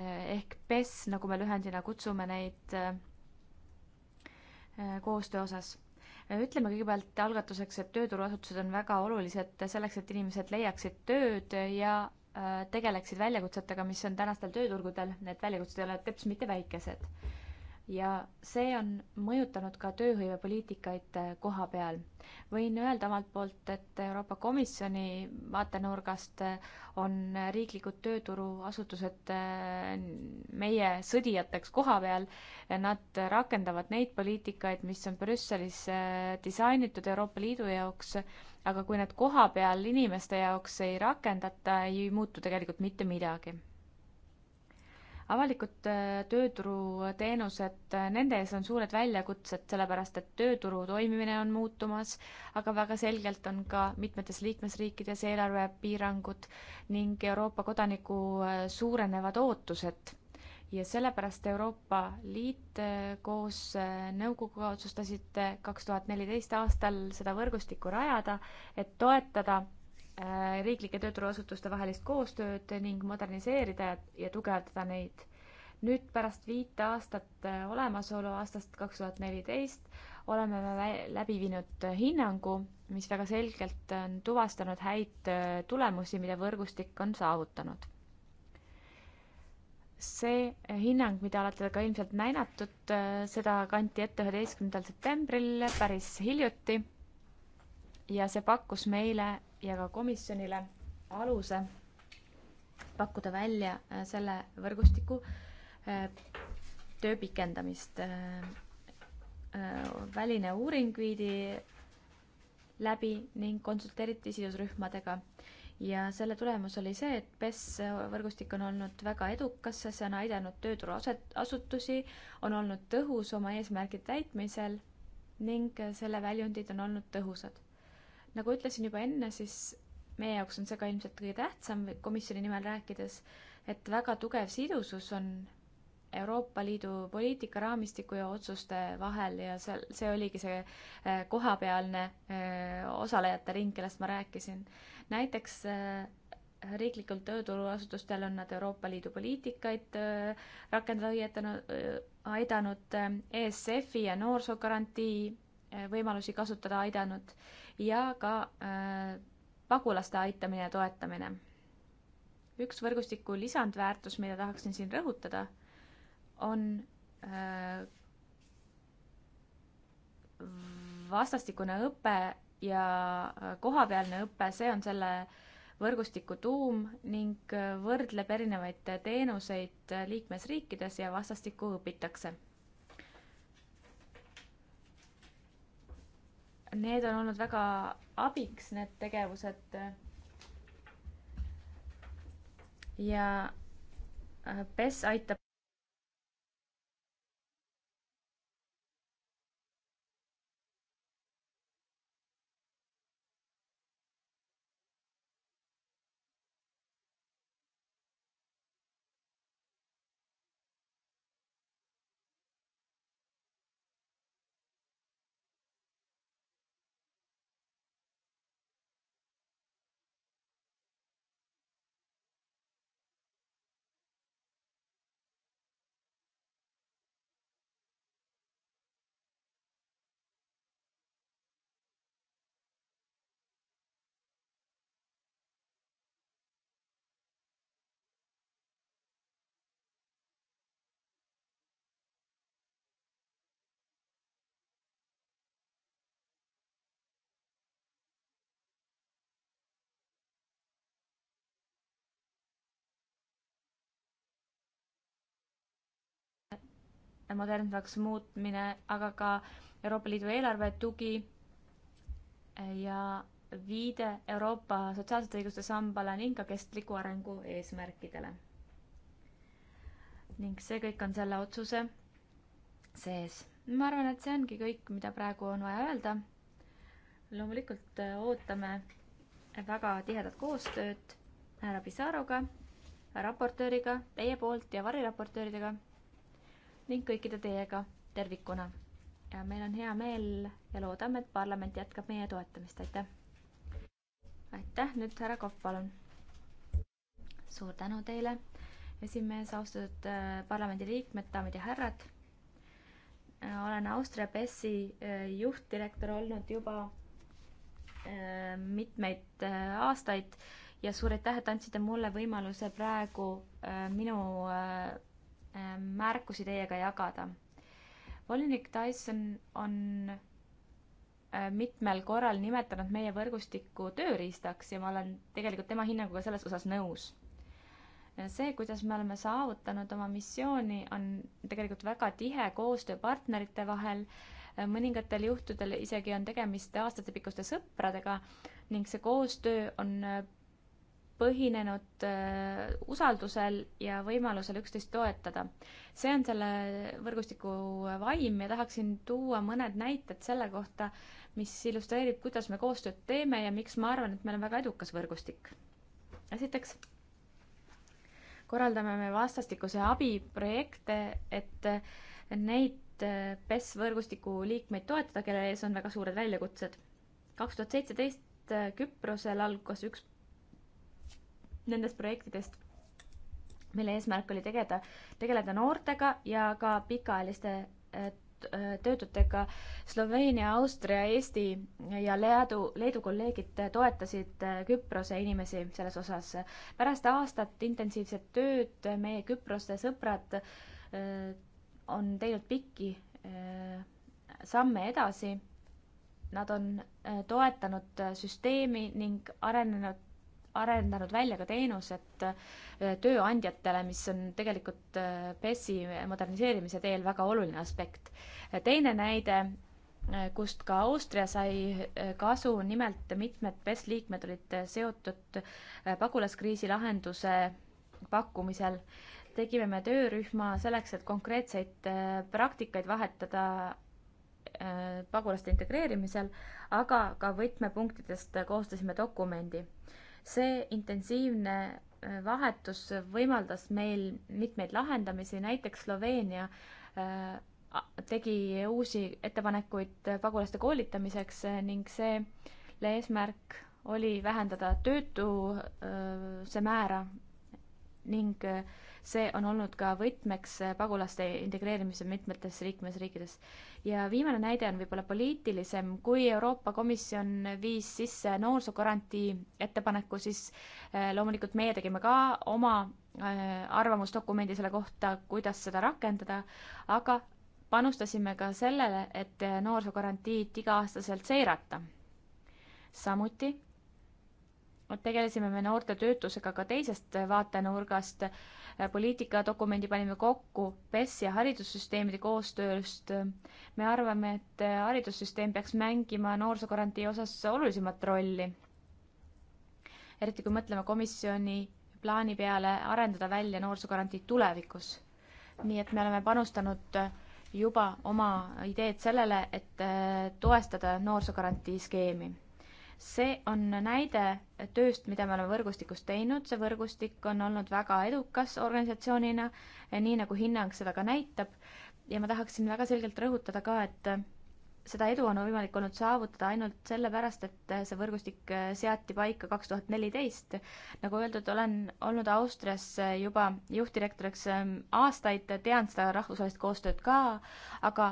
[SPEAKER 1] ehk PES, nagu me lühendina kutsume neid Äh, koostöö osas äh, ütleme kõigepealt algatuseks, et tööturuasutused on väga olulised selleks, et inimesed leiaksid tööd ja äh, tegeleksid väljakutsetega, mis on tänastel tööturgudel, need väljakutsed ei ole teps mitte väikesed ja see on mõjutanud ka tööhõivepoliitikaid äh, koha peal. võin öelda omalt poolt, et Euroopa Komisjoni vaatenurgast äh, on äh, riiklikud tööturuasutused meie sõdijateks koha peal. Nad rakendavad neid poliitikaid, mis on Brüsselis disainitud Euroopa Liidu jaoks, aga kui need koha peal inimeste jaoks ei rakendata, ei muutu tegelikult mitte midagi avalikud äh, tööturuteenused, äh, nende ees on suured väljakutsed, sellepärast et tööturu toimimine on muutumas, aga väga selgelt on ka mitmetes liikmesriikides eelarvepiirangud ning Euroopa kodaniku äh, suurenevad ootused ja sellepärast Euroopa Liit koos nõukoguga otsustasid kaks tuhat neliteist aastal seda võrgustikku rajada, et toetada Äh, riiklike tööturuasutuste vahelist koostööd ning moderniseerida ja tugevdada neid. nüüd pärast viit aastat äh, olemasolu aastast kaks tuhat neliteist oleme me läbi viinud äh, hinnangu, mis väga selgelt on tuvastanud häid tulemusi, mida võrgustik on saavutanud. see hinnang, mida olete ka ilmselt näidatud, seda kanti ette üheteistkümnendal septembril päris hiljuti ja see pakkus meile ja ka komisjonile aluse pakkuda välja äh, selle võrgustiku äh, töö pikendamist. Äh, väline uuring viidi läbi ning konsulteeriti sidusrühmadega ja selle tulemus oli see, et PES võrgustik on olnud väga edukas, see on aidanud tööturu aset, asutusi, on olnud tõhus oma eesmärgi täitmisel ning selle väljundid on olnud tõhusad nagu ütlesin juba enne, siis meie jaoks on see ka ilmselt kõige tähtsam komisjoni nimel rääkides, et väga tugev sidusus on Euroopa Liidu poliitikaraamistiku ja otsuste vahel ja seal, see oligi see eh, kohapealne eh, osalejate ring, kellest ma rääkisin. näiteks eh, riiklikul tööturuasutustel on nad Euroopa Liidu poliitikaid rakendada õietanud, aidanud, ESF-i e ja noorsoogarantii võimalusi kasutada aidanud ja ka äh, pagulaste aitamine ja toetamine. üks võrgustiku lisandväärtus, mida tahaksin siin rõhutada, on äh, vastastikune õpe ja äh, kohapealne õpe, see on selle võrgustiku tuum ning võrdleb erinevaid teenuseid liikmesriikides ja vastastikku õpitakse Need on olnud väga abiks, need tegevused. ja äh, PES aitab modernsemaks muutmine, aga ka Euroopa Liidu eelarve tugi ja viide Euroopa sotsiaalsete õiguste sambale ning ka kestliku arengu eesmärkidele. ning see kõik on selle otsuse sees. ma arvan, et see ongi kõik, mida praegu on vaja öelda. loomulikult äh, ootame väga tihedat koostööd härra Pisaroga, raportööriga, teie poolt ja variraportööridega ning kõikide teiega tervikuna. ja meil on hea meel ja loodame, et parlament jätkab meie toetamist, aitäh! aitäh, nüüd härra Kohv, palun! suur tänu teile, esimees, austatud äh, parlamendiliikmed, daamid ja härrad! Äh, olen Austria Pessi äh, juhtdirektor olnud juba mitmeid aastaid ja suur aitäh, et andsite mulle võimaluse praegu minu Ähm, märkusi teiega jagada. volinik Tyson on äh, mitmel korral nimetanud meie võrgustikku tööriistaks ja ma olen tegelikult tema hinnanguga selles osas nõus. see, kuidas me oleme saavutanud oma missiooni, on tegelikult väga tihe koostöö partnerite vahel, äh, mõningatel juhtudel isegi on tegemist aastatepikkuste sõpradega ning see koostöö on äh, põhinenud äh, usaldusel ja võimalusel üksteist toetada. see on selle võrgustiku vaim ja tahaksin tuua mõned näited selle kohta, mis illustreerib, kuidas me koostööd teeme ja miks ma arvan, et meil on väga edukas võrgustik. esiteks korraldame me vastastikuse abiprojekte, et neid äh, PES võrgustiku liikmeid toetada, kelle ees on väga suured väljakutsed. kaks tuhat seitseteist äh, Küprosel algas üks nendest projektidest, mille eesmärk oli tegeda, tegeleda noortega ja ka pikaajaliste äh, äh, töötutega. Sloveenia, Austria, Eesti ja Leedu, Leedu kolleegid toetasid äh, Küprose inimesi selles osas. pärast aastat intensiivset tööd meie Küprose sõbrad on teinud pikki samme edasi. Nad on toetanud süsteemi ning arenenud arendanud välja ka teenused äh, tööandjatele, mis on tegelikult äh, PES-i moderniseerimise teel väga oluline aspekt. Äh, teine näide, kust ka Austria sai kasu, nimelt mitmed PES liikmed olid seotud pagulaskriisi lahenduse pakkumisel. tegime me töörühma selleks, et konkreetseid praktikaid vahetada pagulaste integreerimisel, aga ka võtmepunktidest koostasime dokumendi see intensiivne äh, vahetus võimaldas meil mitmeid lahendamisi, näiteks Sloveenia äh, tegi uusi ettepanekuid äh, pagulaste koolitamiseks ning selle eesmärk oli vähendada töötuse määra ning see on olnud ka võtmeks eh, pagulaste integreerimisel mitmetes liikmesriikides. ja viimane näide on võib-olla poliitilisem, kui Euroopa Komisjon viis sisse noorsoogarantii ettepaneku, siis eh, loomulikult meie tegime ka oma eh, arvamusdokumendi selle kohta, kuidas seda rakendada, aga panustasime ka sellele, et noorsoogarantiid iga-aastaselt seirata. samuti tegelesime me noorte töötusega ka teisest vaatenurgast. poliitikadokumendi panime kokku PES ja haridussüsteemide koostööst. me arvame, et haridussüsteem peaks mängima noorsoogarantii osas olulisemat rolli. eriti kui mõtleme komisjoni plaani peale arendada välja noorsoogarantiid tulevikus. nii et me oleme panustanud juba oma ideed sellele, et toestada noorsoogarantii skeemi see on näide tööst, mida me oleme võrgustikus teinud, see võrgustik on olnud väga edukas organisatsioonina, nii nagu hinnang seda ka näitab, ja ma tahaksin väga selgelt rõhutada ka, et seda edu on võimalik olnud saavutada ainult sellepärast, et see võrgustik seati paika kaks tuhat neliteist. nagu öeldud, olen olnud Austrias juba juhtirektoriks aastaid, tean seda rahvusvahelist koostööd ka, aga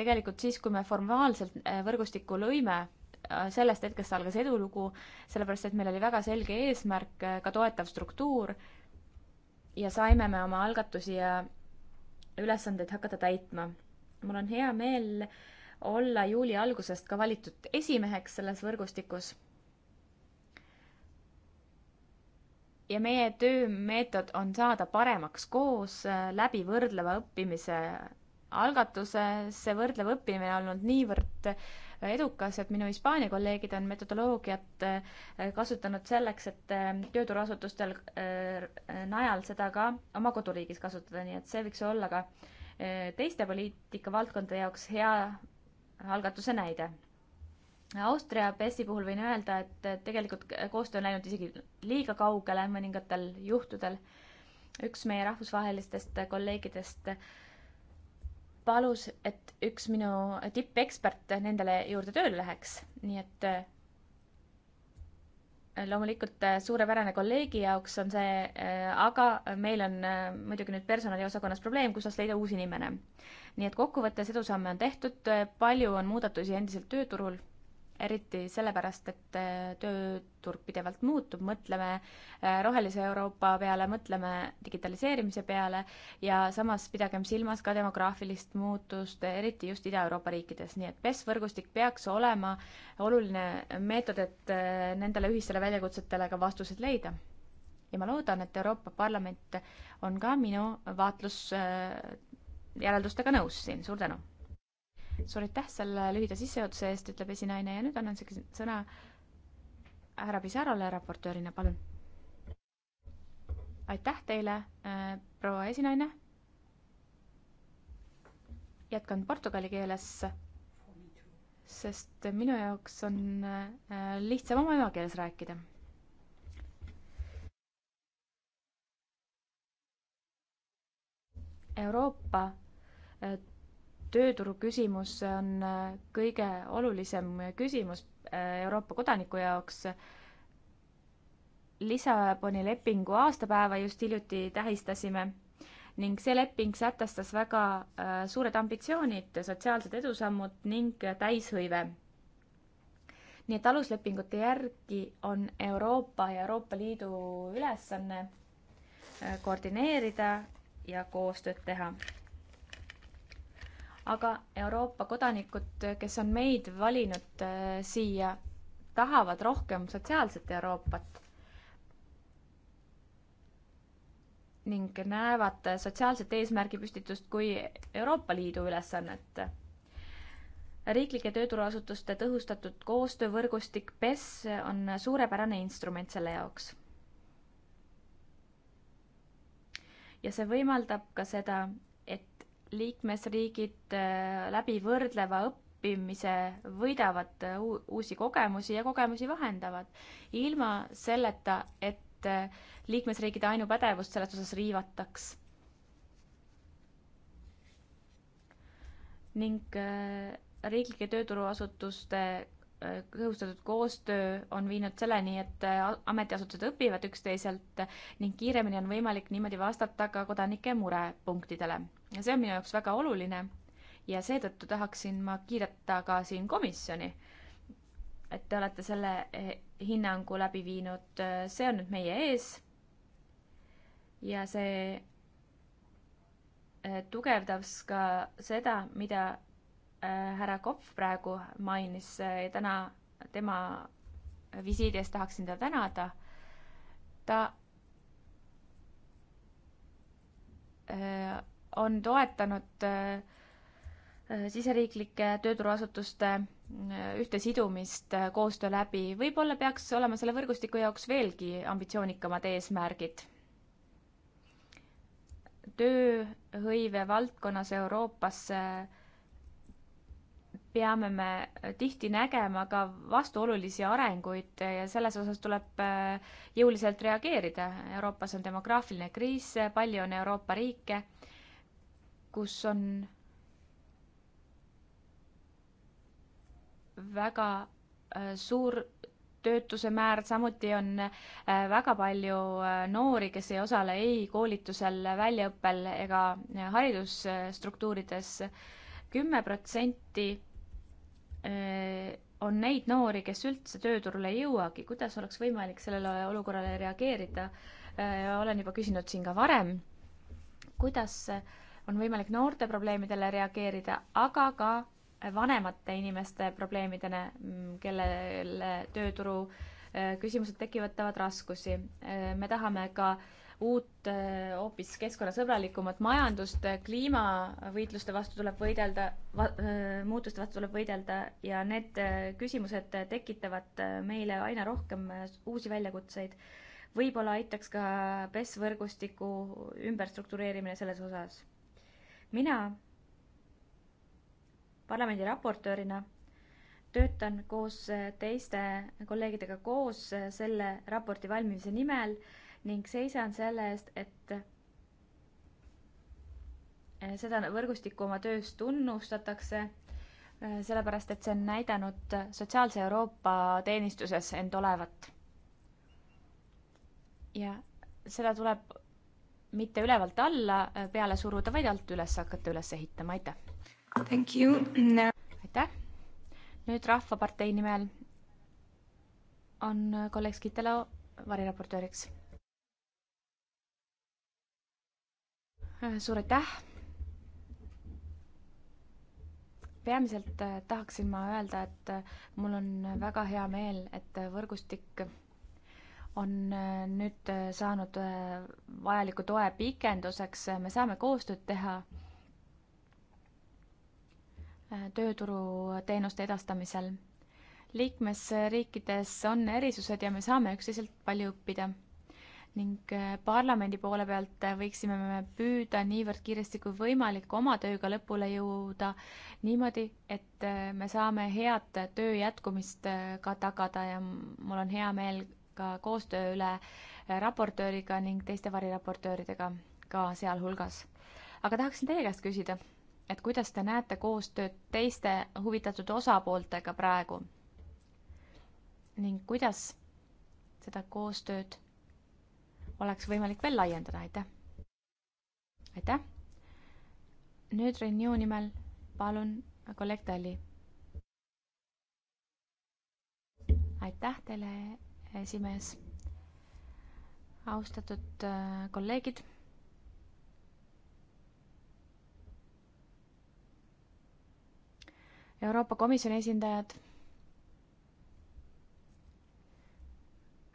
[SPEAKER 1] tegelikult siis, kui me formaalselt võrgustiku lõime, Äh, sellest hetkest algas edulugu, sellepärast et meil oli väga selge eesmärk, äh, ka toetav struktuur ja saime me oma algatusi ja ülesandeid hakata täitma. mul on hea meel olla juuli algusest ka valitud esimeheks selles võrgustikus. ja meie töömeetod on saada paremaks koos äh, läbi võrdleva õppimise algatuse see võrdlev õppimine olnud niivõrd edukas, et minu Hispaania kolleegid on metodoloogiat äh, kasutanud selleks, et äh, tööturuasutustel äh, najal seda ka oma koduriigis kasutada, nii et see võiks olla ka teiste poliitikavaldkondade jaoks hea algatuse näide. Austria PES-i puhul võin öelda, et tegelikult koostöö on läinud isegi liiga kaugele mõningatel juhtudel. üks meie rahvusvahelistest kolleegidest äh, palus, et üks minu tippekspert nendele juurde tööle läheks, nii et äh, loomulikult äh, suurepärane kolleegi jaoks on see, äh, aga meil on muidugi nüüd personaliosakonnas probleem, kus saaks leida uus inimene. nii et kokkuvõttes edusamme on tehtud, palju on muudatusi endiselt tööturul eriti sellepärast, et äh, tööturg pidevalt muutub, mõtleme äh, rohelise Euroopa peale, mõtleme digitaliseerimise peale ja samas pidagem silmas ka demograafilist muutust, eriti just Ida-Euroopa riikides, nii et PES võrgustik peaks olema oluline meetod, et äh, nendele ühistele väljakutsetele ka vastused leida ja ma loodan, et Euroopa Parlament on ka minu vaatlus järeldustega nõus siin, suur tänu! suur aitäh selle lühida sissejuhatuse eest, ütleb esinaine ja nüüd annan sõna härra Pisarole raportöörina, palun. aitäh teile, äh, proua esinaine. jätkan portugali keeles, sest minu jaoks on äh, lihtsam oma emakeeles rääkida Euroopa äh, tööturu küsimus on äh, kõige olulisem küsimus äh, Euroopa kodaniku jaoks. Lissaboni lepingu aastapäeva just hiljuti tähistasime ning see leping sätestas väga äh, suured ambitsioonid, sotsiaalsed edusammud ning täishõive. nii et aluslepingute järgi on Euroopa ja Euroopa Liidu ülesanne koordineerida ja koostööd teha aga Euroopa kodanikud, kes on meid valinud äh, siia, tahavad rohkem sotsiaalset Euroopat. ning näevad sotsiaalset eesmärgipüstitust kui Euroopa Liidu ülesannet. riiklike tööturuasutuste tõhustatud koostöövõrgustik PES on suurepärane instrument selle jaoks. ja see võimaldab ka seda, liikmesriigid äh, läbi võrdleva õppimise võidavad äh, uusi kogemusi ja kogemusi vahendavad, ilma selleta, et äh, liikmesriikide ainupädevust selles osas riivataks. ning riiklike tööturuasutuste tõhustatud koostöö on viinud selleni, et ametiasutused õpivad üksteiselt ning kiiremini on võimalik niimoodi vastata ka kodanike murepunktidele ja see on minu jaoks väga oluline ja seetõttu tahaksin ma kiidata ka siin komisjoni, et te olete selle eh, hinnangu läbi viinud, see on nüüd meie ees ja see eh, tugevdas ka seda, mida eh, härra Kopf praegu mainis ja täna tema visiidi eest tahaksin teda tänada. ta öö, on toetanud äh, äh, siseriiklike tööturuasutuste äh, ühtesidumist koostöö läbi. võib-olla peaks olema selle võrgustiku jaoks veelgi ambitsioonikamad eesmärgid. tööhõive valdkonnas Euroopas peame me tihti nägema ka vastuolulisi arenguid ja selles osas tuleb jõuliselt reageerida. Euroopas on demograafiline kriis, palju on Euroopa riike kus on väga äh, suur töötuse määr, samuti on äh, väga palju äh, noori, kes ei osale ei koolitusel, väljaõppel ega haridusstruktuurides. kümme protsenti on neid noori, kes üldse tööturule ei jõuagi, kuidas oleks võimalik sellele olukorrale reageerida? olen juba küsinud siin ka varem, kuidas äh, on võimalik noorte probleemidele reageerida, aga ka vanemate inimeste probleemidele, mm, kellele tööturu äh, küsimused tekitavad raskusi. Äh, me tahame ka uut, äh, hoopis keskkonnasõbralikumat majandust, kliimavõitluste vastu tuleb võidelda va,, muutuste vastu tuleb võidelda ja need küsimused tekitavad meile aina rohkem uusi väljakutseid. võib-olla aitaks ka PES võrgustiku ümberstruktureerimine selles osas mina parlamendi raportöörina töötan koos teiste kolleegidega koos selle raporti valmimise nimel ning seisan selle eest, et eh, seda võrgustikku oma töös tunnustatakse, eh, sellepärast et see on näidanud sotsiaalse Euroopa teenistuses end olevat. ja seda tuleb mitte ülevalt alla äh, peale suruda, vaid alt üles hakata üles ehitama, aitäh! Thank you no.! aitäh! nüüd Rahvapartei nimel on äh, kolleeg Skitelo variraportööriks. Äh, suur aitäh! peamiselt tahaksin ma öelda, et mul on väga hea meel, et võrgustik on äh, nüüd äh, saanud äh, vajaliku toe pikenduseks, me saame koostööd teha tööturuteenuste edastamisel. liikmesriikides on erisused ja me saame üksteiselt palju õppida. ning parlamendi poole pealt võiksime me püüda niivõrd kiiresti kui võimalik oma tööga lõpule jõuda niimoodi, et me saame head töö jätkumist ka tagada ja mul on hea meel ka koostöö üle äh, raportööriga ning teiste variraportööridega ka sealhulgas. aga tahaksin teie käest küsida, et kuidas te näete koostööd teiste huvitatud osapooltega praegu ning kuidas seda koostööd oleks võimalik veel laiendada, aitäh! aitäh! nüüd Renew nimel palun kolleeg Talli. aitäh teile, esimees. austatud äh, kolleegid. Euroopa Komisjoni esindajad.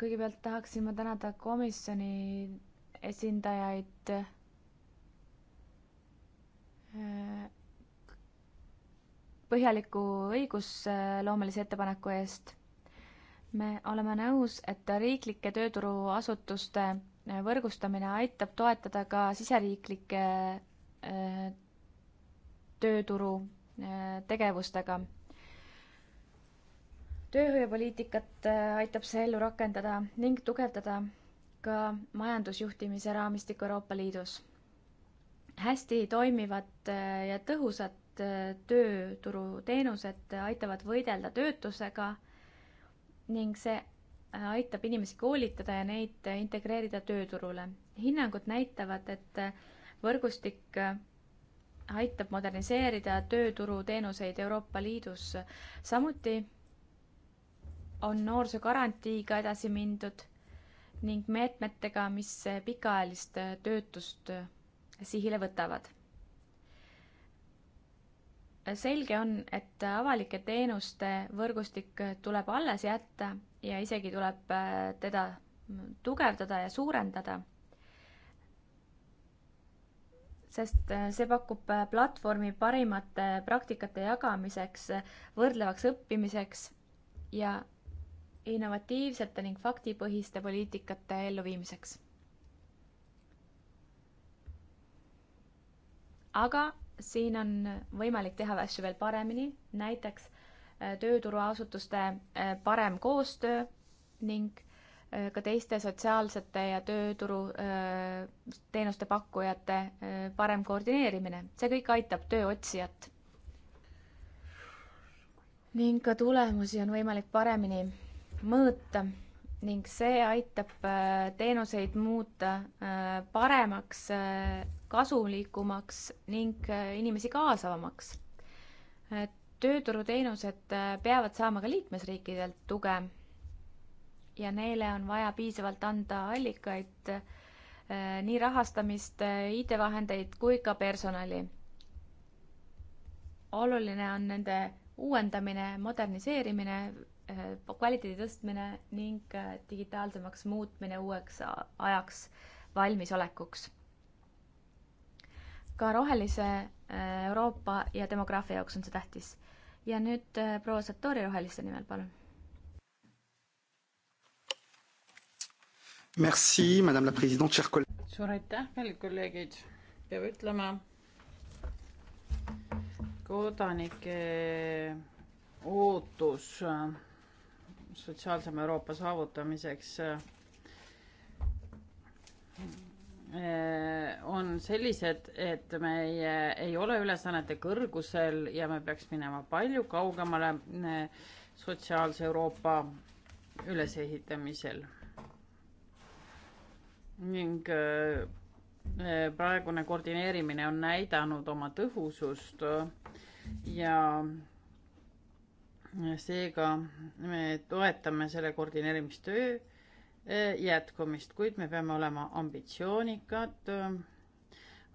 [SPEAKER 1] kõigepealt tahaksin ma tänada komisjoni esindajaid äh, põhjaliku õigusloomelise ettepaneku eest me oleme nõus, et riiklike tööturuasutuste äh, võrgustamine aitab toetada ka siseriiklike äh, tööturu äh, tegevustega. tööhõivepoliitikat aitab see ellu rakendada ning tugevdada ka majandusjuhtimise raamistik Euroopa Liidus. hästi toimivad ja tõhusad tööturuteenused aitavad võidelda töötusega ning see äh, aitab inimesi koolitada ja neid äh, integreerida tööturule. hinnangud näitavad, et äh, võrgustik aitab moderniseerida tööturuteenuseid Euroopa Liidus. samuti on noorsoogarantiiga edasi mindud ning meetmetega, mis pikaajalist töötust sihile võtavad selge on, et avalike teenuste võrgustik tuleb alles jätta ja isegi tuleb äh, teda tugevdada ja suurendada. sest äh, see pakub äh, platvormi parimate praktikate jagamiseks, võrdlevaks õppimiseks ja innovatiivsete ning faktipõhiste poliitikate elluviimiseks. aga siin on võimalik teha asju veel paremini, näiteks äh, tööturuasutuste äh, parem koostöö ning äh, ka teiste sotsiaalsete ja tööturu teenuste pakkujate parem koordineerimine, see kõik aitab tööotsijat. ning ka tulemusi on võimalik paremini mõõta ning see aitab äh, teenuseid muuta äh, paremaks, äh, kasulikumaks ning inimesi kaasavamaks. tööturuteenused peavad saama ka liikmesriikidelt tuge ja neile on vaja piisavalt anda allikaid, nii rahastamist, IT-vahendeid kui ka personali. oluline on nende uuendamine, moderniseerimine Äh, kvaliteedi tõstmine ning äh, digitaalsemaks muutmine uueks ajaks valmisolekuks. ka rohelise äh, Euroopa ja demograafia jaoks on see tähtis. ja nüüd proua Satori roheliste nimel, palun.
[SPEAKER 3] Merci, madame la president, cher kolleeg.
[SPEAKER 2] suur aitäh, kallid kolleegid. peab ütlema, kodanike ootus sotsiaalsema Euroopa saavutamiseks eh, on sellised, et meie ei ole ülesannete kõrgusel ja me peaks minema palju kaugemale eh, sotsiaalse Euroopa ülesehitamisel. ning eh, praegune koordineerimine on näidanud oma tõhusust ja seega me toetame selle koordineerimistöö e, jätkumist, kuid me peame olema ambitsioonikad e,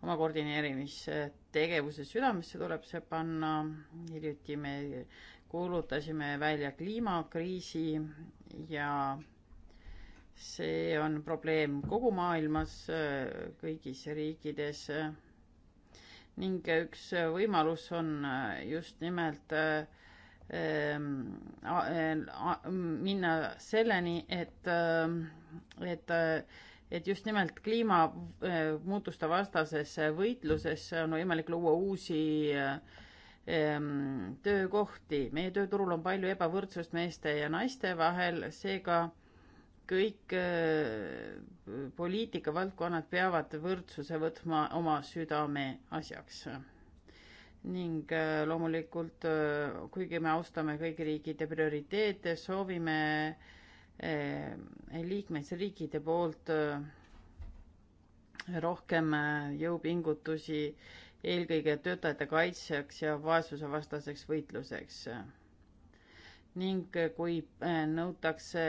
[SPEAKER 2] oma koordineerimistegevuse südamesse tuleb see panna. hiljuti me kuulutasime välja kliimakriisi ja see on probleem kogu maailmas, e, kõigis riikides. ning üks võimalus on just nimelt äh, Ähm, äh, minna selleni, et, ähm, et, äh, et just nimelt kliimamuutuste äh, vastases võitluses on võimalik luua uusi ähm, töökohti. meie tööturul on palju ebavõrdsust meeste ja naiste vahel, seega kõik poliitikavaldkonnad peavad võrdsuse võtma oma südameasjaks ning äh, loomulikult, äh, kuigi me austame kõigi riikide prioriteete, soovime äh, liikmesriikide poolt rohkem jõupingutusi eelkõige töötajate kaitseks ja vaesusevastaseks võitluseks. ning kui nõutakse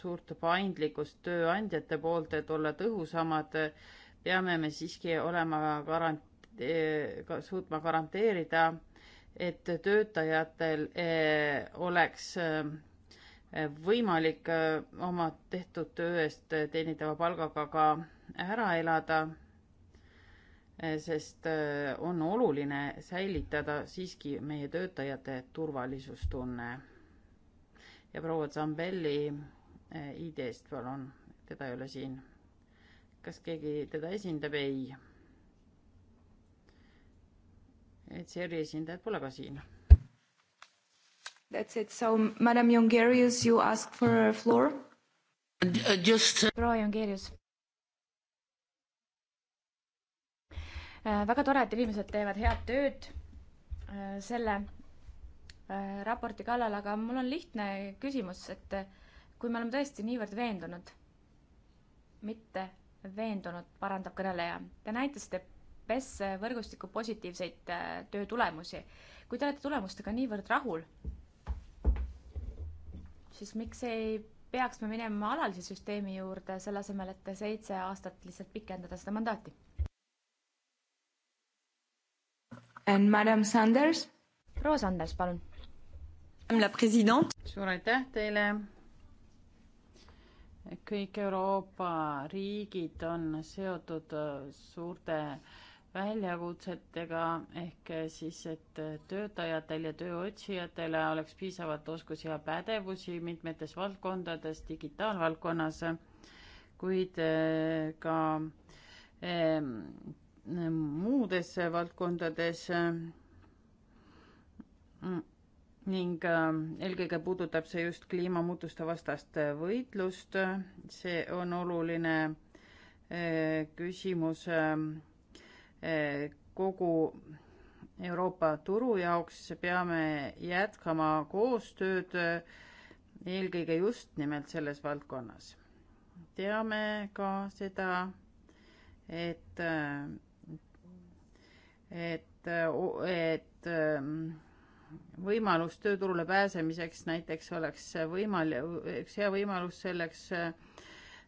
[SPEAKER 2] suurt paindlikkust tööandjate poolt, et olla tõhusamad, peame me siiski olema garant-, Eh, ka suutma garanteerida, et töötajatel eh, oleks eh, võimalik oma tehtud töö eest teenitava palgaga ka ära elada, sest on oluline säilitada siiski meie töötajate turvalisustunne. ja proua Zambelli ID-st palun, teda ei ole siin. kas keegi teda esindab? ei ECR-i esindajad pole ka siin. That's it,
[SPEAKER 1] so madam Jongerius, you ask for a floor? Uh, just. Uh, proua Jongerius äh, väga tore, et inimesed teevad head tööd äh, selle äh, raporti kallal, aga mul on lihtne küsimus, et kui me oleme tõesti niivõrd veendunud, mitte veendunud, parandab kõneleja, te näitasite PES võrgustiku positiivseid äh, töö tulemusi. kui te olete tulemustega niivõrd rahul, siis miks ei peaks me minema alalise süsteemi juurde, selle asemel, et seitse aastat lihtsalt pikendada seda mandaati? And Madam Sanders? proua Sanders, palun.
[SPEAKER 2] suur aitäh teile. kõik Euroopa riigid on seotud äh, suurte äh, väljakutsetega ehk siis, et töötajatel ja tööotsijatele oleks piisavalt oskusi ja pädevusi mitmetes valdkondades, digitaalvaldkonnas, kuid eh, ka eh, muudes valdkondades mm, ning eh, eelkõige puudutab see just kliimamuutuste vastast võitlust, see on oluline küsimus kogu Euroopa turu jaoks peame jätkama koostööd eelkõige just nimelt selles valdkonnas. teame ka seda, et, et, et mm, võimalus tööturule pääsemiseks näiteks oleks võimal-, üks hea võimalus selleks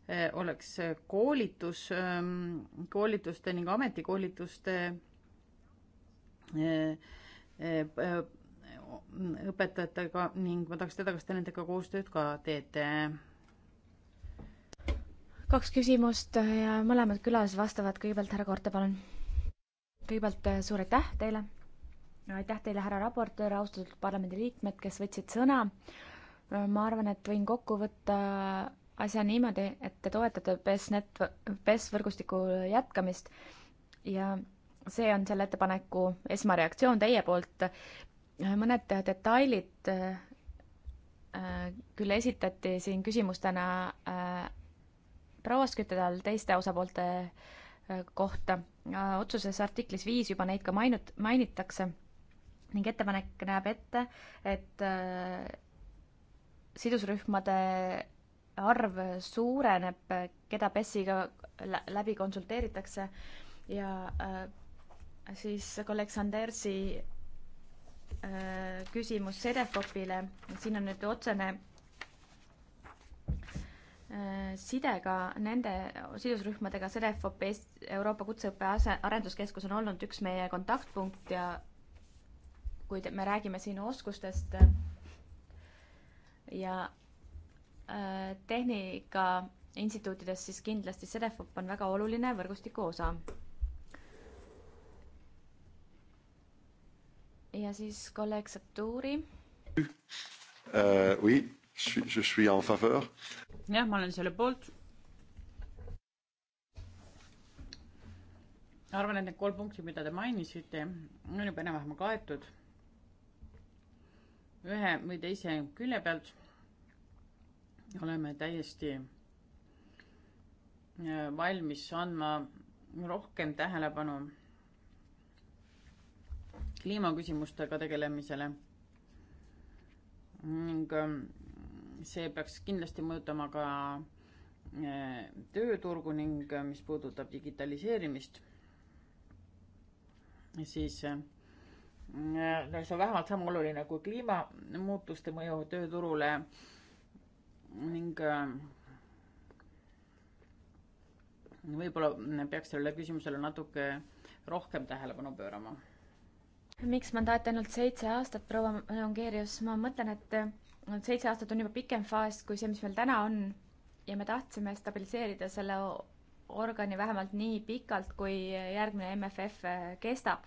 [SPEAKER 2] Äh, oleks äh, koolitus, ähm, koolituste ning ametikoolituste äh, õpetajatega ning ma tahaks teada, kas te nendega koostööd ka teete?
[SPEAKER 1] kaks küsimust ja mõlemad külalised vastavad, kõigepealt härra Korte, palun. kõigepealt suur aitäh teile, aitäh teile, härra raportöör, austatud parlamendiliikmed, kes võtsid sõna. ma arvan, et võin kokku võtta asja niimoodi, et te toetate BES net, BES võrgustiku jätkamist ja see on selle ettepaneku esmareaktsioon teie poolt. mõned detailid äh, küll esitati siin küsimustena äh, prouaskütted all teiste osapoolte äh, kohta. otsuses artiklis viis juba neid ka mainut-, mainitakse ning ettepanek näeb ette, et sidusrühmade arv suureneb, keda PES-iga läbi konsulteeritakse ja äh, siis kolleeg Sandersi äh, küsimus Sedefopile, siin on nüüd otsene äh, side ka nende sidusrühmadega, Sedefop Eest-, Euroopa Kutseõppe Ase-, Arenduskeskus on olnud üks meie kontaktpunkt ja kui me räägime siin oskustest ja Äh, tehnika instituutides, siis kindlasti Cedefop on väga oluline võrgustiku osa. ja siis kolleeg Satuuri uh,.
[SPEAKER 2] Äh, oui, je suis en faveur. jah, ma olen selle poolt. arvan, et need kolm punkti, mida te mainisite, on juba enam-vähem kaetud ühe või teise külje pealt oleme täiesti äh, valmis andma rohkem tähelepanu kliimaküsimustega tegelemisele ning äh, see peaks kindlasti mõjutama ka äh, tööturgu ning mis puudutab digitaliseerimist, siis no see on vähemalt sama oluline kui kliimamuutuste mõju tööturule ning äh, võib-olla peaks sellele küsimusele natuke rohkem tähelepanu pöörama.
[SPEAKER 1] miks mandaat ainult seitse aastat, proua Ongeerius, ma mõtlen, et äh, seitse aastat on juba pikem faas kui see, mis meil täna on ja me tahtsime stabiliseerida selle organi vähemalt nii pikalt, kui järgmine MFF äh, kestab.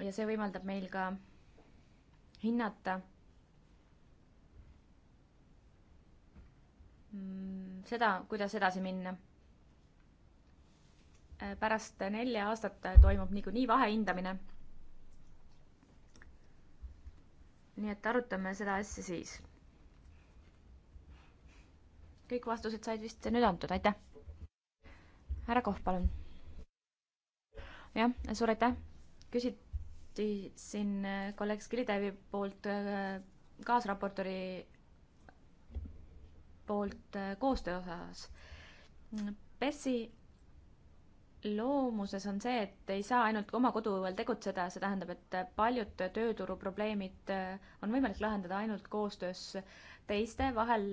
[SPEAKER 1] ja see võimaldab meil ka hinnata Mm, seda, kuidas edasi minna. Äh, pärast nelja aastat äh, toimub niikuinii vahehindamine. nii et arutame seda asja siis. kõik vastused said vist nüüd antud, aitäh. härra Kohv, palun. jah, suur aitäh. küsiti siin äh, kolleeg Skilidevi poolt kaasraportori poolt äh, koostöö osas. PES-i loomuses on see, et ei saa ainult oma koduõuel tegutseda, see tähendab, et paljud tööturu probleemid äh, on võimalik lahendada ainult koostöös teiste vahel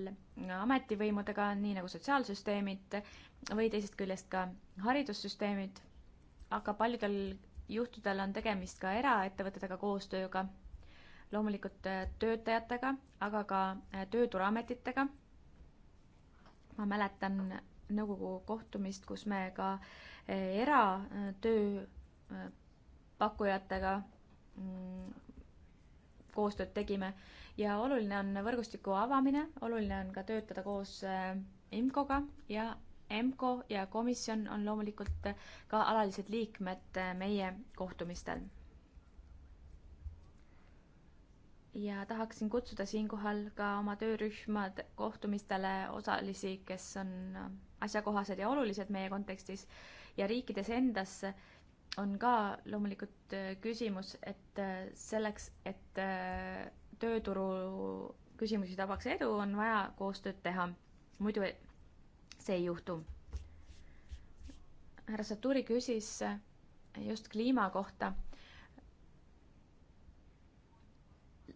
[SPEAKER 1] ametivõimudega, nii nagu sotsiaalsüsteemid või teisest küljest ka haridussüsteemid. aga paljudel juhtudel on tegemist ka eraettevõtetega koostööga, loomulikult äh, töötajatega, aga ka tööturuametitega ma mäletan nõukogu kohtumist, kus me ka eh, eratöö eh, pakkujatega mm, koostööd tegime ja oluline on võrgustiku avamine, oluline on ka töötada koos eh, IMCO-ga ja EMCO ja komisjon on loomulikult ka alalised liikmed meie kohtumistel. ja tahaksin kutsuda siinkohal ka oma töörühmad kohtumistele osalisi, kes on äh, asjakohased ja olulised meie kontekstis ja riikides endas on ka loomulikult äh, küsimus, et äh, selleks, et tööturu küsimusi tabaks edu, on vaja koostööd teha. muidu e-, see ei juhtu. härra Saturi küsis just kliima kohta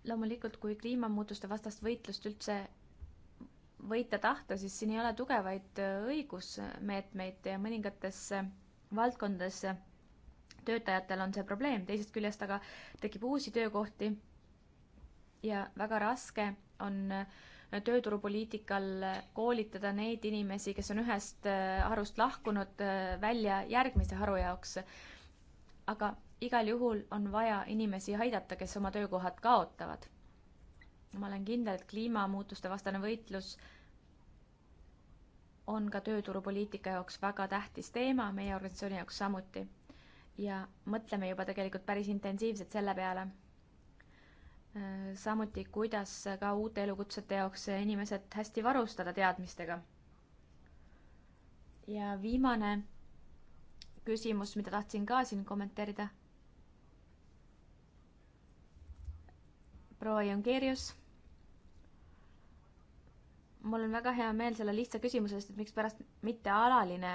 [SPEAKER 1] loomulikult, kui kliimamuutuste vastast võitlust üldse võita tahta, siis siin ei ole tugevaid äh, õigusmeetmeid ja mõningates äh, valdkondades äh, töötajatel on see probleem, teisest küljest aga tekib uusi töökohti ja väga raske on tööturupoliitikal koolitada neid inimesi, kes on ühest harust lahkunud, välja järgmise haru jaoks aga igal juhul on vaja inimesi aidata, kes oma töökohad kaotavad. ma olen kindel, et kliimamuutuste vastane võitlus on ka tööturupoliitika jaoks väga tähtis teema, meie organisatsiooni jaoks samuti. ja mõtleme juba tegelikult päris intensiivselt selle peale. samuti, kuidas ka uute elukutsete jaoks inimesed hästi varustada teadmistega. ja viimane küsimus, mida tahtsin ka siin kommenteerida. proua Jongeerius. mul on väga hea meel selle lihtsa küsimuse eest, et mikspärast mittealaline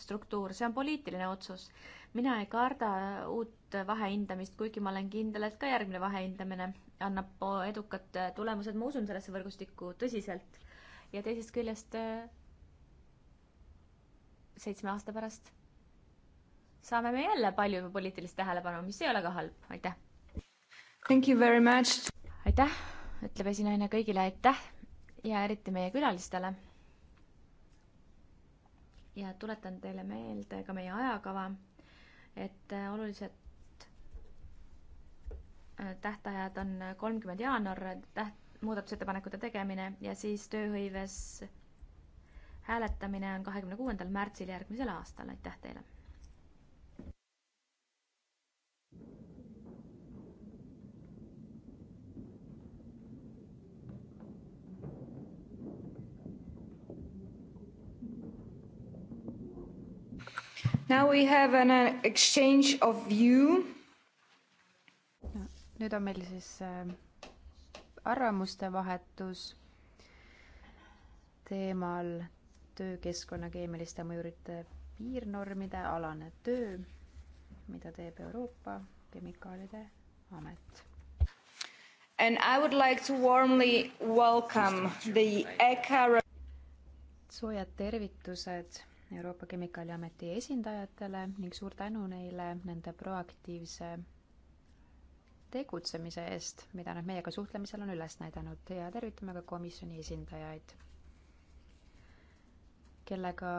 [SPEAKER 1] struktuur, see on poliitiline otsus. mina ei karda uut vahehindamist, kuigi ma olen kindel, et ka järgmine vahehindamine annab edukad tulemused, ma usun sellesse võrgustikku tõsiselt. ja teisest küljest seitsme aasta pärast saame me jälle palju poliitilist tähelepanu, mis ei ole ka halb, aitäh! Thank you very much! aitäh, ütleb esinaine kõigile aitäh ja eriti meie külalistele. ja tuletan teile meelde ka meie ajakava, et äh, olulised äh, tähtajad on äh, kolmkümmend jaanuar, täht-, muudatusettepanekute tegemine ja siis tööhõives hääletamine on kahekümne kuuendal märtsil järgmisel aastal, aitäh teile!
[SPEAKER 3] Now we have an uh, exchange of view. nüüd on meil siis äh, arvamuste vahetus teemal töökeskkonna keemiliste mõjurite piirnormide alane töö, mida teeb Euroopa Kemikaalide Amet. And I would like to warmly welcome the ECHA. soojad tervitused Euroopa Kemikaaliameti esindajatele ning suur tänu neile nende proaktiivse tegutsemise eest, mida nad meiega suhtlemisel on üles näidanud ja tervitame ka komisjoni esindajaid, kellega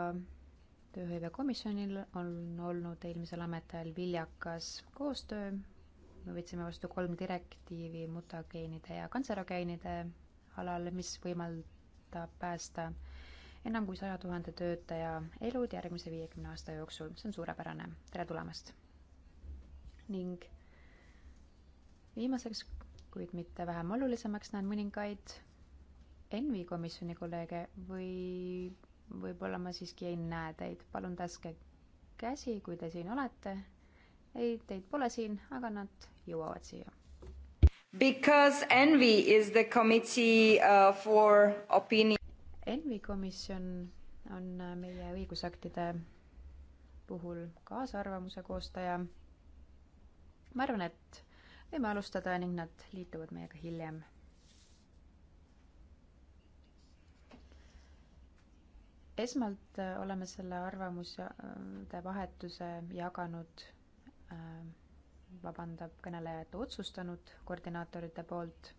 [SPEAKER 3] tööhõivekomisjonil on olnud eelmisel ametiajal viljakas koostöö. me võtsime vastu kolm direktiivi mutageenide ja kantserogeenide alal, mis võimaldab päästa enam kui saja tuhande töötaja elud järgmise viiekümne aasta jooksul. see on suurepärane. tere tulemast! ning viimaseks, kuid mitte vähem olulisemaks, näen mõningaid ENVI komisjoni kolleege või võib-olla ma siiski ei näe teid. palun tõstke käsi, kui te siin olete. ei, teid pole siin, aga nad jõuavad siia. Because ENVI is the committee uh, for opinion. ENVI komisjon on äh, meie õigusaktide puhul kaasarvamuse koostaja. ma arvan, et võime alustada ning nad liituvad meiega hiljem. esmalt äh, oleme selle arvamuste äh, vahetuse jaganud, vabandab kõneleja, et otsustanud koordinaatorite poolt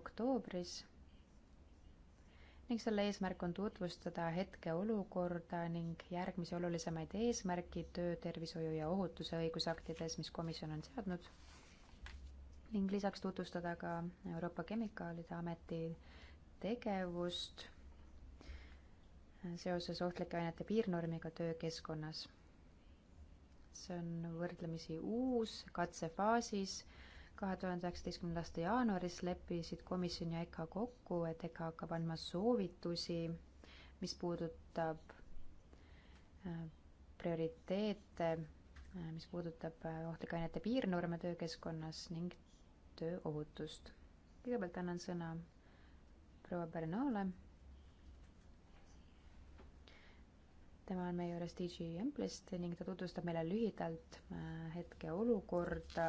[SPEAKER 3] oktoobris ning selle eesmärk on tutvustada hetkeolukorda ning järgmisi olulisemaid eesmärki töötervishoiu ja ohutuse õigusaktides, mis komisjon on seadnud, ning lisaks tutvustada ka Euroopa Kemikaalide Ameti tegevust seoses ohtlike ainete piirnormiga töökeskkonnas. see on võrdlemisi uus, katsefaasis kahe tuhande üheksateistkümnenda aasta jaanuaris leppisid komisjon ja EKA kokku, et EKA hakkab andma soovitusi, mis puudutab äh, prioriteete, äh, mis puudutab äh, ohtlike ainete piirnorme töökeskkonnas ning tööohutust. kõigepealt annan sõna proua Bernole. tema on meie juures DJ Emplist ning ta tutvustab meile lühidalt hetkeolukorda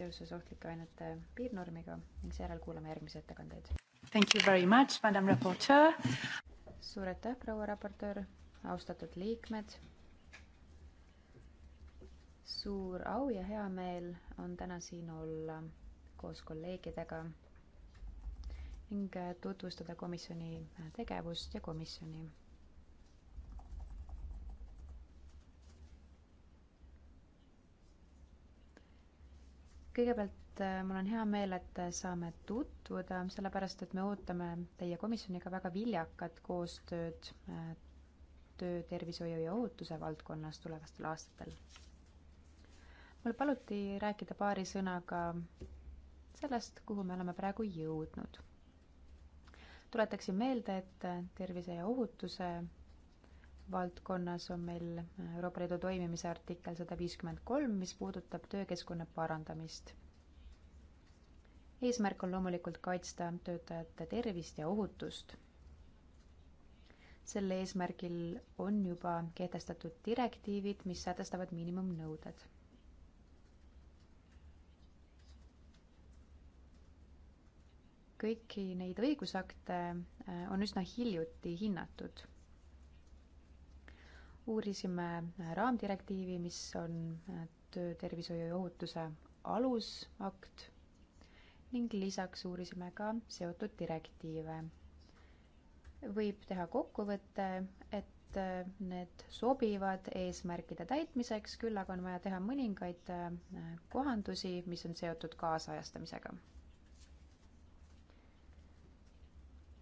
[SPEAKER 3] seoses ohtlike ainete piirnormiga ning seejärel kuulame järgmisi ettekandeid. Thank you very much, madam raportöör. suur aitäh, proua raportöör, austatud liikmed. suur au ja hea meel on täna siin olla koos kolleegidega ning tutvustada komisjoni tegevust ja komisjoni kõigepealt äh, mul on hea meel, et saame tutvuda, sellepärast et me ootame teie komisjoniga väga viljakat koostööd äh, töötervishoiu ja ohutuse valdkonnas tulevastel aastatel. mul paluti rääkida paari sõnaga sellest, kuhu me oleme praegu jõudnud. tuletaksin meelde, et tervise ja ohutuse valdkonnas on meil äh, Euroopa Liidu toimimise artikkel sada viiskümmend kolm, mis puudutab töökeskkonna parandamist. eesmärk on loomulikult kaitsta töötajate tervist ja ohutust. sel eesmärgil on juba kehtestatud direktiivid, mis sätestavad miinimumnõuded. kõiki neid õigusakte äh, on üsna hiljuti hinnatud uurisime äh, raamdirektiivi, mis on äh, töötervishoiu ja ohutuse alusakt ning lisaks uurisime ka seotud direktiive. võib teha kokkuvõtte, et äh, need sobivad eesmärkide täitmiseks, küll aga on vaja teha mõningaid kohandusi, mis on seotud kaasajastamisega.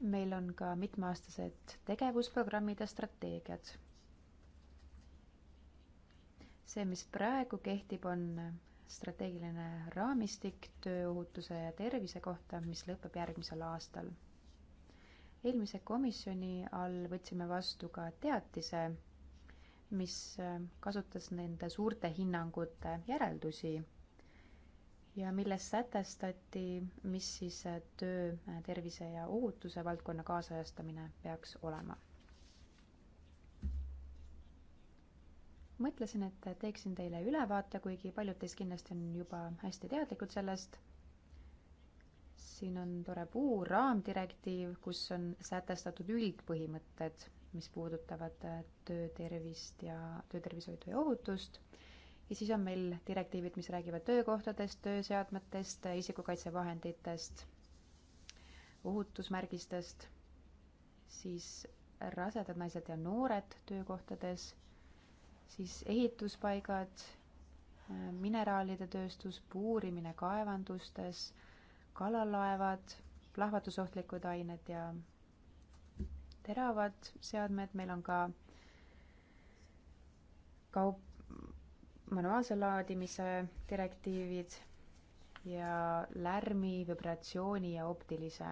[SPEAKER 3] meil on ka mitmeaastased tegevusprogrammid ja strateegiad see, mis praegu kehtib, on strateegiline raamistik tööohutuse ja tervise kohta, mis lõpeb järgmisel aastal. eelmise komisjoni all võtsime vastu ka teatise, mis kasutas nende suurte hinnangute järeldusi ja milles sätestati, mis siis töö, tervise ja ohutuse valdkonna kaasajastamine peaks olema mõtlesin, et teeksin teile ülevaate, kuigi paljud teist kindlasti on juba hästi teadlikud sellest. siin on tore puu raamdirektiiv, kus on sätestatud üldpõhimõtted, mis puudutavad äh, töötervist ja töötervishoidu ja ohutust. ja siis on meil direktiivid, mis räägivad töökohtadest, tööseadmetest, isikukaitsevahenditest, ohutusmärgistest, siis rasedad naised ja noored töökohtades siis ehituspaigad, äh, mineraalide tööstus, puurimine kaevandustes, kalalaevad, plahvatusohtlikud ained ja teravad seadmed, meil on ka kaup, manuaalse laadimise direktiivid ja lärmi, vibratsiooni ja optilise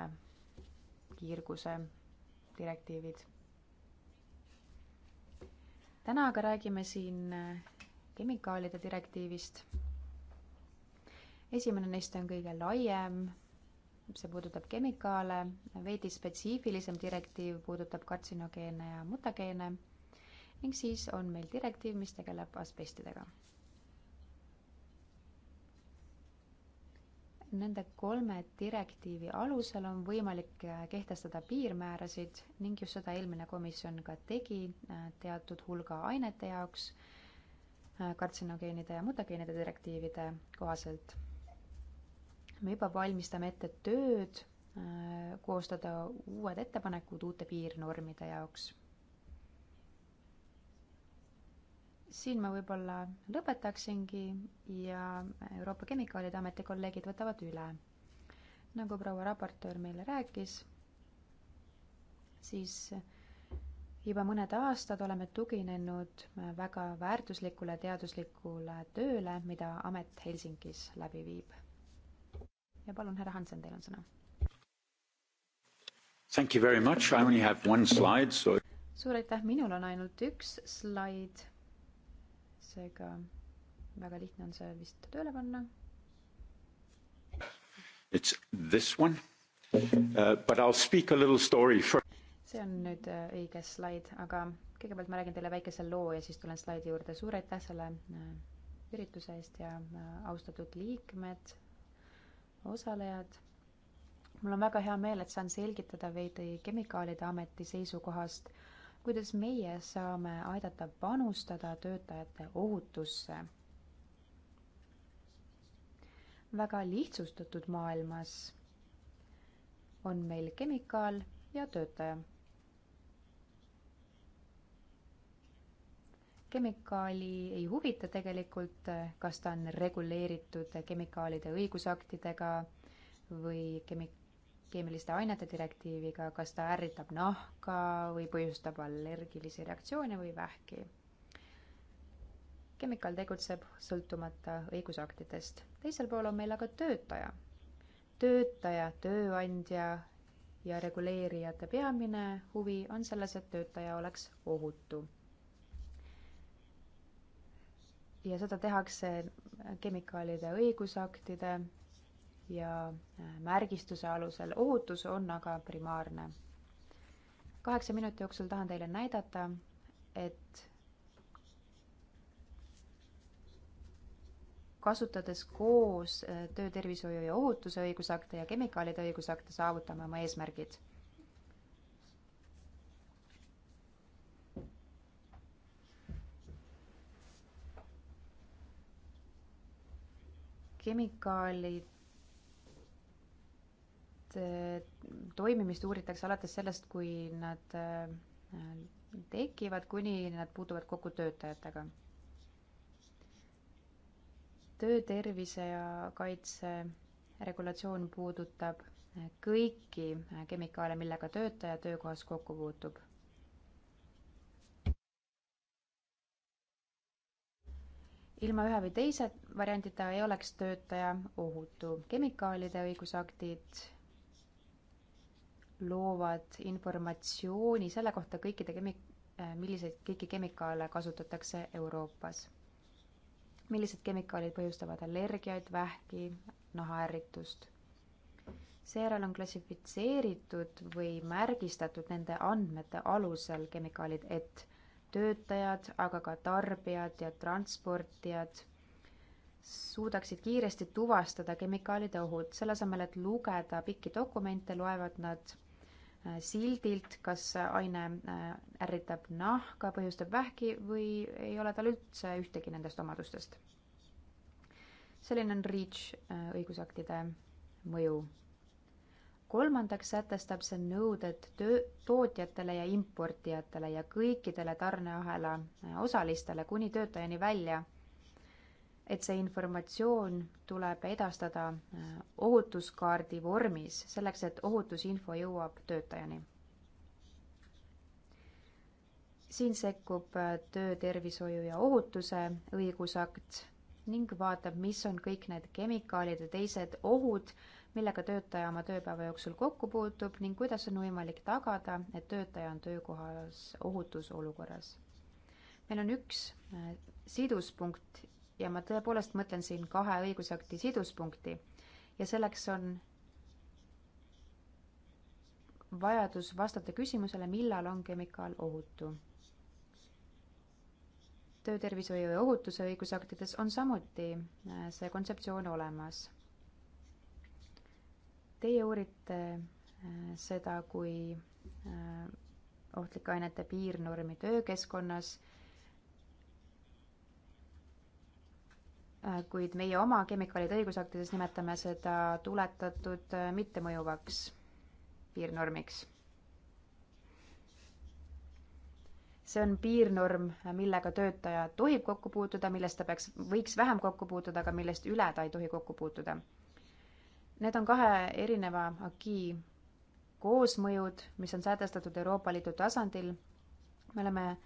[SPEAKER 3] kiirguse direktiivid täna aga räägime siin äh, kemikaalide direktiivist. esimene neist on kõige laiem, see puudutab kemikaale, veidi spetsiifilisem direktiiv puudutab kartsinogeene ja mutageene ning siis on meil direktiiv, mis tegeleb asbestidega Nende kolme direktiivi alusel on võimalik äh, kehtestada piirmäärasid ning just seda eelmine komisjon ka tegi äh, teatud hulga ainete jaoks äh, kartsenogeenide ja mutageenide direktiivide kohaselt. me juba valmistame ette tööd koostada uued ettepanekud uute piirnormide jaoks siin ma võib-olla lõpetaksingi ja Euroopa Kemikaalide Ameti kolleegid võtavad üle. nagu proua raportöör meile rääkis, siis juba mõned aastad oleme tuginenud väga väärtuslikule teaduslikule tööle, mida amet Helsingis läbi viib. ja palun, härra Hansen, teil on
[SPEAKER 2] sõna. Thank you very much, I only have one slide, so
[SPEAKER 3] suur aitäh, minul on ainult üks slaid seega väga lihtne on see vist tööle panna.
[SPEAKER 2] It's this one uh,, but I will speak a little story first.
[SPEAKER 3] see on nüüd uh, õige slaid, aga kõigepealt ma räägin teile väikese loo ja siis tulen slaidi juurde. suur aitäh selle uh, ürituse eest ja uh, austatud liikmed, osalejad mul on väga hea meel, et saan selgitada veidi Kemikaalide Ameti seisukohast kuidas meie saame aidata panustada töötajate ohutusse. väga lihtsustatud maailmas on meil kemikaal ja töötaja. kemikaali ei huvita tegelikult, kas ta on reguleeritud kemikaalide õigusaktidega või kemik-, keemiliste ainete direktiiviga, kas ta ärritab nahka või põhjustab allergilisi reaktsioone või vähki. kemikaal tegutseb sõltumata õigusaktidest. teisel pool on meil aga töötaja. töötaja, tööandja ja reguleerijate peamine huvi on selles, et töötaja oleks ohutu. ja seda tehakse kemikaalide õigusaktide ja äh, märgistuse alusel, ohutus on aga primaarne. kaheksa minuti jooksul tahan teile näidata, et kasutades koos äh, töötervishoiu ja ohutuse õigusakte ja kemikaalide õigusakte, saavutame oma eesmärgid. kemikaalid Eh, toimimist uuritakse alates sellest, kui nad eh, tekivad, kuni nad puutuvad kokku töötajatega. töötervise ja kaitse regulatsioon puudutab eh, kõiki kemikaale, millega töötaja töökohas kokku puutub. ilma ühe või teise variandita ei oleks töötaja ohutu. kemikaalide õigusaktid loovad informatsiooni selle kohta kõikide kemi-, äh, milliseid kõiki kemikaale kasutatakse Euroopas. millised kemikaalid põhjustavad allergiaid, vähki, nahaärritust. seejärel on klassifitseeritud või märgistatud nende andmete alusel kemikaalid, et töötajad, aga ka tarbijad ja transportijad suudaksid kiiresti tuvastada kemikaalide ohud, selle asemel, et lugeda pikki dokumente, loevad nad Äh, sildilt, kas aine äh, ärritab nahka, põhjustab vähki või ei ole tal üldse ühtegi nendest omadustest. selline on REACH äh, õigusaktide mõju. kolmandaks sätestab see nõuded töö, tootjatele ja importijatele ja kõikidele tarneahela osalistele kuni töötajani välja et see informatsioon tuleb edastada äh, ohutuskaardi vormis, selleks et ohutusinfo jõuab töötajani. siin sekkub äh, töötervishoiu ja ohutuse õigusakt ning vaatab, mis on kõik need kemikaalid ja teised ohud, millega töötaja oma tööpäeva jooksul kokku puutub ning kuidas on võimalik tagada, et töötaja on töökohas ohutusolukorras. meil on üks äh, siduspunkt ja ma tõepoolest mõtlen siin kahe õigusakti siduspunkti ja selleks on vajadus vastata küsimusele, millal on kemikaal ohutu. töötervishoiu ja ohutuse õigusaktides on samuti äh, see kontseptsioon olemas. Teie uurite äh, seda, kui äh, ohtlike ainete piirnormi töökeskkonnas äh, Äh, kuid meie oma kemikaalide õigusaktides nimetame seda tuletatud äh, mittemõjuvaks piirnormiks. see on piirnorm, äh, millega töötaja tohib kokku puutuda, millest ta peaks, võiks vähem kokku puutuda, aga millest üle ta ei tohi kokku puutuda. Need on kahe erineva aki koosmõjud, mis on sätestatud Euroopa Liidu tasandil. me oleme äh,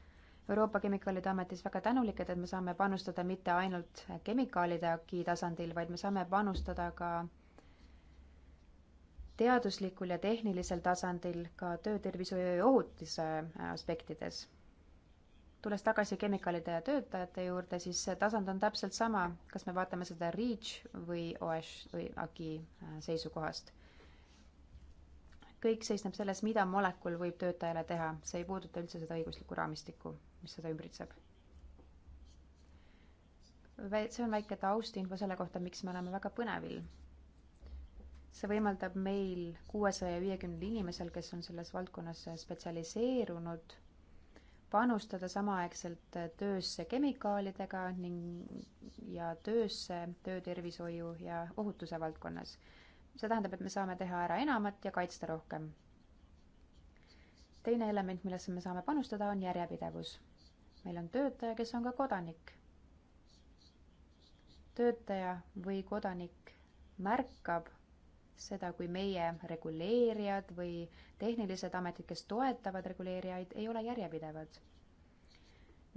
[SPEAKER 3] Euroopa Kemikaalide Ametis väga tänulikud, et me saame panustada mitte ainult kemikaalide aki tasandil, vaid me saame panustada ka teaduslikul ja tehnilisel tasandil ka töötervishoiu ja ohutuse äh, aspektides. tulles tagasi kemikaalide ja töötajate juurde, siis see tasand on täpselt sama, kas me vaatame seda REACH või OSH või AKI äh, seisukohast. kõik seisneb selles, mida molekul võib töötajale teha, see ei puuduta üldse seda õiguslikku raamistikku mis seda ümbritseb. see on väike taustinfo selle kohta, miks me oleme väga põnevil. see võimaldab meil kuuesaja viiekümnel inimesel, kes on selles valdkonnas spetsialiseerunud, panustada samaaegselt töösse kemikaalidega ning ja töösse töötervishoiu ja ohutuse valdkonnas. see tähendab, et me saame teha ära enamat ja kaitsta rohkem teine element, millesse me saame panustada, on järjepidevus meil on töötaja, kes on ka kodanik. töötaja või kodanik märkab seda, kui meie reguleerijad või tehnilised ametid, kes toetavad reguleerijaid, ei ole järjepidevad.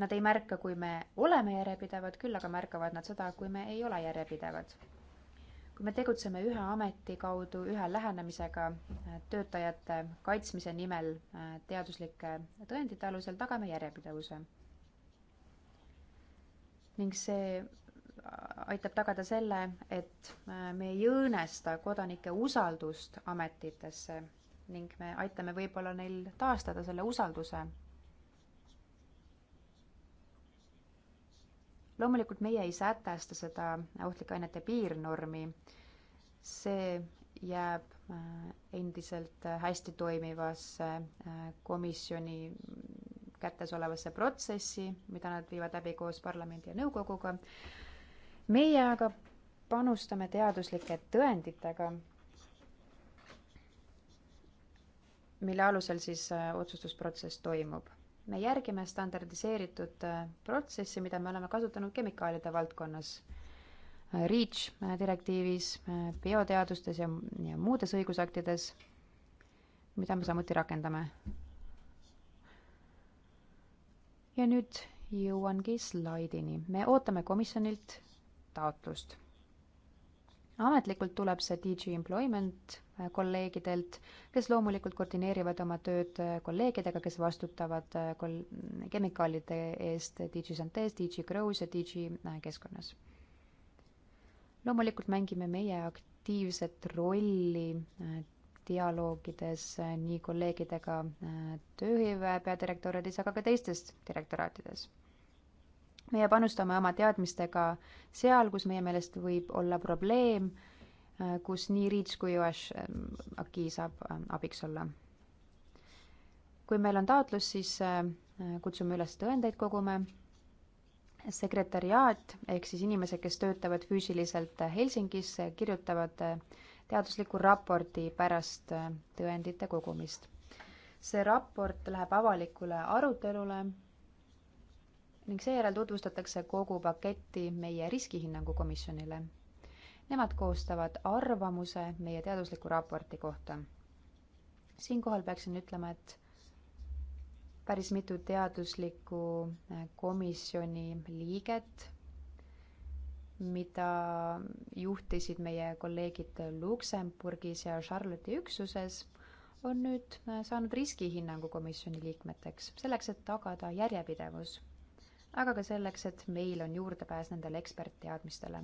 [SPEAKER 3] Nad ei märka, kui me oleme järjepidevad, küll aga märkavad nad seda, kui me ei ole järjepidevad. kui me tegutseme ühe ameti kaudu ühe lähenemisega äh, töötajate kaitsmise nimel äh, teaduslike tõendite alusel, tagame järjepidevuse ning see aitab tagada selle, et äh, me ei õõnesta kodanike usaldust ametitesse ning me aitame võib-olla neil taastada selle usalduse. loomulikult meie ei sätesta seda ohtlike ainete piirnormi, see jääb äh, endiselt äh, hästi toimivasse komisjoni kätes olevasse protsessi, mida nad viivad läbi koos parlamendi ja nõukoguga. meie aga panustame teaduslike tõenditega, mille alusel siis äh, otsustusprotsess toimub. me järgime standardiseeritud äh, protsessi, mida me oleme kasutanud kemikaalide valdkonnas äh, REACH direktiivis, bioteadustes ja, ja muudes õigusaktides, mida me samuti rakendame ja nüüd jõuangi slaidini. me ootame komisjonilt taotlust. ametlikult tuleb see DG Employment äh, kolleegidelt, kes loomulikult koordineerivad oma tööd äh, kolleegidega, kes vastutavad äh, kol-, kemikaalide eest DG Santes, DG Grows ja DG keskkonnas. loomulikult mängime meie aktiivset rolli dialoogides nii kolleegidega äh, tööhõive peadirektoraadis, aga ka teistes direktoraatides. meie panustame oma teadmistega seal, kus meie meelest võib olla probleem, äh, kus nii REACH kui OSH ähm, AKI saab ähm, abiks olla. kui meil on taotlus, siis äh, kutsume üles tõendeid kogume sekretäriaat ehk siis inimesed, kes töötavad füüsiliselt Helsingis, kirjutavad teadusliku raporti pärast äh, tõendite kogumist. see raport läheb avalikule arutelule ning seejärel tutvustatakse kogu paketti meie riskihinnangu komisjonile. Nemad koostavad arvamuse meie teadusliku raporti kohta. siinkohal peaksin ütlema, et päris mitu teadusliku äh, komisjoni liiget mida juhtisid meie kolleegid Luksemburgis ja Charlotte'i üksuses, on nüüd äh, saanud riskihinnangu komisjoni liikmeteks, selleks et tagada järjepidevus, aga ka selleks, et meil on juurdepääs nendele ekspertteadmistele.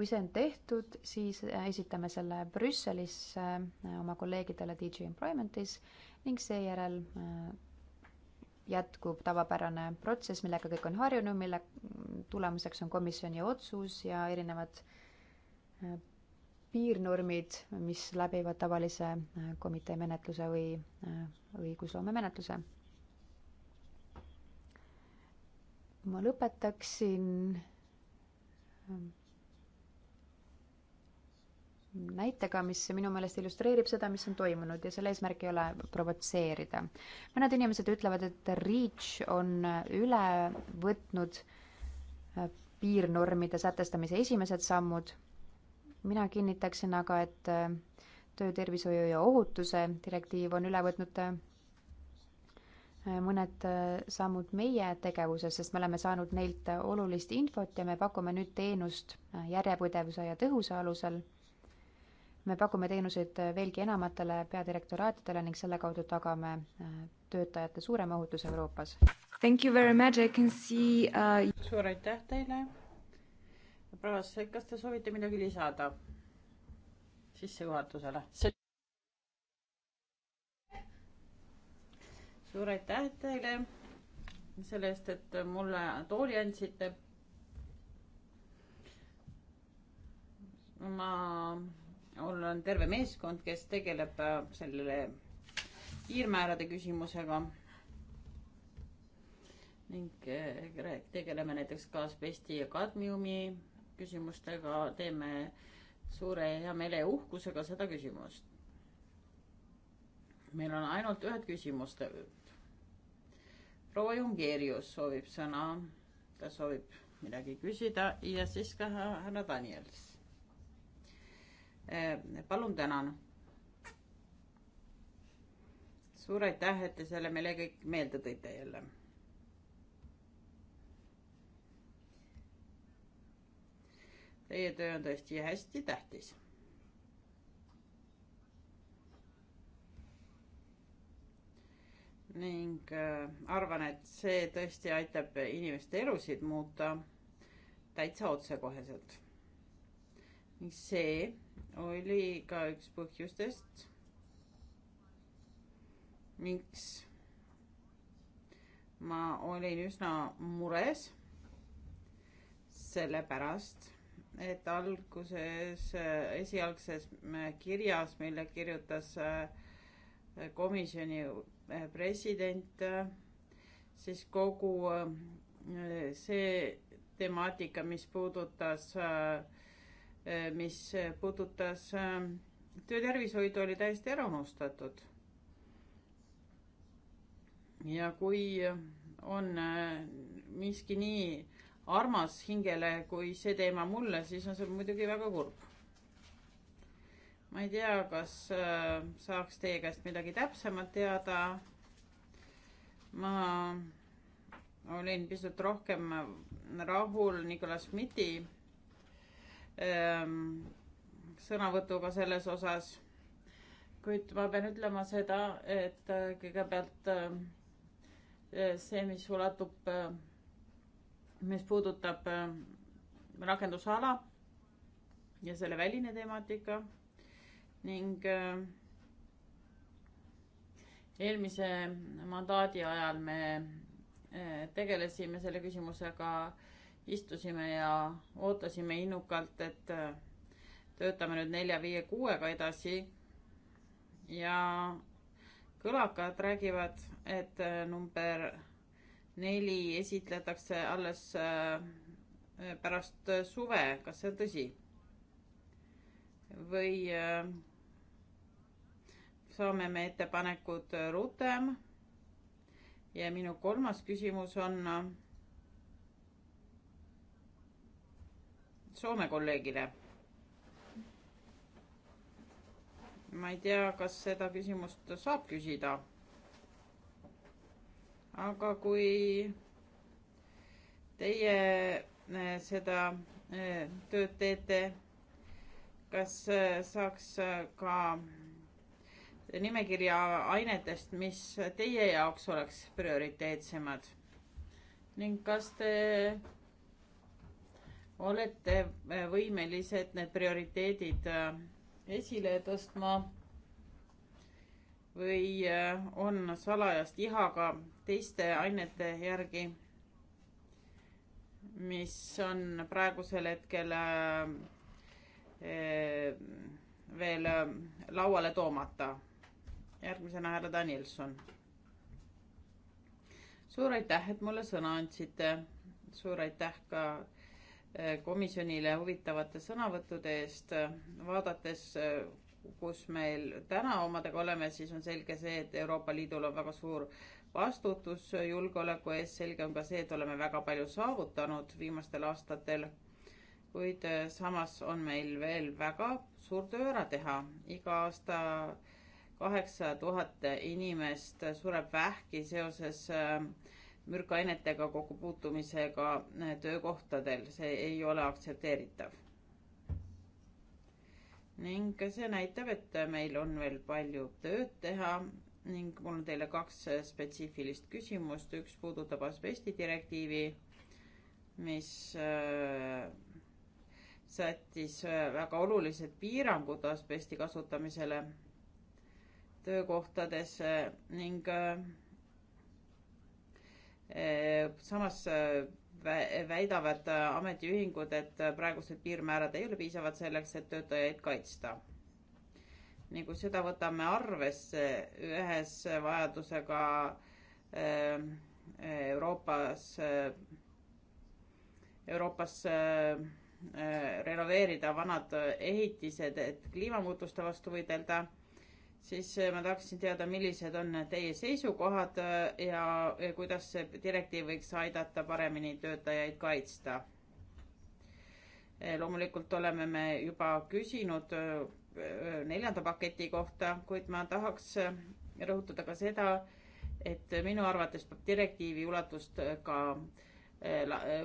[SPEAKER 3] kui see on tehtud, siis äh, esitame selle Brüsselisse äh, oma kolleegidele DG Employmentis ning seejärel jätkub tavapärane protsess, millega kõik on harjunud, mille tulemuseks on komisjoni otsus ja erinevad äh, piirnormid, mis läbivad tavalise äh, komitee menetluse või äh, õigusloome menetluse. ma lõpetaksin näitega, mis minu meelest illustreerib seda, mis on toimunud ja selle eesmärk ei ole provotseerida. mõned inimesed ütlevad, et REACH on üle võtnud äh, piirnormide sätestamise esimesed sammud. mina kinnitaksin aga, et äh, töötervishoiu ja ohutuse direktiiv on üle võtnud äh, mõned sammud meie tegevuses, sest me oleme saanud neilt olulist infot ja me pakume nüüd teenust järjepidevuse ja tõhusa alusel me pakume teenuseid veelgi enamatele peadirektoraatidele ning selle kaudu tagame äh, töötajate suurema ohutuse Euroopas.
[SPEAKER 1] Thank you very much, I can see uh....
[SPEAKER 2] suur aitäh teile. proua Seik, kas te soovite midagi lisada sissejuhatusele? suur aitäh teile selle eest, et mulle tooli andsite. ma mul on terve meeskond, kes tegeleb äh, selle piirmäärade küsimusega. ning äh, tegeleme näiteks ka asbesti ja kadmiumi küsimustega, teeme suure heameele ja uhkusega seda küsimust. meil on ainult ühed küsimused. proua Jungeerius soovib sõna, ta soovib midagi küsida ja siis ka härra Daniels Eh, palun, tänan. suur aitäh, et te selle meile kõik meelde tõite jälle. Teie töö on tõesti hästi tähtis. ning äh, arvan, et see tõesti aitab inimeste elusid muuta täitsa otsekoheselt. see oli ka üks põhjustest, miks ma olin üsna mures, sellepärast et alguses, esialgses kirjas, mille kirjutas eh, komisjoni eh, president, eh, siis kogu see temaatika, mis puudutas äh, Eh, mis puudutas eh, töötervishoidu, oli täiesti ära unustatud. ja kui on eh, miski nii armas hingele kui see teema mulle, siis on see muidugi väga kurb. ma ei tea, kas saaks teie käest midagi täpsemat teada. ma olin pisut rohkem rahul Nicolas Schmidti Ehm, sõnavõtuga selles osas. kuid ma pean ütlema seda, et äh, kõigepealt äh, äh, see, mis ulatub, mis puudutab rakendusala ja selle väline temaatika ning eelmise mandaadi ajal me tegelesime selle küsimusega äh, istusime ja ootasime innukalt, et äh, töötame nüüd nelja-viie-kuuega edasi. ja kõlakad räägivad, et äh, number neli esitletakse alles äh, pärast suve, kas see on tõsi? või saame me ettepanekud rutem? ja minu kolmas küsimus on Soome kolleegile. ma ei tea, kas seda küsimust saab küsida. aga kui teie eh, seda eh, tööd teete, kas eh, saaks ka nimekirja ainetest, mis teie jaoks oleks prioriteetsemad ning kas te olete äh, võimelised need prioriteedid äh, esile tõstma või äh, on salajast ihaga teiste ainete järgi, mis on praegusel hetkel veel lauale toomata. järgmisena härra Danilson. suur aitäh, et mulle sõna andsite. suur aitäh ka komisjonile huvitavate sõnavõttude eest. vaadates, kus meil täna omadega oleme, siis on selge see, et Euroopa Liidul on väga suur vastutus julgeoleku eest, selge on ka see, et oleme väga palju saavutanud viimastel aastatel. kuid eh, samas on meil veel väga suur töö ära teha. iga aasta kaheksa tuhat inimest sureb vähki seoses äh, mürkainetega kokkupuutumisega eh, töökohtadel, see ei ole aktsepteeritav. ning see näitab, et meil on veel palju tööd teha ning mul on teile kaks spetsiifilist küsimust, üks puudutab asbesti direktiivi, mis eh, sättis eh, väga olulised piirangud asbesti kasutamisele töökohtades ning äh, samas äh, väidavad äh, ametiühingud, et äh, praegused piirmäärad ei ole piisavad selleks, et töötajaid kaitsta. ning nagu kui seda võtame arvesse ühes vajadusega ähm, Euroopas, Euroopas renoveerida vanad ehitised, et kliimamuutuste vastu võidelda siis äh, ma tahaksin teada, millised on teie seisukohad äh, ja, ja kuidas see direktiiv võiks aidata paremini töötajaid kaitsta. Äh, loomulikult oleme me juba küsinud neljanda paketi kohta, kuid ma tahaks rõhutada ka seda, et minu arvates peab direktiivi ulatust ka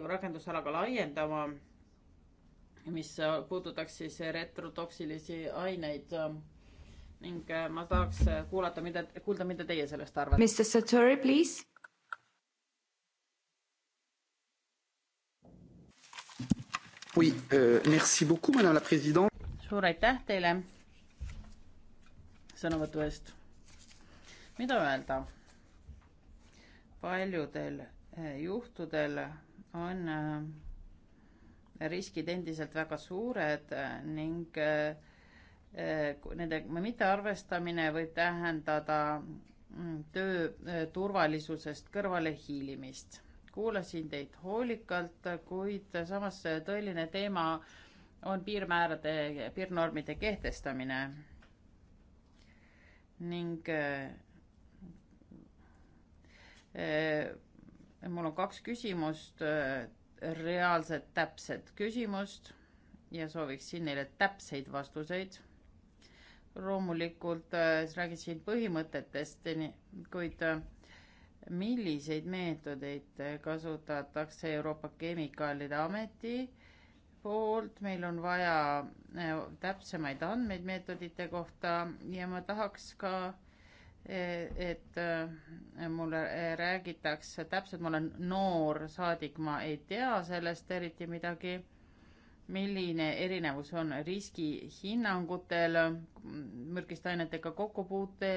[SPEAKER 2] rakendusalaga laiendama, mis puudutaks siis retrotoksilisi aineid ning äh, ma tahaks äh, kuulata, mida, kuulda, mida teie sellest arvate. Mr Satori, please. Oui, euh, merci beaucoup, madame la présidente. suur aitäh teile sõnavõtu eest. mida öelda? paljudel äh, juhtudel on riskid endiselt väga suured ning äh, nende mittearvestamine võib tähendada mm, töö äh, turvalisusest kõrvalehiilimist. kuulasin teid hoolikalt, kuid samas tõeline teema on piirmäärade, piirnormide kehtestamine. ning äh, äh mul on kaks küsimust, äh, reaalset täpset küsimust ja sooviksin neile täpseid vastuseid loomulikult äh, räägin siin põhimõtetest, kuid äh, milliseid meetodeid kasutatakse Euroopa Kemikaalide Ameti poolt, meil on vaja äh, täpsemaid andmeid meetodite kohta ja ma tahaks ka, e, et mulle e, räägitakse täpselt, ma olen noor saadik, ma ei tea sellest eriti midagi milline erinevus on riskihinnangutel mürgiste ainetega kokkupuute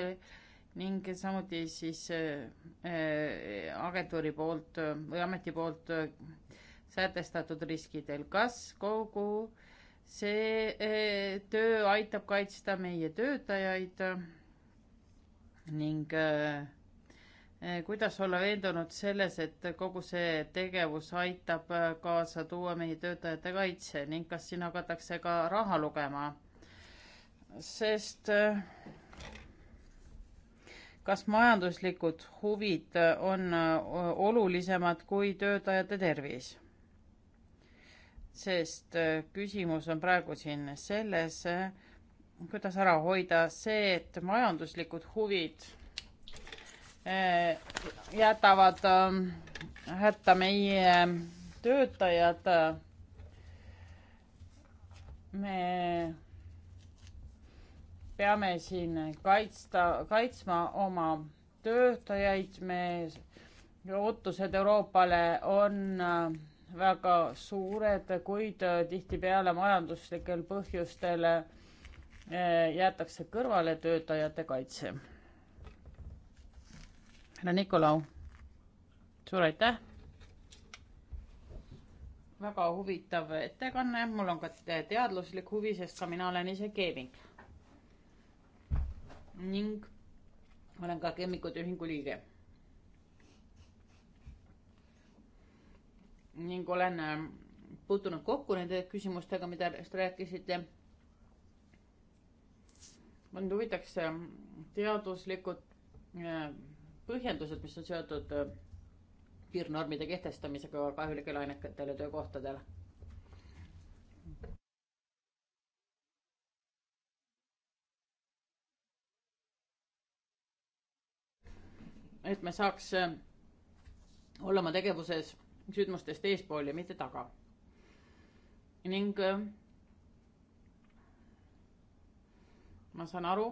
[SPEAKER 2] ning samuti siis äh, äh, agentuuri poolt või ameti poolt äh, sätestatud riskidel. kas kogu see töö aitab kaitsta meie töötajaid ning äh, Eh, kuidas olla veendunud selles, et kogu see tegevus aitab eh, kaasa tuua meie töötajate kaitse ning kas siin hakatakse ka raha lugema? sest eh, kas majanduslikud huvid on olulisemad kui töötajate tervis? sest küsimus on praegu siin selles, kuidas ära hoida see, et majanduslikud huvid Äh, jätavad äh, hätta meie töötajad. me peame siin kaitsta, kaitsma oma töötajaid, me ootused Euroopale on äh, väga suured, kuid tihtipeale majanduslikel põhjustel jäetakse kõrvale töötajate kaitse härra Nikolau, suur aitäh! väga huvitav ettekanne, mul on ka teadluslik huvi, sest ka mina olen ise keemik. ning olen ka keemikute ühingu liige. ning olen ähm, puutunud kokku nende küsimustega, mida te rääkisite. mind huvitaks ähm, teaduslikud äh, põhjendused, mis on seotud äh, piirnormide kehtestamisega kahjulikele ainetele töökohtadel. et me saaks äh, olla oma tegevuses sündmustest eespool ja mitte taga. ning äh, ma saan aru,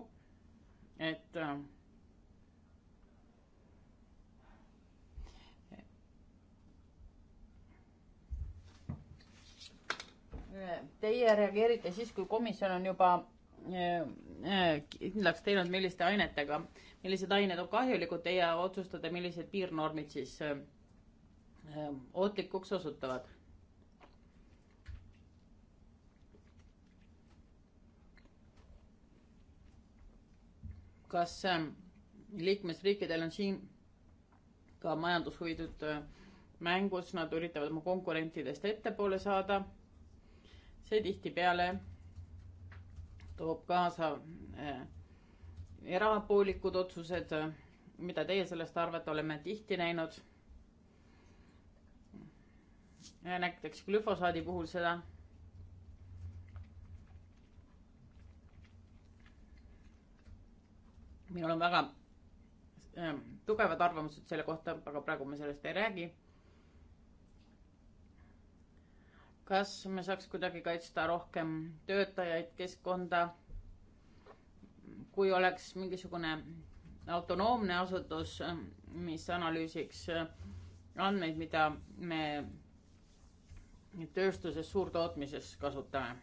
[SPEAKER 2] et Teie reageerite siis, kui komisjon on juba eh, eh, kindlaks teinud, milliste ainetega, millised ained on kahjulikud, teie otsustate, millised piirnormid siis eh, ohtlikuks osutuvad. kas liikmesriikidel on siin ka majandushuvidud mängus, nad üritavad oma konkurentidest ettepoole saada see tihtipeale toob kaasa äh, erapoolikud otsused, mida teie sellest arvate, oleme tihti näinud. näiteks glüfosaadi puhul seda. minul on väga äh, tugevad arvamused selle kohta, aga praegu me sellest ei räägi kas me saaks kuidagi kaitsta rohkem töötajaid, keskkonda, kui oleks mingisugune autonoomne asutus, mis analüüsiks andmeid, mida me tööstuses, suurtootmises kasutame.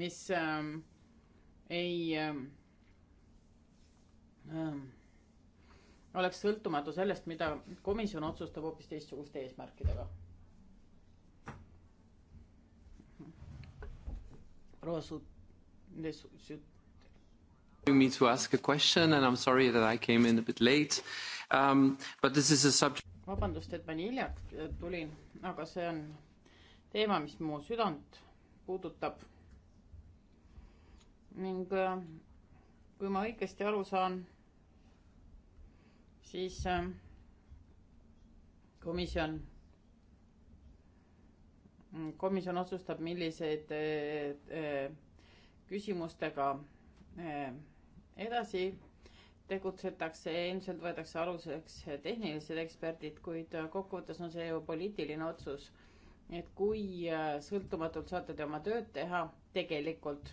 [SPEAKER 2] mis äh, ei äh, äh, oleks sõltumatu sellest, mida komisjon otsustab hoopis teistsuguste eesmärkidega. proua Su-, Su-.
[SPEAKER 1] Me to ask a question and I am sorry that I came in a bit late um,. But this is a subject.
[SPEAKER 2] vabandust, et ma nii hiljaks äh, tulin, aga see on teema, mis mu südant puudutab. ning äh, kui ma õigesti aru saan siis ähm, komisjon, komisjon otsustab, milliseid äh, äh, küsimustega äh, edasi tegutsetakse, ilmselt võetakse aluseks tehnilised eksperdid, kuid kokkuvõttes on see ju poliitiline otsus. et kui sõltumatult saate te oma tööd teha, tegelikult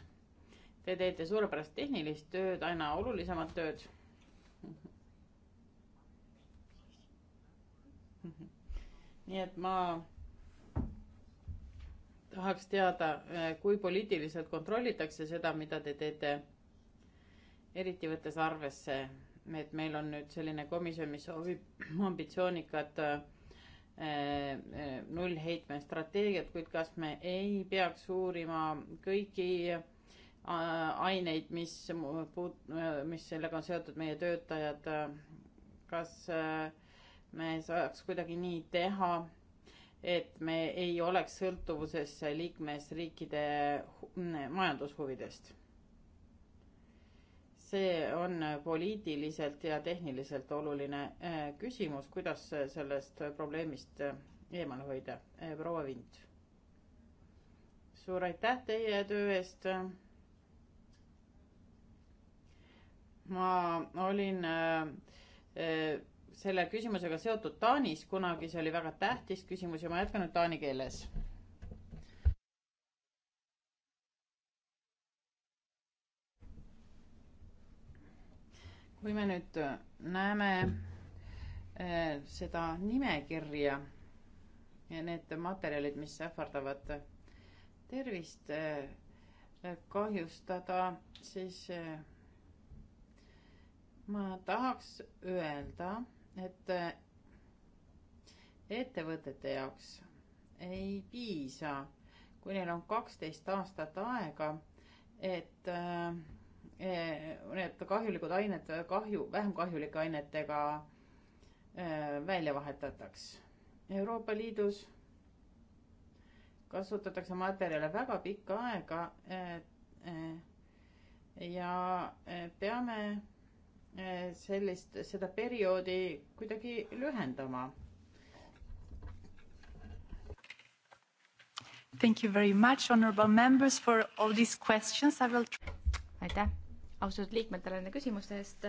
[SPEAKER 2] te teete suurepärast tehnilist tööd, aina olulisemat tööd nii et ma tahaks teada, eh, kui poliitiliselt kontrollitakse seda, mida te teete, eriti võttes arvesse, et meil on nüüd selline komisjon, mis soovib ambitsioonikat eh, eh, nullheitme strateegiat, kuid kas me ei peaks uurima kõiki aineid, mis puut-, mis sellega on seotud, meie töötajad, kas äh, me saaks kuidagi nii teha, et me ei oleks sõltuvuses liikmesriikide majandushuvidest. see on poliitiliselt ja tehniliselt oluline äh, küsimus, kuidas sellest probleemist äh, eemale hoida. Äh, proua Vint, suur aitäh teie töö eest. ma olin äh, selle küsimusega seotud Taanis kunagi, see oli väga tähtis küsimus ja ma jätkan nüüd taani keeles. kui me nüüd äh, näeme äh, seda nimekirja ja need materjalid, mis ähvardavad tervist äh, kahjustada, siis ma tahaks öelda et äh, ettevõtete jaoks ei piisa, kui neil on kaksteist aastat aega, et äh, eh, need kahjulikud ained kahju, vähem kahjulike ainetega äh, välja vahetataks. Euroopa Liidus kasutatakse materjale väga pikka aega. ja peame sellist, seda perioodi kuidagi lühendama.
[SPEAKER 1] Thank you very much, honorable members for all these questions, I will. aitäh, austatud liikmetele nende küsimuste eest.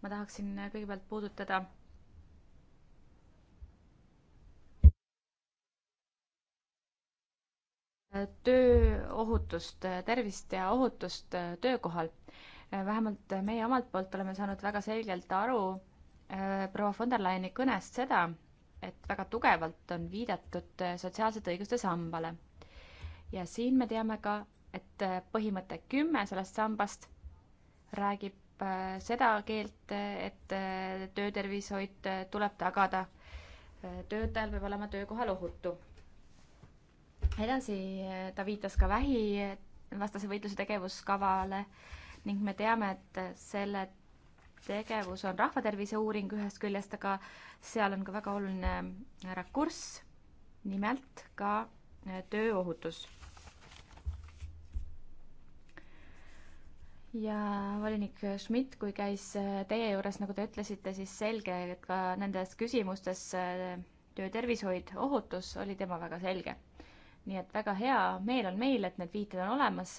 [SPEAKER 1] ma tahaksin kõigepealt puudutada tööohutust, tervist ja ohutust töökohal Äh, vähemalt äh, meie omalt poolt oleme saanud väga selgelt aru äh, proua von der Leyeni kõnest seda, et väga tugevalt on viidatud sotsiaalsete õiguste sambale. ja siin me teame ka, et põhimõte kümme sellest sambast räägib seda keelt, et töötervishoid tuleb tagada. töötajal peab olema töökohal ohutu. edasi ta viitas ka vähi vastase võitluse tegevuskavale ning me teame, et selle tegevus on rahvatervise uuring ühest küljest, aga seal on ka väga oluline rakurss, nimelt ka äh, tööohutus. ja volinik Schmidt, kui käis äh, teie juures, nagu te ütlesite, siis selge, et ka nendes küsimustes äh, töötervishoid, ohutus oli tema väga selge. nii et väga hea meel on meil, et need viited on olemas.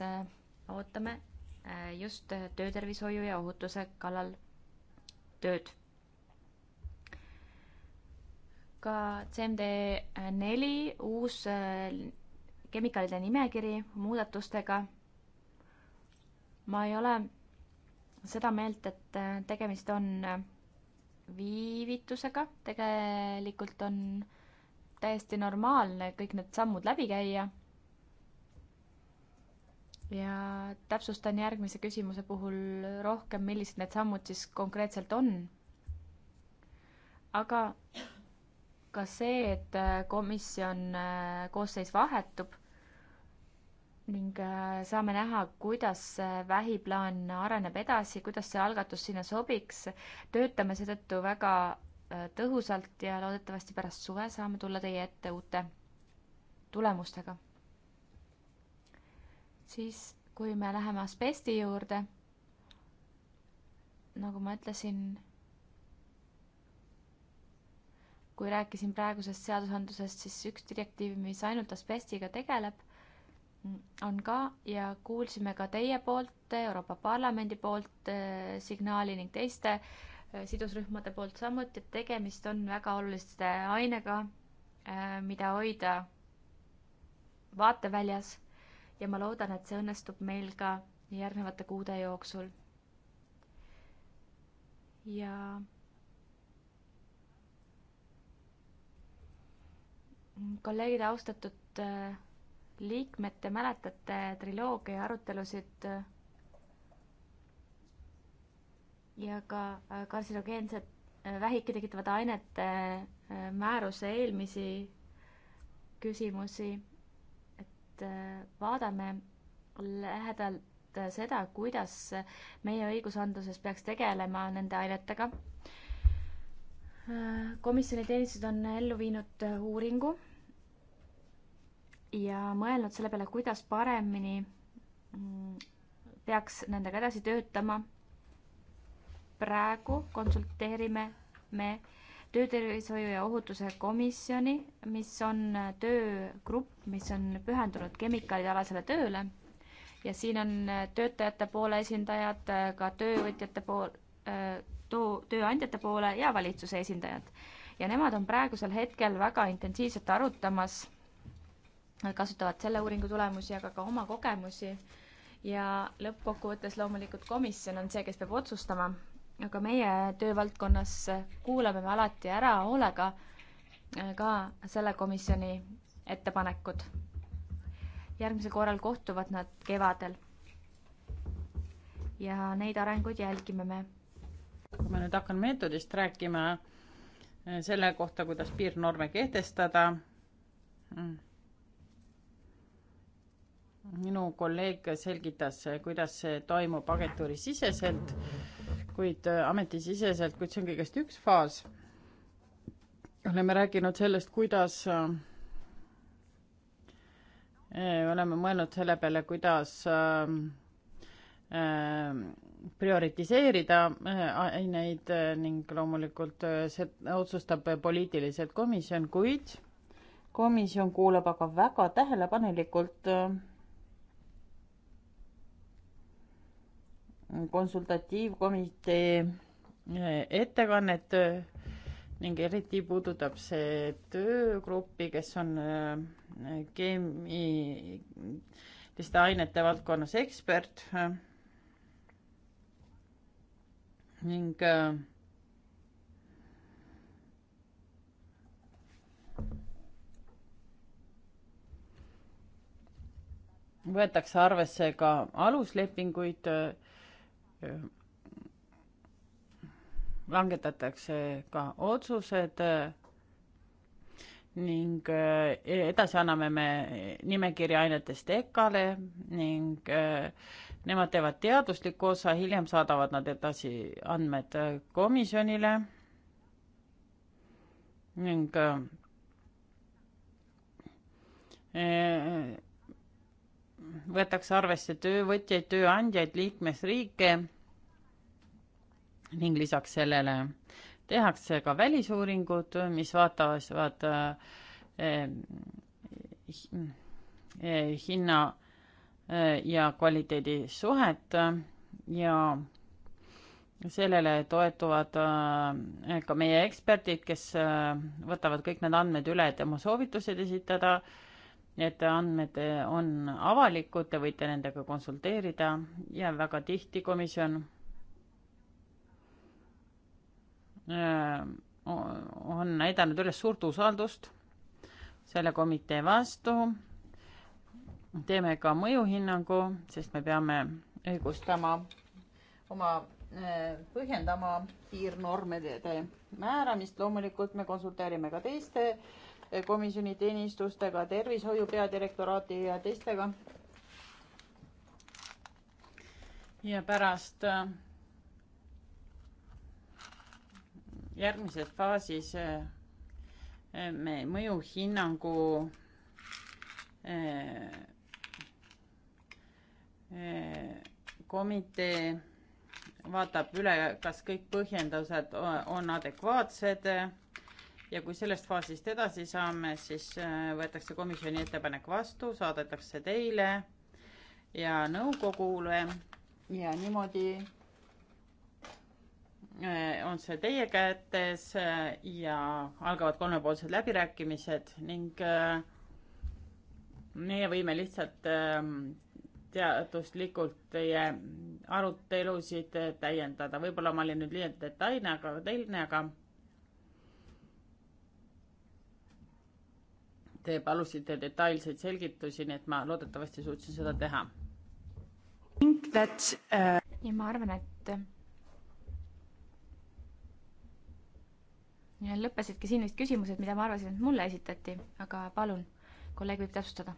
[SPEAKER 1] ootame Äh, just äh, töötervishoiu ja ohutuse kallal tööd. ka CMD neli uus äh, kemikaalide nimekiri muudatustega. ma ei ole seda meelt, et tegemist on viivitusega, tegelikult on täiesti normaalne kõik need sammud läbi käia ja täpsustan järgmise küsimuse puhul rohkem, millised need sammud siis konkreetselt on. aga ka see, et äh, komisjon äh, koosseis vahetub ning äh, saame näha, kuidas vähiplaan areneb edasi, kuidas see algatus sinna sobiks. töötame seetõttu väga tõhusalt ja loodetavasti pärast suve saame tulla teie ette uute tulemustega siis, kui me läheme asbesti juurde, nagu ma ütlesin, kui rääkisin praegusest seadusandlusest, siis üks direktiiv, mis ainult asbestiga tegeleb, on ka ja kuulsime ka teie poolt, Euroopa Parlamendi poolt eh, signaali ning teiste eh, sidusrühmade poolt samuti, et tegemist on väga oluliste ainega, eh, mida hoida vaateväljas ja ma loodan, et see õnnestub meil ka järgnevate kuude jooksul. ja kolleegid, austatud äh, liikmed, te mäletate triloogia arutelusid äh, ja ka äh, kartsinogeensed vähiki tekitavate ainete määruse eelmisi küsimusi et äh, vaadame lähedalt äh, seda, kuidas meie õigusandluses peaks tegelema nende ainetega. Äh, komisjoni teenistused on ellu viinud uuringu ja mõelnud selle peale, kuidas paremini mm, peaks nendega edasi töötama. praegu konsulteerime me äh, töötervishoiu ja ohutuse komisjoni, mis on töögrupp, mis on pühendunud kemikaalialasele tööle ja siin on töötajate poole esindajad, ka töövõtjate pool, too, tööandjate poole ja valitsuse esindajad. ja nemad on praegusel hetkel väga intensiivselt arutamas, kasutavad selle uuringu tulemusi, aga ka oma kogemusi ja lõppkokkuvõttes loomulikult komisjon on see, kes peab otsustama aga meie töövaldkonnas kuulame me alati ära hoolega äh, ka selle komisjoni ettepanekud. järgmisel korral kohtuvad nad kevadel. ja neid arenguid jälgime me.
[SPEAKER 2] kui ma nüüd hakkan meetodist rääkima, äh, selle kohta, kuidas piirnorme kehtestada. Mm. minu kolleeg selgitas, kuidas see toimub agentuurisiseselt kuid äh, ametisiseselt, kuid see on kõigest üks faas. oleme rääkinud sellest, kuidas äh, äh, oleme mõelnud selle peale, kuidas prioritiseerida aineid ning loomulikult see otsustab poliitiliselt komisjon, kuid komisjon kuulab aga väga tähelepanelikult konsultatiivkomitee eh, ettekannet eh, ning eriti puudutab see töögruppi, kes on eh, keemiliste ainete valdkonnas ekspert. ning võetakse arvesse ka aluslepinguid langetatakse ka otsused ning edasi anname me nimekirja ainetest EKA-le ning nemad teevad teadusliku osa, hiljem saadavad nad edasi andmed komisjonile ning võetakse arvesse töövõtjaid, tööandjaid, liikmesriike ning lisaks sellele tehakse ka välisuuringud, mis vaatavad eh, eh, hinna eh, ja kvaliteedi suhet ja sellele toetuvad eh, ka meie eksperdid, kes eh, võtavad kõik need andmed üle, et oma soovitused esitada Need andmed on avalikud, te võite nendega konsulteerida ja väga tihti komisjon on näidanud üles suurt usaldust selle komitee vastu. teeme ka mõjuhinnangu, sest me peame õigustama oma põhjendama piirnormide määramist, loomulikult me konsulteerime ka teiste äh, komisjoni teenistustega, tervishoiu peadirektoraati ja teistega. ja pärast äh, järgmises faasis äh, äh, me mõjuhinnangu komitee vaatab üle, kas kõik põhjendused on adekvaatsed ja kui sellest faasist edasi saame, siis äh, võetakse komisjoni ettepanek vastu, saadetakse teile ja nõukogule ja niimoodi äh, on see teie kätes äh, ja algavad kolmepoolsed läbirääkimised ning meie võime lihtsalt ähm, teaduslikult teie arutelusid täiendada. võib-olla ma olin nüüd liialt detailne, aga, teine, aga Te palusite detailseid selgitusi, nii et ma loodetavasti suutsin seda teha.
[SPEAKER 1] Uh... ja ma arvan, et ja lõppesidki siin vist küsimused, mida ma arvasin, et mulle esitati, aga palun, kolleeg võib täpsustada.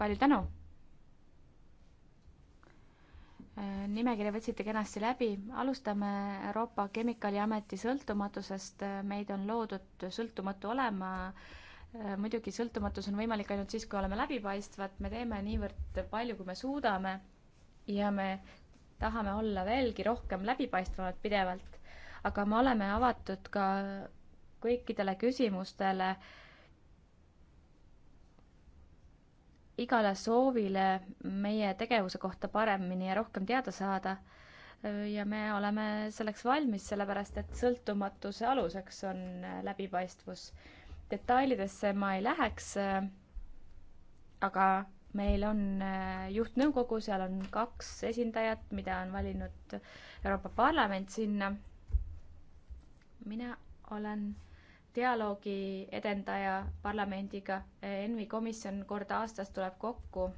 [SPEAKER 1] palju tänu Äh, nimekirja võtsite kenasti läbi. alustame Euroopa Kemikaaliameti sõltumatusest. Äh, meid on loodud sõltumatu olema. Äh, muidugi sõltumatus on võimalik ainult siis, kui oleme läbipaistvad. me teeme niivõrd palju, kui me suudame ja me tahame olla veelgi rohkem läbipaistvamad pidevalt. aga me oleme avatud ka kõikidele küsimustele äh, igale soovile meie tegevuse kohta paremini ja rohkem teada saada. ja me oleme selleks valmis, sellepärast et sõltumatuse aluseks on läbipaistvus. detailidesse ma ei läheks, aga meil on äh, juhtnõukogu, seal on kaks esindajat, mida on valinud Euroopa Parlament sinna. mina olen dialoogi edendaja parlamendiga. ENVI komisjon kord aastas tuleb kokku,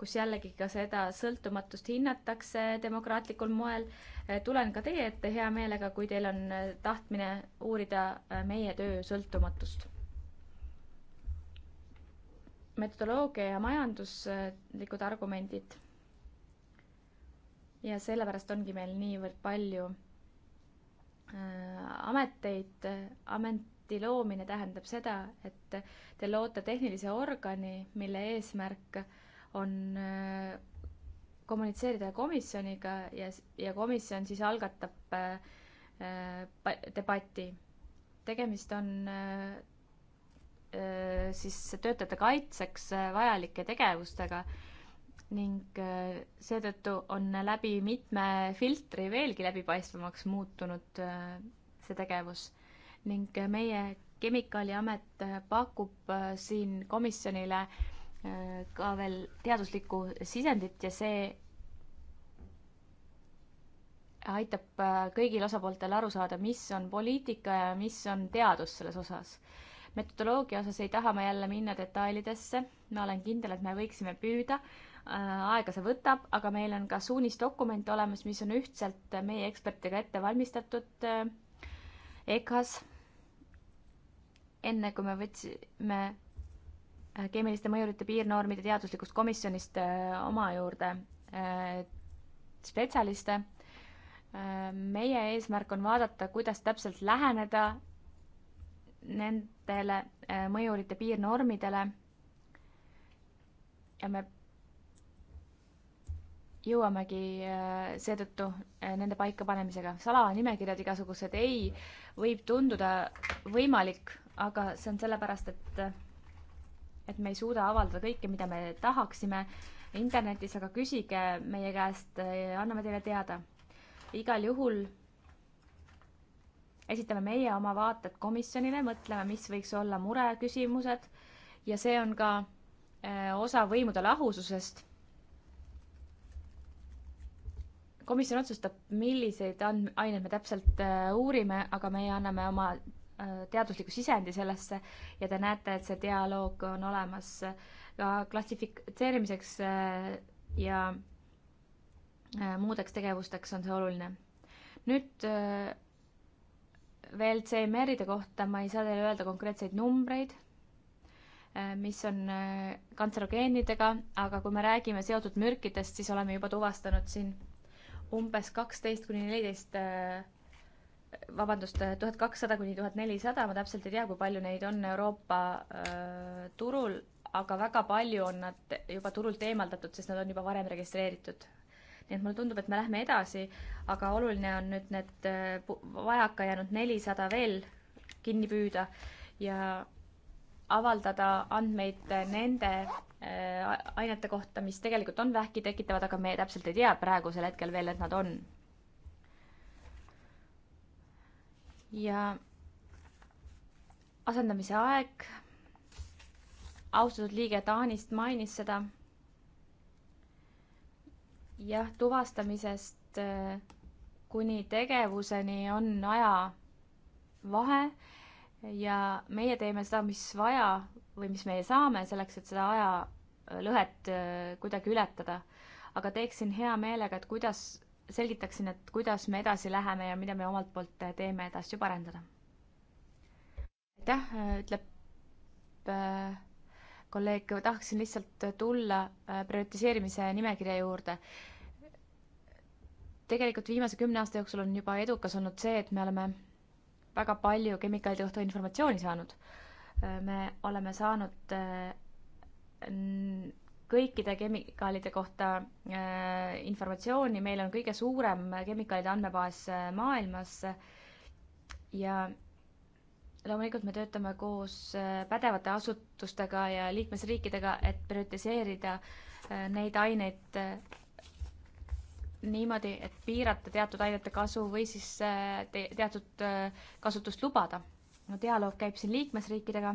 [SPEAKER 1] kus jällegi ka seda sõltumatust hinnatakse demokraatlikul moel. tulen ka teie ette hea meelega, kui teil on tahtmine uurida meie töö sõltumatust. metodoloogia ja majanduslikud argumendid. ja sellepärast ongi meil niivõrd palju Äh, ameteid, äh, ameti loomine tähendab seda, et te loote tehnilise organi, mille eesmärk on äh, kommunitseerida komisjoniga ja, ja komisjon siis algatab äh, debati. tegemist on äh, siis töötajate kaitseks vajalike tegevustega äh, ning äh, seetõttu on läbi mitme filtri veelgi läbipaistvamaks muutunud äh, see tegevus ning äh, meie Kemikaaliamet pakub siin komisjonile ka veel teaduslikku sisendit ja see aitab kõigil osapooltel aru saada, mis on poliitika ja mis on teadus selles osas. metodoloogia osas ei taha ma jälle minna detailidesse, ma olen kindel, et me võiksime püüda äh, Äh, aega see võtab, aga meil on ka suunisdokument olemas, mis on ühtselt meie ekspertidega ette valmistatud äh, EKAs. enne kui me võtsime äh, keemiliste mõjurite piirnormide teaduslikust komisjonist oma juurde spetsialiste, meie eesmärk on vaadata, kuidas täpselt läheneda nendele mõjurite piirnormidele. ja me jõuamegi äh, seetõttu äh, nende paikapanemisega. salanimekirjad igasugused ei, võib tunduda võimalik, aga see on sellepärast, et, äh, et me ei suuda avaldada kõike, mida me tahaksime internetis, aga küsige meie käest, anname teile teada. igal juhul esitame meie oma vaated komisjonile, mõtleme, mis võiks olla mureküsimused ja see on ka osa võimude lahususest komisjon otsustab, milliseid and-, aineid me täpselt äh, uurime, aga meie anname oma äh, teadusliku sisendi sellesse ja te näete, et see dialoog on olemas ka klassifitseerimiseks äh, ja muudeks tegevusteks on see oluline. nüüd veel CMR-ide kohta ma ei saa teile öelda konkreetseid numbreid, mis on kantserogeenidega, aga kui me räägime seotud mürkidest, siis oleme juba tuvastanud siin umbes kaksteist kuni neliteist äh, vabandust, äh, tuhat kakssada kuni tuhat nelisada, ma täpselt ei tea, kui palju neid on Euroopa öö, äh, turul, aga väga palju on nad juba turult eemaldatud, sest nad on juba varem registreeritud. nii et mulle tundub, et me lähme edasi, aga oluline on nüüd need vajaka jäänud nelisada veel kinni püüda ja avaldada andmeid nende äh, ainete kohta, mis tegelikult on vähki tekitavad, aga me täpselt ei tea praegusel hetkel veel, et nad on. ja asendamise aeg. austatud liige Taanist mainis seda. jah, tuvastamisest äh, kuni tegevuseni on ajavahe ja meie teeme seda, mis vaja või mis meie saame selleks, et seda ajalõhet äh, äh, kuidagi ületada. aga teeksin hea meelega, et kuidas, selgitaksin, et kuidas me edasi läheme ja mida me omalt poolt äh, teeme, et asju parendada. aitäh, ütleb äh, kolleeg, tahaksin lihtsalt tulla äh, prioritiseerimise nimekirja juurde tegelikult viimase kümne aasta jooksul on juba edukas olnud see, et me oleme väga palju kemikaalide kohta informatsiooni saanud. me oleme saanud äh, kõikide kemikaalide kohta äh, informatsiooni, meil on kõige suurem kemikaalide andmebaas äh, maailmas ja loomulikult me töötame koos pädevate asutustega ja liikmesriikidega, et prioritiseerida neid aineid, niimoodi, et piirata teatud ainete kasu või siis äh, te teatud äh, kasutust lubada. no dialoog käib siin liikmesriikidega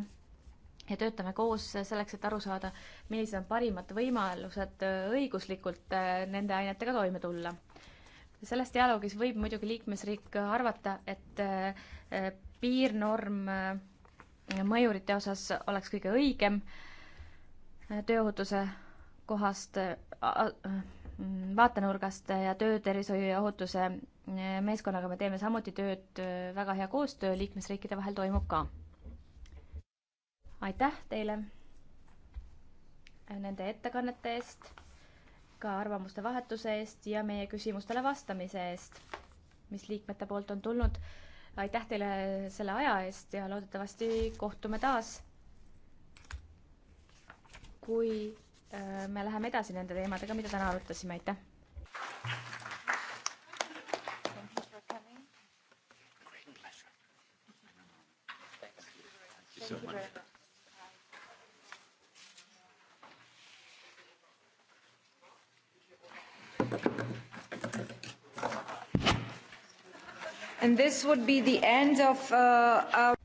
[SPEAKER 1] ja töötame koos selleks, et aru saada, millised on parimad võimalused äh, õiguslikult nende ainetega toime tulla. selles dialoogis võib muidugi liikmesriik arvata, et piirnorm mõjurite osas oleks kõige õigem tööohutuse kohast Mm, vaatenurgast ja töötervishoiu ja ohutuse eh, meeskonnaga me teeme samuti tööd, eh, väga hea koostöö liikmesriikide vahel toimub ka. aitäh teile nende ettekannete eest, ka arvamuste vahetuse eest ja meie küsimustele vastamise eest, mis liikmete poolt on tulnud. aitäh teile selle aja eest ja loodetavasti kohtume taas, kui Äh, me läheme edasi nende teemadega, mida täna arutasime, aitäh.
[SPEAKER 3] so much. And this would be the end of uh, our